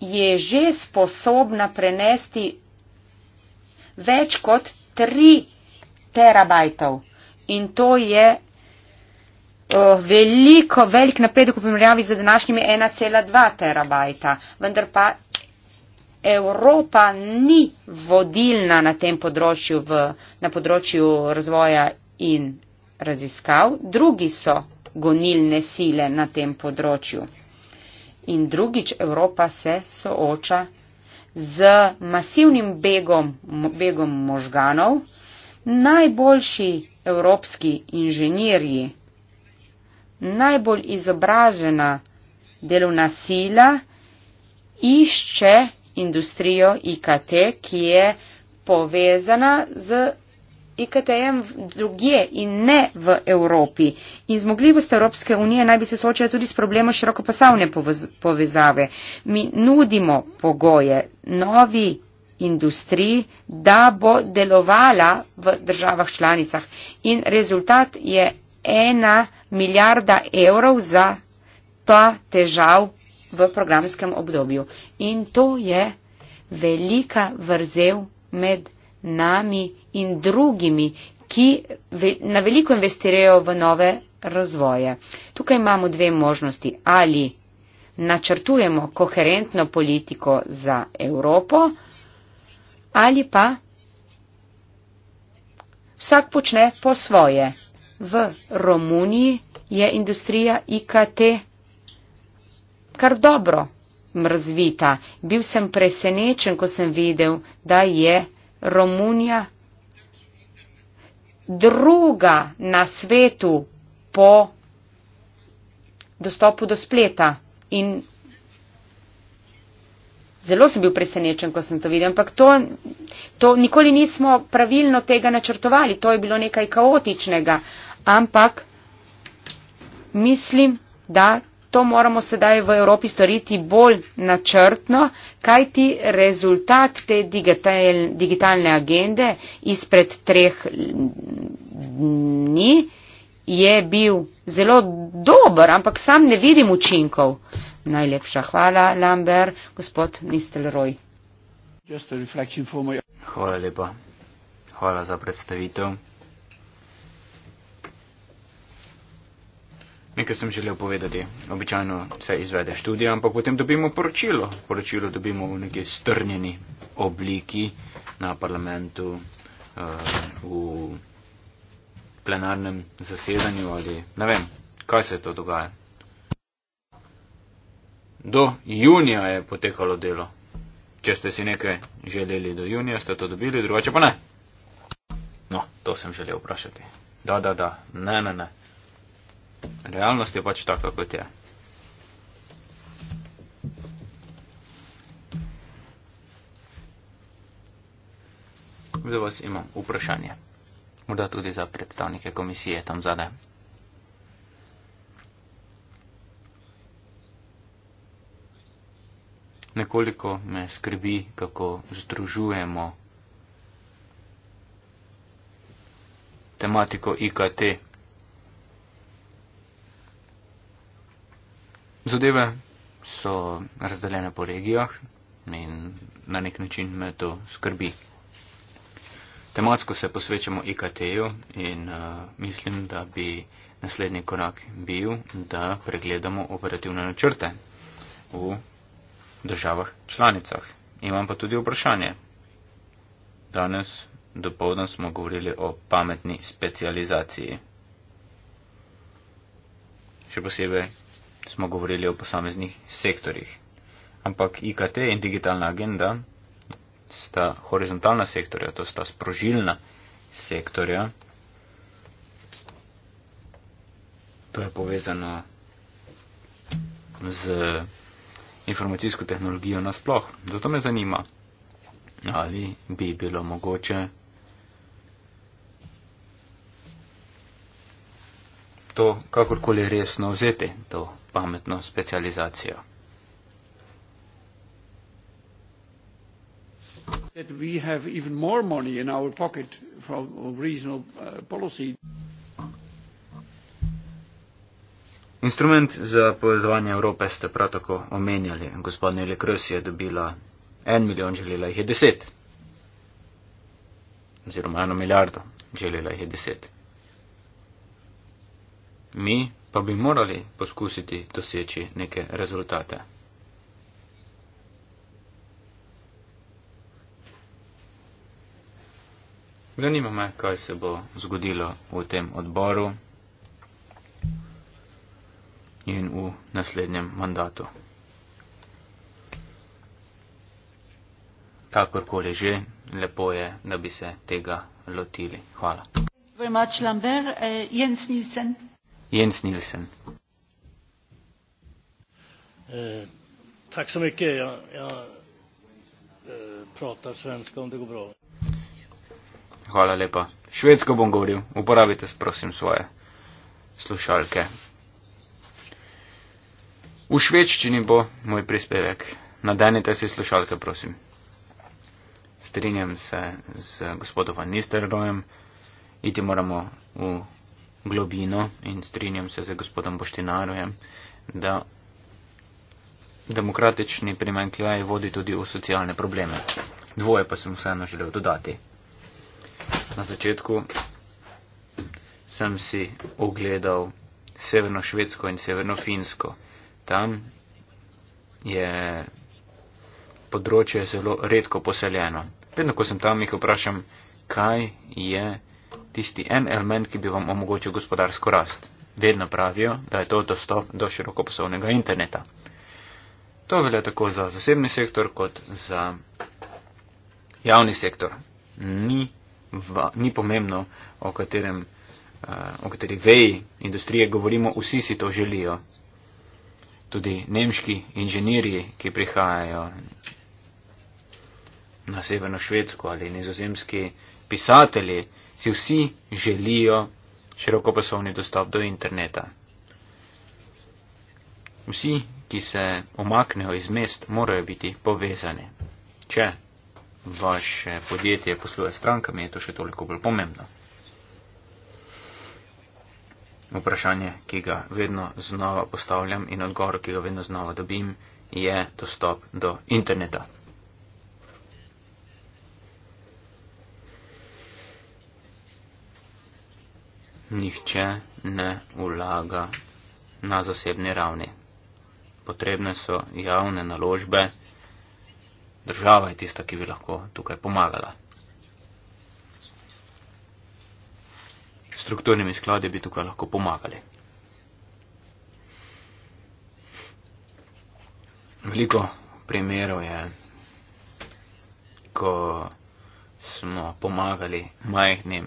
je že sposobna prenesti več kot 3 terabajtov in to je oh, veliko, velik napredek v primerjavi z današnjimi 1,2 terabajta. Vendar pa Evropa ni vodilna na tem področju, v, na področju razvoja in raziskav. Drugi so gonilne sile na tem področju. In drugič, Evropa se sooča z masivnim begom, begom možganov, najboljši evropski inženirji, najbolj izobražena delovna sila išče industrijo IKT, ki je povezana z IKT-jem drugje in ne v Evropi. In zmogljivost Evropske unije naj bi se soočala tudi s problemom širokopasavne povezave. Mi nudimo pogoje, novi industriji, da bo delovala v državah članicah. In rezultat je ena milijarda evrov za ta težav v programskem obdobju. In to je velika vrzel med nami in drugimi, ki na veliko investirajo v nove razvoje. Tukaj imamo dve možnosti. Ali načrtujemo koherentno politiko za Evropo, ali pa vsak počne po svoje. V Romuniji je industrija IKT kar dobro mrzvita. Bil sem presenečen, ko sem videl, da je Romunija druga na svetu po dostopu do spleta in Zelo sem bil presenečen, ko sem to videl, ampak to, to nikoli nismo pravilno tega načrtovali, to je bilo nekaj kaotičnega, ampak mislim, da to moramo sedaj v Evropi storiti bolj načrtno, kaj ti rezultat te digital, digitalne agende izpred treh dni je bil zelo dober, ampak sam ne vidim učinkov. Najlepša hvala, Lambert, gospod Nistelroj. Hvala lepa. Hvala za predstavitev. Nekaj sem želel povedati. Običajno se izvede študija, ampak potem dobimo poročilo. Poročilo dobimo v neki strnjeni obliki na parlamentu, eh, v plenarnem zasedanju ali ne vem, kaj se to dogaja. Do junija je potekalo delo. Če ste si nekaj želeli do junija, ste to dobili, drugače pa ne. No, to sem želel vprašati. Da, da, da, ne, ne, ne. Realnost je pač taka, kot je. Za vas imam vprašanje. Morda tudi za predstavnike komisije tam zadaj. Nekoliko me skrbi, kako združujemo tematiko IKT. Zadeve so razdeljene po regijah in na nek način me to skrbi. Tematsko se posvečamo IKT-ju in uh, mislim, da bi naslednji korak bil, da pregledamo operativne načrte v državah članicah. Imam pa tudi vprašanje. Danes dopoledne smo govorili o pametni specializaciji. Še posebej smo govorili o posameznih sektorjih. Ampak IKT in digitalna agenda sta horizontalna sektorja, to sta sprožilna sektorja. To je povezano z informacijsko tehnologijo nasploh. Zato me zanima, ali bi bilo mogoče to kakorkoli resno vzeti, to pametno specializacijo. That we have even more money in our pocket from regional uh, policy. Instrument za povezovanje Evrope ste prav tako omenjali. Gospod Nele Krs je dobila en milijon, želela jih je deset. Oziroma eno milijardo, želela jih je deset. Mi pa bi morali poskusiti doseči neke rezultate. Zanima me, kaj se bo zgodilo v tem odboru in v naslednjem mandatu. Kakorkoli že, lepo je, da bi se tega lotili. Hvala. Much, Lambert, uh, Jens Nielsen. Jens Nielsen. Uh, eh, tak so mykje. Ja, ja uh, eh, prata svenska, om det går bra. Hvala lepa. Švedsko bom govoril. Uporabite, prosim, svoje slušalke. V švedščini bo moj prispevek. Nadenite si slušalke, prosim. Strinjam se z gospodom Van Nisterrojem, iti moramo v globino in strinjam se z gospodom Boštinarojem, da demokratični primankljaj vodi tudi v socialne probleme. Dvoje pa sem vseeno želel dodati. Na začetku sem si ogledal severno švedsko in severno finsko tam je področje zelo redko poseljeno. Vedno, ko sem tam, jih vprašam, kaj je tisti en element, ki bi vam omogočil gospodarsko rast. Vedno pravijo, da je to dostop do širokoposovnega interneta. To velja tako za zasebni sektor kot za javni sektor. Ni, va, ni pomembno, o, katerem, uh, o kateri veji industrije govorimo, vsi si to želijo tudi nemški inženirji, ki prihajajo na severno Švedsko ali nizozemski pisatelji, si vsi želijo širokopasovni dostop do interneta. Vsi, ki se omaknejo iz mest, morajo biti povezani. Če vaše podjetje posluje s strankami, je to še toliko bolj pomembno. Vprašanje, ki ga vedno znova postavljam in odgovor, ki ga vedno znova dobim, je dostop do interneta. Nihče ne vlaga na zasebni ravni. Potrebne so javne naložbe. Država je tista, ki bi lahko tukaj pomagala. strukturnimi skladi bi tukaj lahko pomagali. Veliko primerov je, ko smo pomagali majhnim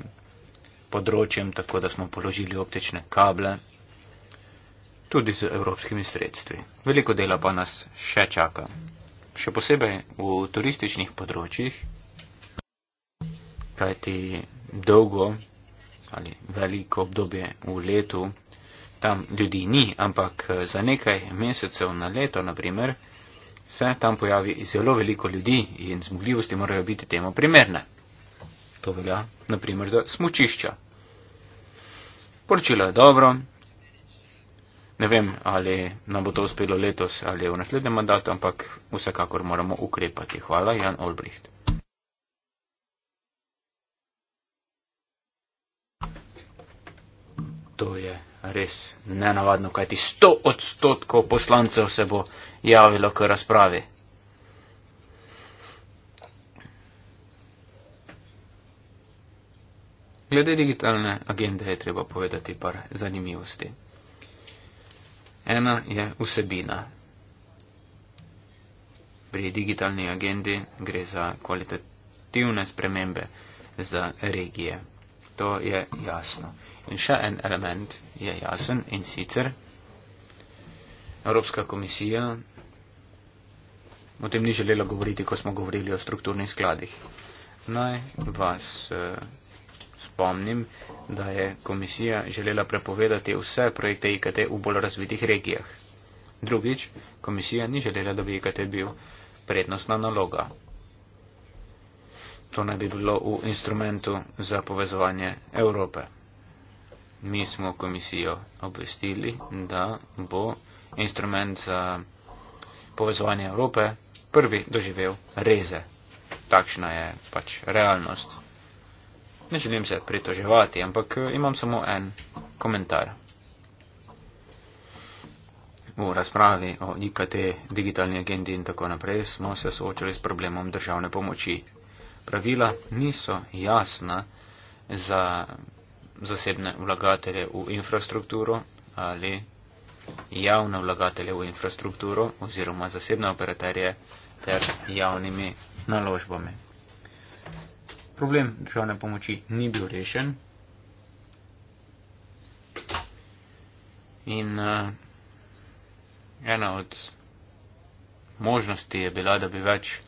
področjem, tako da smo položili optične kable, tudi z evropskimi sredstvi. Veliko dela pa nas še čaka. Še posebej v turističnih področjih, kajti dolgo ali veliko obdobje v letu, tam ljudi ni, ampak eh, za nekaj mesecev na leto, naprimer, se tam pojavi zelo veliko ljudi in zmogljivosti morajo biti temu primerne. To velja, naprimer, za smučišča. Poročilo je dobro. Ne vem, ali nam bo to uspelo letos ali v naslednjem mandatu, ampak vsekakor moramo ukrepati. Hvala, Jan Olbricht. to je res nenavadno, kajti sto odstotkov poslancev se bo javilo k razpravi. Glede digitalne agende je treba povedati par zanimivosti. Ena je vsebina. Pri digitalni agendi gre za kvalitativne spremembe za regije. To je jasno. In še en element je jasen in sicer Evropska komisija o tem ni želela govoriti, ko smo govorili o strukturnih skladih. Naj vas eh, spomnim, da je komisija želela prepovedati vse projekte IKT v bolj razvitih regijah. Drugič, komisija ni želela, da bi IKT bil prednostna naloga. To naj bi bilo v instrumentu za povezovanje Evrope mi smo komisijo obvestili, da bo instrument za povezovanje Evrope prvi doživel reze. Takšna je pač realnost. Ne želim se pritoževati, ampak eh, imam samo en komentar. V razpravi o IKT, digitalni agendi in tako naprej smo se soočali s problemom državne pomoči. Pravila niso jasna za zasebne vlagatelje v infrastrukturo ali javne vlagatelje v infrastrukturo oziroma zasebne operaterje ter javnimi naložbami. Problem državne pomoči ni bil rešen in uh, ena od možnosti je bila, da bi več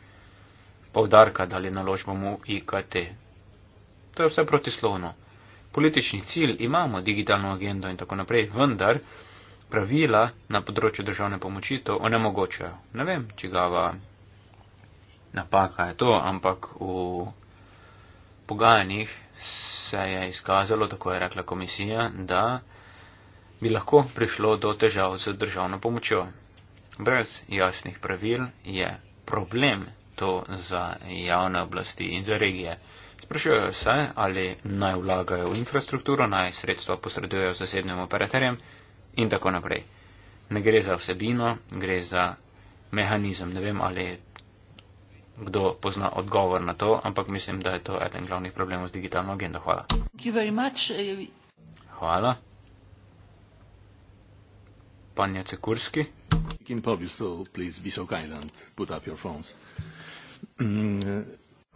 povdarka dali naložbam v IKT. To je vse protislovno politični cilj, imamo digitalno agendo in tako naprej, vendar pravila na področju državne pomoči to onemogočajo. Ne vem, čigava napaka je to, ampak v pogajanjih se je izkazalo, tako je rekla komisija, da bi lahko prišlo do težav z državno pomočjo. Brez jasnih pravil je problem to za javne oblasti in za regije. Sprašujejo se, ali naj vlagajo v infrastrukturo, naj sredstva posredujejo zasebnim operaterjem in tako naprej. Ne gre za vsebino, gre za mehanizem. Ne vem, ali kdo pozna odgovor na to, ampak mislim, da je to eden glavnih problemov z digitalno agendo. Hvala. Hvala. Panja Cekurski.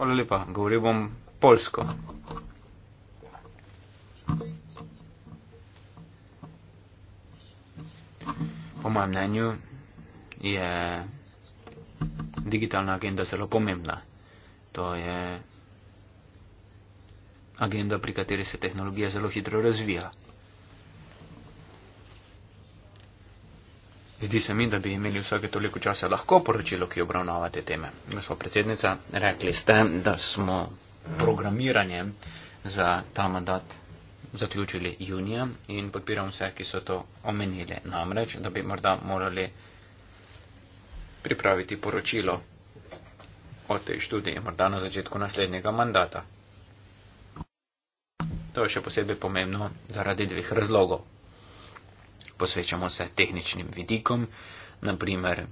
Hvala lepa. Govoril bom polsko. Po mojem mnenju je digitalna agenda zelo pomembna. To je agenda, pri kateri se tehnologija zelo hitro razvija. Zdi se mi, da bi imeli vsake toliko časa lahko poročilo, ki obravnava te teme. Gospod predsednica, rekli ste, da smo programiranjem za ta mandat zaključili junija in podpiram vse, ki so to omenili. Namreč, da bi morda morali pripraviti poročilo o tej študiji, morda na začetku naslednjega mandata. To je še posebej pomembno zaradi dveh razlogov. Posvečamo se tehničnim vidikom, naprimer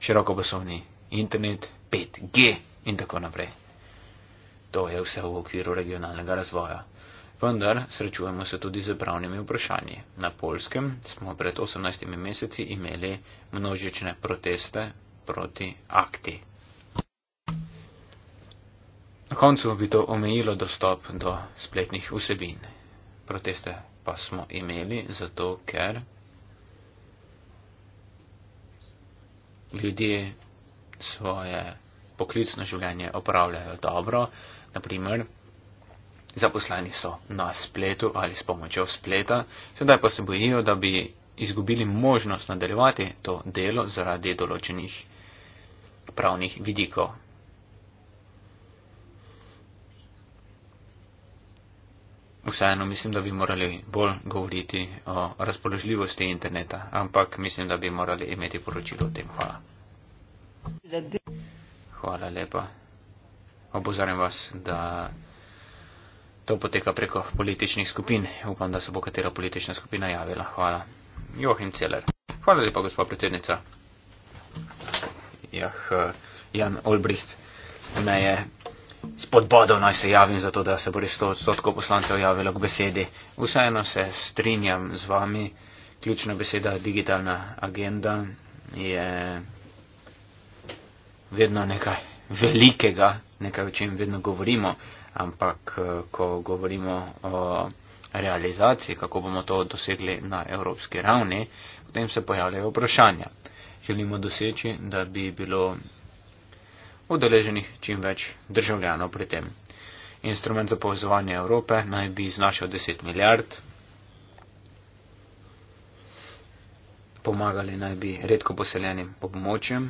širokobosovni internet, 5G in tako naprej. To je vse v okviru regionalnega razvoja. Vendar srečujemo se tudi z pravnimi vprašanji. Na Polskem smo pred 18 meseci imeli množične proteste proti akti. Na koncu bi to omejilo dostop do spletnih vsebin. Proteste pa smo imeli zato, ker ljudje svoje poklicno življenje opravljajo dobro. Naprimer, zaposleni so na spletu ali s pomočjo spleta, sedaj pa se bojijo, da bi izgubili možnost nadaljevati to delo zaradi določenih pravnih vidikov. Vseeno mislim, da bi morali bolj govoriti o razpoložljivosti interneta, ampak mislim, da bi morali imeti poročilo o tem. Hvala. Hvala lepa obozorim vas, da to poteka preko političnih skupin. Upam, da se bo katera politična skupina javila. Hvala. Joachim Celer. Hvala lepa, gospod predsednica. Jah, eh, Jan Olbricht me je spodbodal, naj se javim za to, da se bo res 100 odstotkov poslancev javilo k besedi. Vseeno se strinjam z vami. Ključna beseda digitalna agenda je vedno nekaj velikega nekaj, o čem vedno govorimo, ampak eh, ko govorimo o realizaciji, kako bomo to dosegli na evropski ravni, potem se pojavljajo vprašanja. Želimo doseči, da bi bilo udeleženih čim več državljanov pri tem. Instrument za povezovanje Evrope naj bi znašal 10 milijard. Pomagali naj bi redko poseljenim območjem,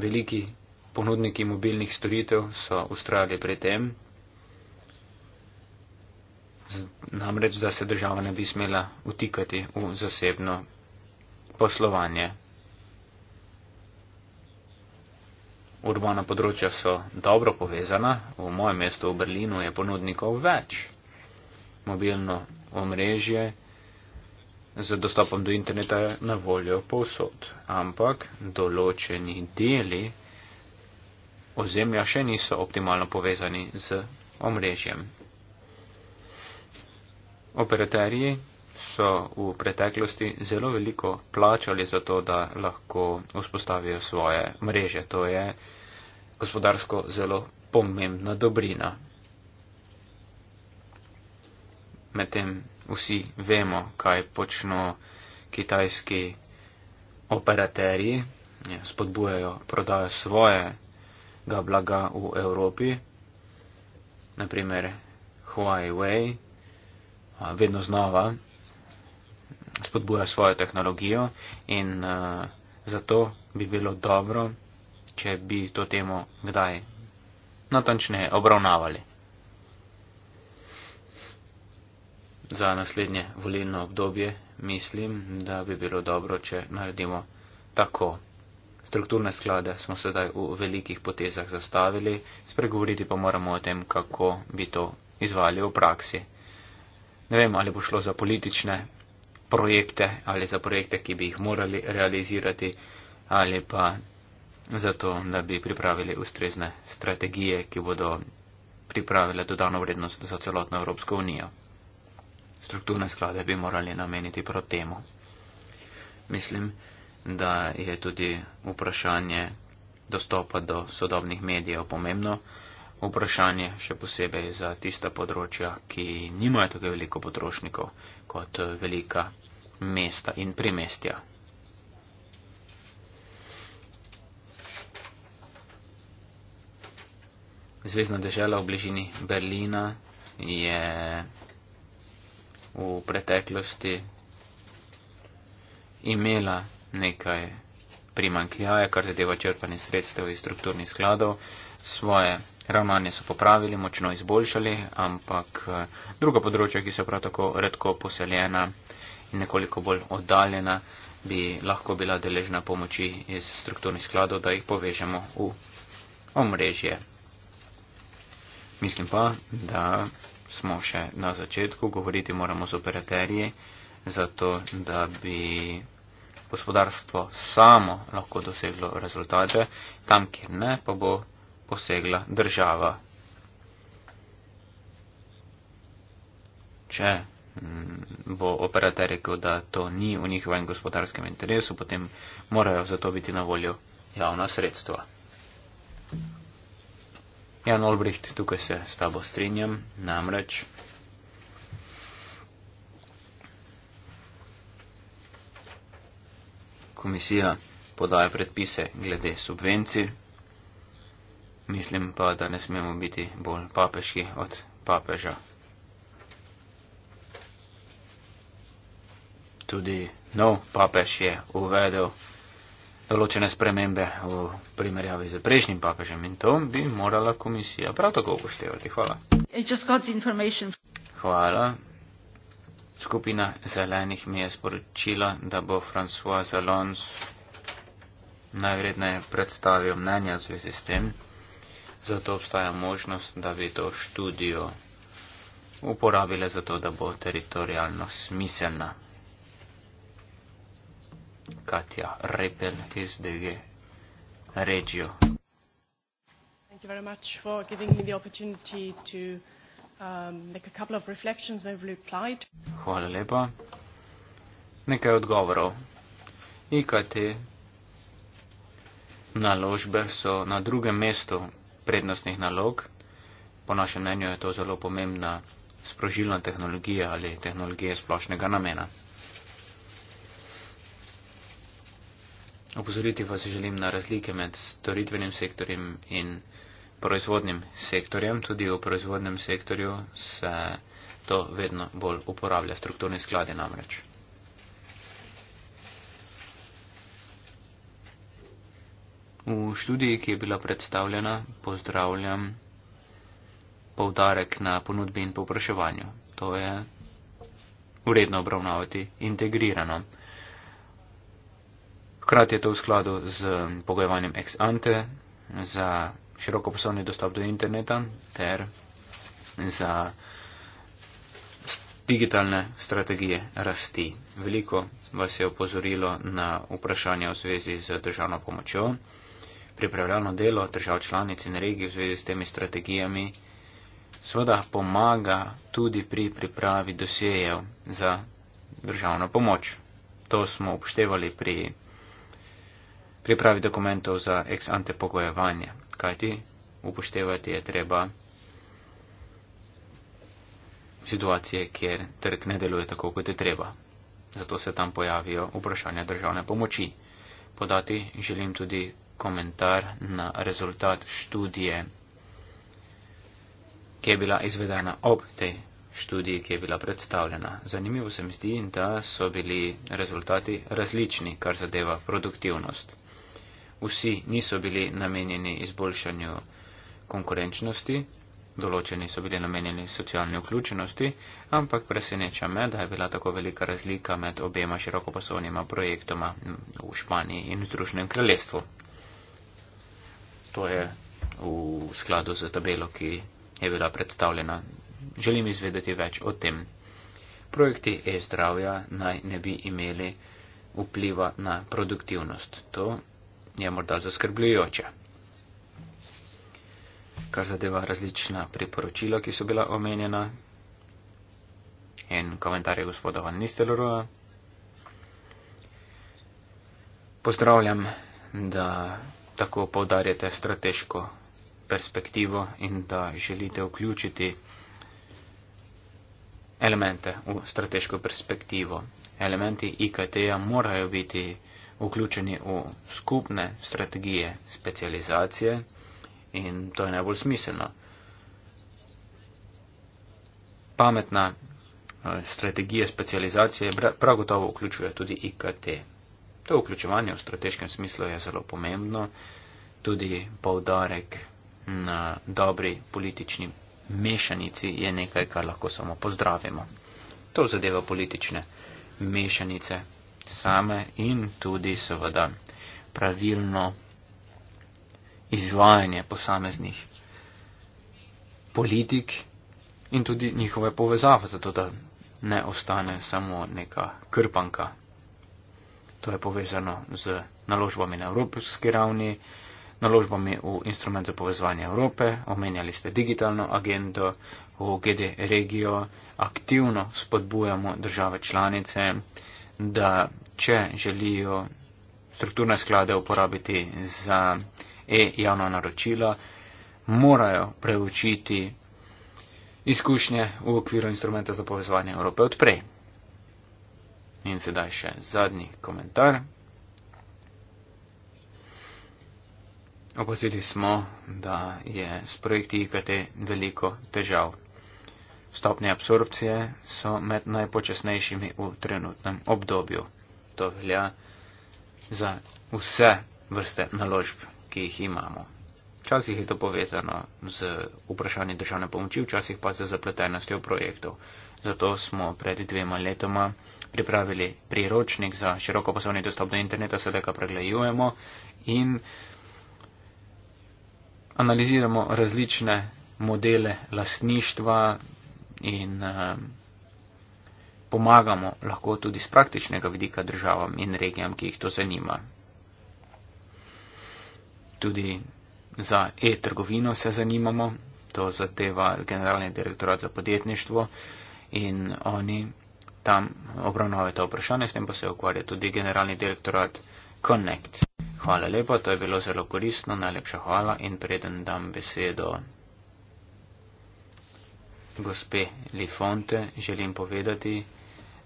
veliki ponudniki mobilnih storitev so ustrajali pri tem, namreč da se država ne bi smela utikati v zasebno poslovanje. Urbana področja so dobro povezana, v mojem mestu v Berlinu je ponudnikov več. Mobilno omrežje z dostopom do interneta na voljo povsod. Ampak določeni deli ozemlja še niso optimalno povezani z omrežjem. Operaterji so v preteklosti zelo veliko plačali za to, da lahko vzpostavijo svoje mreže. To je gospodarsko zelo pomembna dobrina. Medtem vsi vemo, kaj počno kitajski operaterji, ja, spodbujajo prodajo svojega blaga v Evropi, naprimer Huawei, vedno znova spodbuja svojo tehnologijo in zato bi bilo dobro, če bi to temo kdaj natančneje obravnavali. za naslednje volilno obdobje, mislim, da bi bilo dobro, če naredimo tako. Strukturne sklade smo sedaj v velikih potezah zastavili, spregovoriti pa moramo o tem, kako bi to izvali v praksi. Ne vem, ali bo šlo za politične projekte ali za projekte, ki bi jih morali realizirati ali pa za to, da bi pripravili ustrezne strategije, ki bodo pripravile dodano vrednost za celotno Evropsko unijo strukturne sklade bi morali nameniti prav temu. Mislim, da je tudi vprašanje dostopa do sodobnih medijev pomembno, vprašanje še posebej za tista področja, ki nimajo tako veliko potrošnikov kot velika mesta in primestja. Zvezdna država v bližini Berlina je v preteklosti imela nekaj primankljaje, kar zadeva črpanje sredstev iz strukturnih skladov, svoje ravnanje so popravili, močno izboljšali, ampak eh, druga področja, ki so prav tako redko poseljena in nekoliko bolj oddaljena, bi lahko bila deležna pomoči iz strukturnih skladov, da jih povežemo v omrežje. Mislim pa, da smo še na začetku, govoriti moramo z operaterji, zato da bi gospodarstvo samo lahko doseglo rezultate, tam, kjer ne, pa bo posegla država. Če mm, bo operater rekel, da to ni v njihovem gospodarskem interesu, potem morajo zato biti na voljo javna sredstva. Thank you. Jan Olbricht, tukaj se s tabo strinjam, namreč komisija podaja predpise glede subvencij, mislim pa, da ne smemo biti bolj papeški od papeža. Tudi nov papež je uvedel določene spremembe v primerjavi z prejšnjim papežem in to bi morala komisija prav tako upoštevati. Hvala. Hvala. Skupina zelenih mi je sporočila, da bo François Alonso najvredneje predstavil mnenja v zvezi s tem, zato obstaja možnost, da bi to študijo uporabile za to, da bo teritorijalno smiselna. Katja Repel, SDG, Regio. Thank you very much for giving me the opportunity to um, make a couple of reflections when replied. Hvala lepa. Nekaj odgovorov. IKT naložbe so na drugem mestu prednostnih nalog. Po našem mnenju je to zelo pomembna sprožilna tehnologija ali tehnologije splošnega namena. Opozoriti vas želim na razlike med storitvenim sektorjem in proizvodnim sektorjem. Tudi v proizvodnem sektorju se to vedno bolj uporablja, strukturni skladi namreč. V študiji, ki je bila predstavljena, pozdravljam povdarek na ponudbi in popraševanju. To je vredno obravnavati integrirano. Hkrati je to v skladu z um, pogojevanjem ex ante za široko poslovni dostop do interneta ter za digitalne strategije rasti. Veliko vas je opozorilo na vprašanje v zvezi z državno pomočjo. Pripravljalno delo držav članic in regij v zvezi s temi strategijami seveda pomaga tudi pri pripravi dosejev za državno pomoč. To smo upoštevali pri pripravi dokumentov za ex ante pogojevanje, kajti upoštevati je treba situacije, kjer trg ne deluje tako, kot je treba. Zato se tam pojavijo vprašanja državne pomoči. Podati želim tudi komentar na rezultat študije, ki je bila izvedena ob tej študiji, ki je bila predstavljena. Zanimivo se mi zdi, da so bili rezultati različni, kar zadeva produktivnost vsi niso bili namenjeni izboljšanju konkurenčnosti, določeni so bili namenjeni socialni vključenosti, ampak preseneča me, da je bila tako velika razlika med obema širokopasovnima projektoma v Španiji in v Združenem kraljestvu. To je v skladu z tabelo, ki je bila predstavljena. Želim izvedeti več o tem. Projekti e-zdravja naj ne bi imeli vpliva na produktivnost. To je morda zaskrbljujoče. Kar zadeva različna priporočila, ki so bila omenjena in komentarje gospoda Van Nistelrooja. Pozdravljam, da tako povdarjate strateško perspektivo in da želite vključiti elemente v strateško perspektivo. Elementi IKT-ja morajo biti vključeni v skupne strategije specializacije in to je najbolj smiselno. Pametna eh, strategija specializacije prav gotovo vključuje tudi IKT. To vključevanje v strateškem smislu je zelo pomembno, tudi povdarek na dobri politični mešanici je nekaj, kar lahko samo pozdravimo. To zadeva politične mešanice, same in tudi seveda pravilno izvajanje posameznih politik in tudi njihove povezave, zato da ne ostane samo neka krpanka. To je povezano z naložbami na evropski ravni, naložbami v instrument za povezovanje Evrope, omenjali ste digitalno agendo, v GD regijo aktivno spodbujamo države članice, da če želijo strukturne sklade uporabiti za e-javna naročila, morajo preučiti izkušnje v okviru instrumenta za povezovanje Evrope odprej. In sedaj še zadnji komentar. Opazili smo, da je s projekti IKT veliko težav. Stopnje absorpcije so med najpočasnejšimi v trenutnem obdobju. To velja za vse vrste naložb, ki jih imamo. Včasih je to povezano z vprašanjem državne pomoči, včasih pa z zapletenostjo projektov. Zato smo pred dvema letoma pripravili priročnik za široko poslovni dostop do interneta, sedaj ga preglejujemo in analiziramo različne modele lastništva, in um, pomagamo lahko tudi z praktičnega vidika državam in regijam, ki jih to zanima. Tudi za e-trgovino se zanimamo, to zadeva Generalni direktorat za podjetništvo in oni tam obravnavajo ta vprašanja, s tem pa se ukvarja tudi Generalni direktorat Connect. Hvala lepa, to je bilo zelo koristno, najlepša hvala in preden dam besedo gospe Lifonte želim povedati,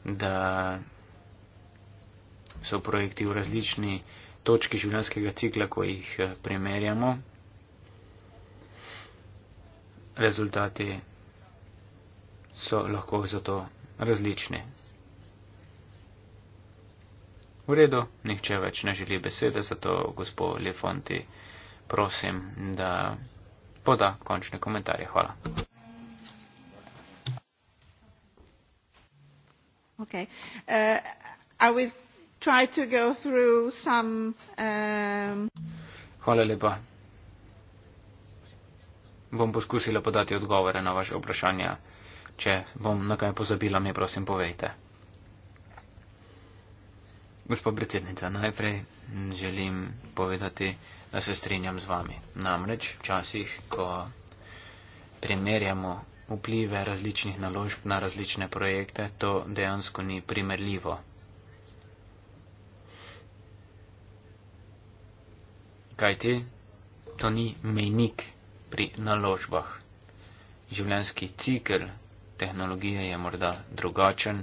da so projekti v različni točki življenjskega cikla, ko jih eh, primerjamo, rezultati so lahko zato različni. V redu, nihče več ne želi besede, zato gospod Lefonti prosim, da poda končne komentarje. Hvala. Okay. Uh, I will try to go through some... Um... Hvala lepa. Bom poskusila podati odgovore na vaše vprašanja. Če bom na kaj pozabila, mi prosim povejte. Gospod predsednica, najprej želim povedati, da se strinjam z vami. Namreč včasih, ko primerjamo vplive različnih naložb na različne projekte, to dejansko ni primerljivo. Kaj ti? To ni menik pri naložbah. Življenjski cikl tehnologije je morda drugačen,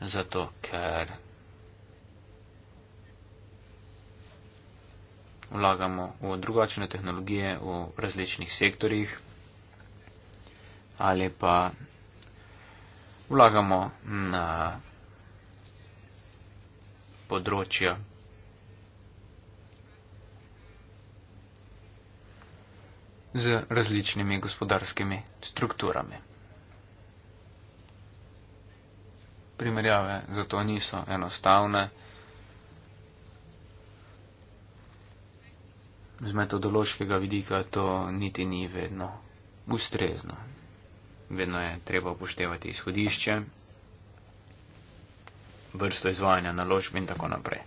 zato ker vlagamo v drugačne tehnologije v različnih sektorjih, ali pa vlagamo na področja, z različnimi gospodarskimi strukturami. Primerjave zato niso enostavne. Z metodološkega vidika to niti ni vedno ustrezno vedno je treba upoštevati izhodišče, vrsto izvajanja naložb in tako naprej.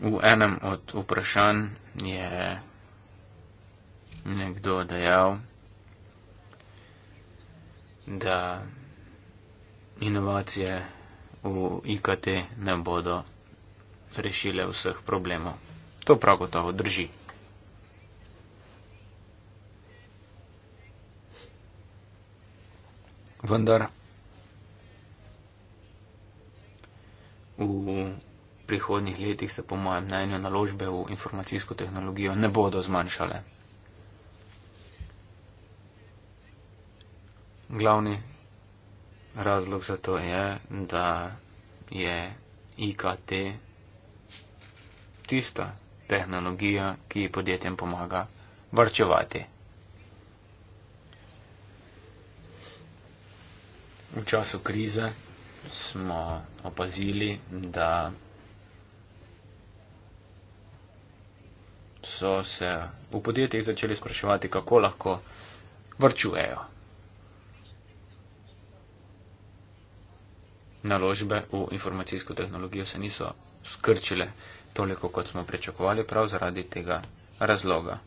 V enem od vprašanj je nekdo dejal, da inovacije v IKT ne bodo rešile vseh problemov. To prav gotovo drži. Vendar v prihodnjih letih se po mojem mnenju naložbe v informacijsko tehnologijo ne bodo zmanjšale. Glavni razlog za to je, da je IKT tista tehnologija, ki podjetjem pomaga varčevati. V času krize smo opazili, da so se v podjetjih začeli spraševati, kako lahko varčujejo. Naložbe v informacijsko tehnologijo se niso skrčile toliko, kot smo pričakovali, prav zaradi tega razloga.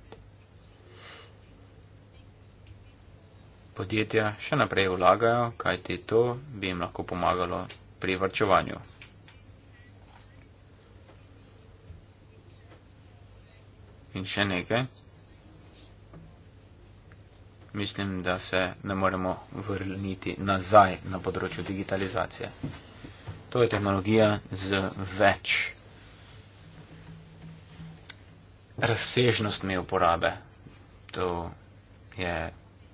Podjetja še naprej vlagajo, kajti to bi jim lahko pomagalo pri varčevanju. In še nekaj. Mislim, da se ne moremo vrniti nazaj na področju digitalizacije. To je tehnologija z več razsežnostmi uporabe. To je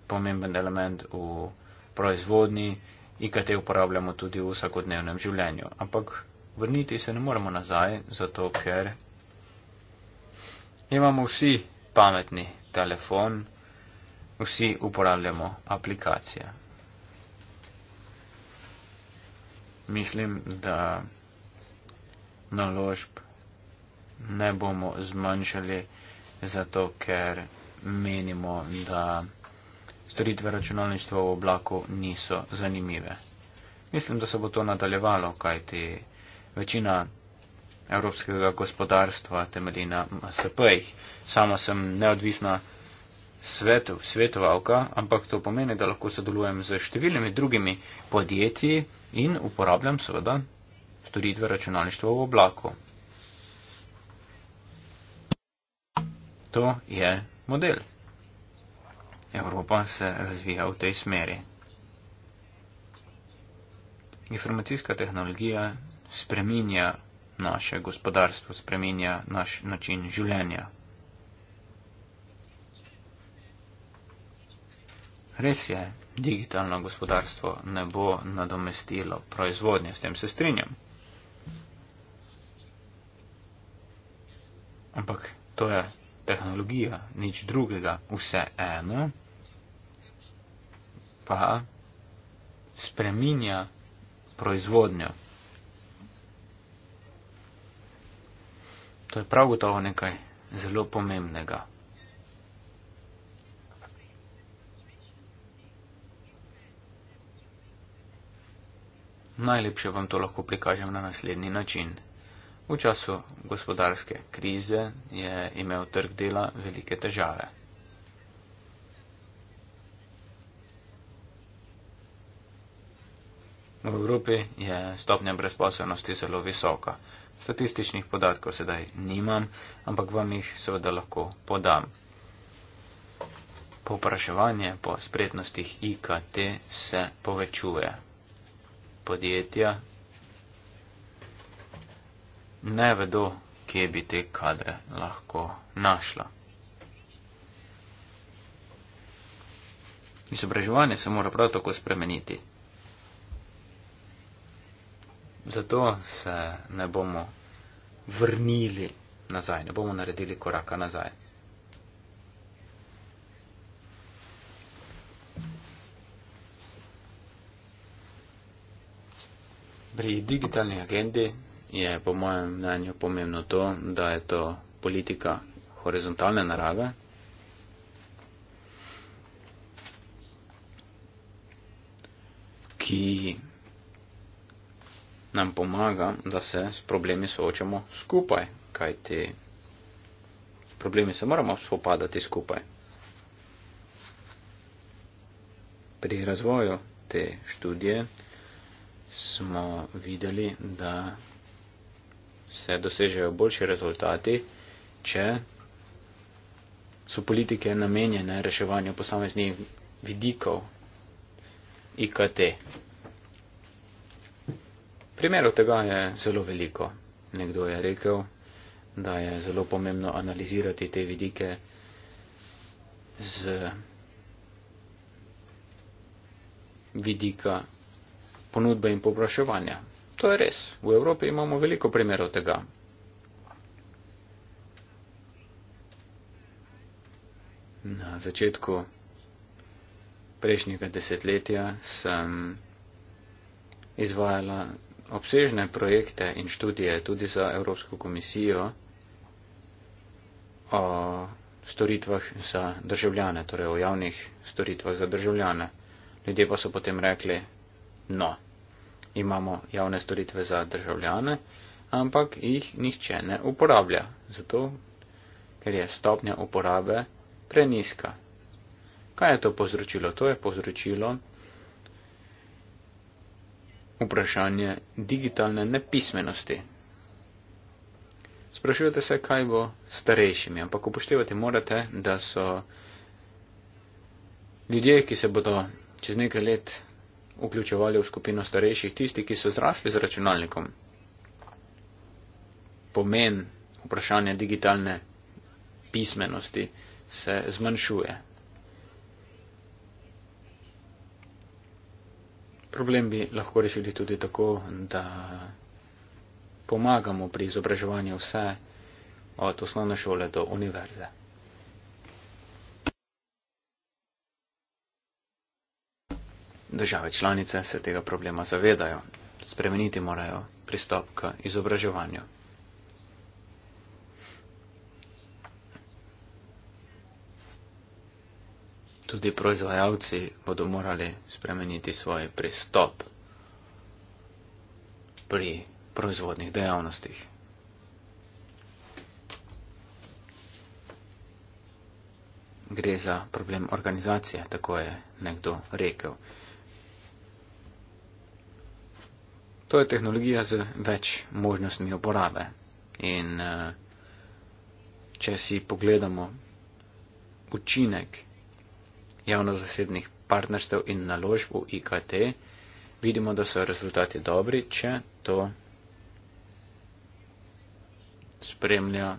pomemben element v proizvodni, IKT uporabljamo tudi v vsakodnevnem življenju. Ampak vrniti se ne moremo nazaj, zato ker imamo vsi pametni telefon, vsi uporabljamo aplikacije. Mislim, da naložb ne bomo zmanjšali, zato ker menimo, da storitve računalništva v oblaku niso zanimive. Mislim, da se bo to nadaljevalo, kajti večina evropskega gospodarstva temelji na MSP-jih. Sama sem neodvisna svetu, svetovalka, ampak to pomeni, da lahko sodelujem z številnimi drugimi podjetji in uporabljam seveda storitve računalništva v oblaku. To je model. Evropa se razvija v tej smeri. Informacijska tehnologija spreminja naše gospodarstvo, spreminja naš način življenja. Res je, digitalno gospodarstvo ne bo nadomestilo proizvodnje, s tem se strinjam. Ampak to je tehnologija, nič drugega, vse eno, pa spreminja proizvodnjo. To je prav gotovo nekaj zelo pomembnega. Najlepše vam to lahko prikažem na naslednji način. V času gospodarske krize je imel trg dela velike težave. V Evropi je stopnja brezposobnosti zelo visoka. Statističnih podatkov sedaj nimam, ampak vam jih seveda lahko podam. Popraševanje po spretnostih IKT se povečuje. Podjetja ne vedo, kje bi te kadre lahko našla. Izobraževanje se mora prav tako spremeniti. Zato se ne bomo vrnili nazaj, ne bomo naredili koraka nazaj. Pri digitalni agendi je po mojem mnenju pomembno to, da je to politika horizontalne narave. ki nam pomaga, da se s problemi soočamo skupaj, kajti s problemi se moramo spopadati skupaj. Pri razvoju te študije smo videli, da se dosežejo boljši rezultati, če so politike namenjene reševanju posameznih vidikov IKT. Primerov tega je zelo veliko. Nekdo je rekel, da je zelo pomembno analizirati te vidike z vidika ponudbe in popraševanja. To je res. V Evropi imamo veliko primerov tega. Na začetku prejšnjega desetletja sem izvajala obsežne projekte in študije tudi za Evropsko komisijo o storitvah za državljane, torej o javnih storitvah za državljane. Ljudje pa so potem rekli, no, imamo javne storitve za državljane, ampak jih nihče ne uporablja, zato ker je stopnja uporabe preniska. Kaj je to povzročilo? To je povzročilo vprašanje digitalne nepismenosti. Sprašujete se, kaj bo starejšimi, ampak upoštevati morate, da so ljudje, ki se bodo čez nekaj let vključevali v skupino starejših, tisti, ki so zrasli z računalnikom. Pomen vprašanja digitalne pismenosti se zmanjšuje. Problem bi lahko rešili tudi tako, da pomagamo pri izobraževanju vse od osnovne šole do univerze. Države članice se tega problema zavedajo. Spremeniti morajo pristop k izobraževanju. Tudi proizvajalci bodo morali spremeniti svoj pristop pri proizvodnih dejavnostih. Gre za problem organizacije, tako je nekdo rekel. To je tehnologija z več možnostmi uporabe. In eh, če si pogledamo učinek javno-zasebnih partnerstev in naložb v IKT, vidimo, da so rezultati dobri, če to spremlja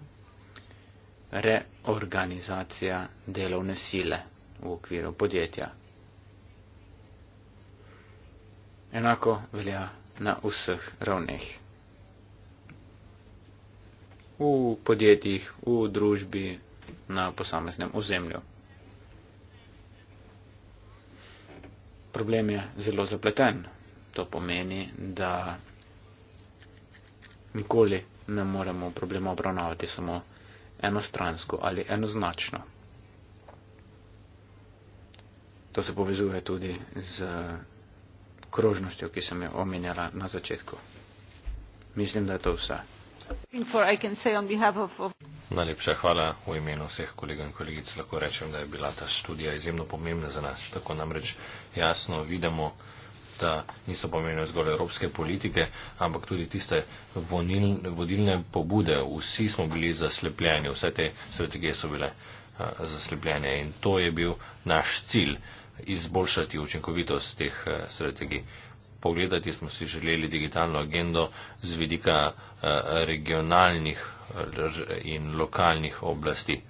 reorganizacija delovne sile v okviru podjetja. Enako velja na vseh ravneh. V podjetjih, v družbi, na posameznem ozemlju. Problem je zelo zapleten. To pomeni, da nikoli ne moremo problema obravnavati samo enostransko ali enoznačno. To se povezuje tudi z okrožnostjo, ki sem jo omenjala na začetku. Mislim, da je to vse. Najlepša hvala v imenu vseh kolegov in kolegic. Lahko rečem, da je bila ta študija izjemno pomembna za nas. Tako namreč jasno vidimo, da niso pomembne zgolj evropske politike, ampak tudi tiste vonilne, vodilne pobude. Vsi smo bili zaslepljeni, vse te strategije so bile uh, zaslepljene in to je bil naš cilj izboljšati učinkovitost teh eh, strategij. Pogledati smo si želeli digitalno agendo z vidika eh, regionalnih in lokalnih oblasti.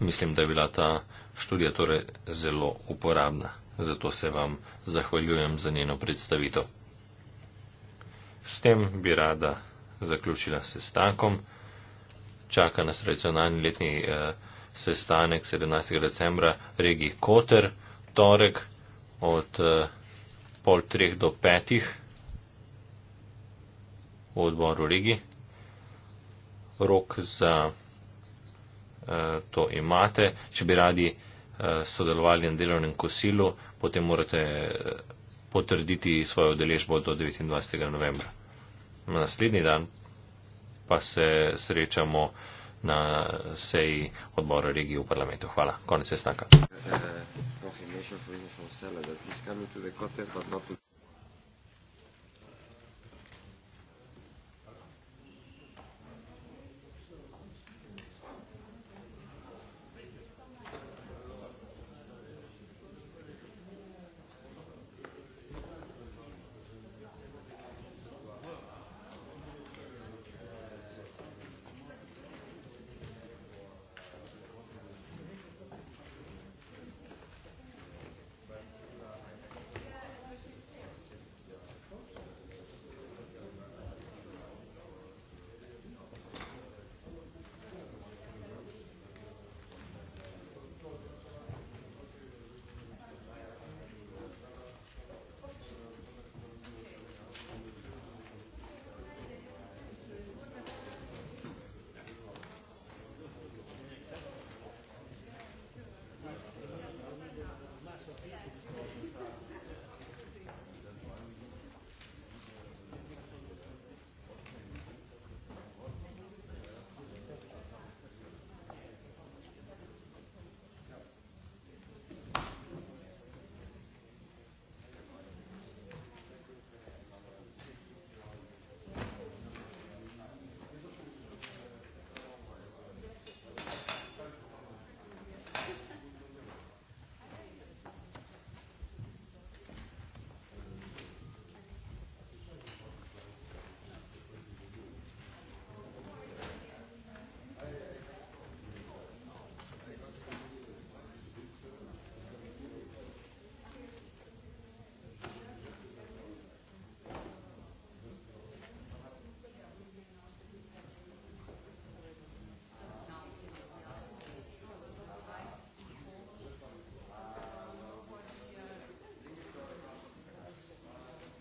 Mislim, da je bila ta študija torej zelo uporabna. Zato se vam zahvaljujem za njeno predstavitev. S tem bi rada zaključila sestankom. Čaka nas tradicionalni letni eh, sestanek 17. decembra regiji Koter, torek od eh, pol treh do petih v odboru regiji. Rok za eh, to imate. Če bi radi eh, sodelovali na delovnem kosilu, potem morate potrditi svojo deležbo do 29. novembra. Na naslednji dan pa se srečamo na seji odbora regije v parlamentu. Hvala. Konec sestanka. Uh,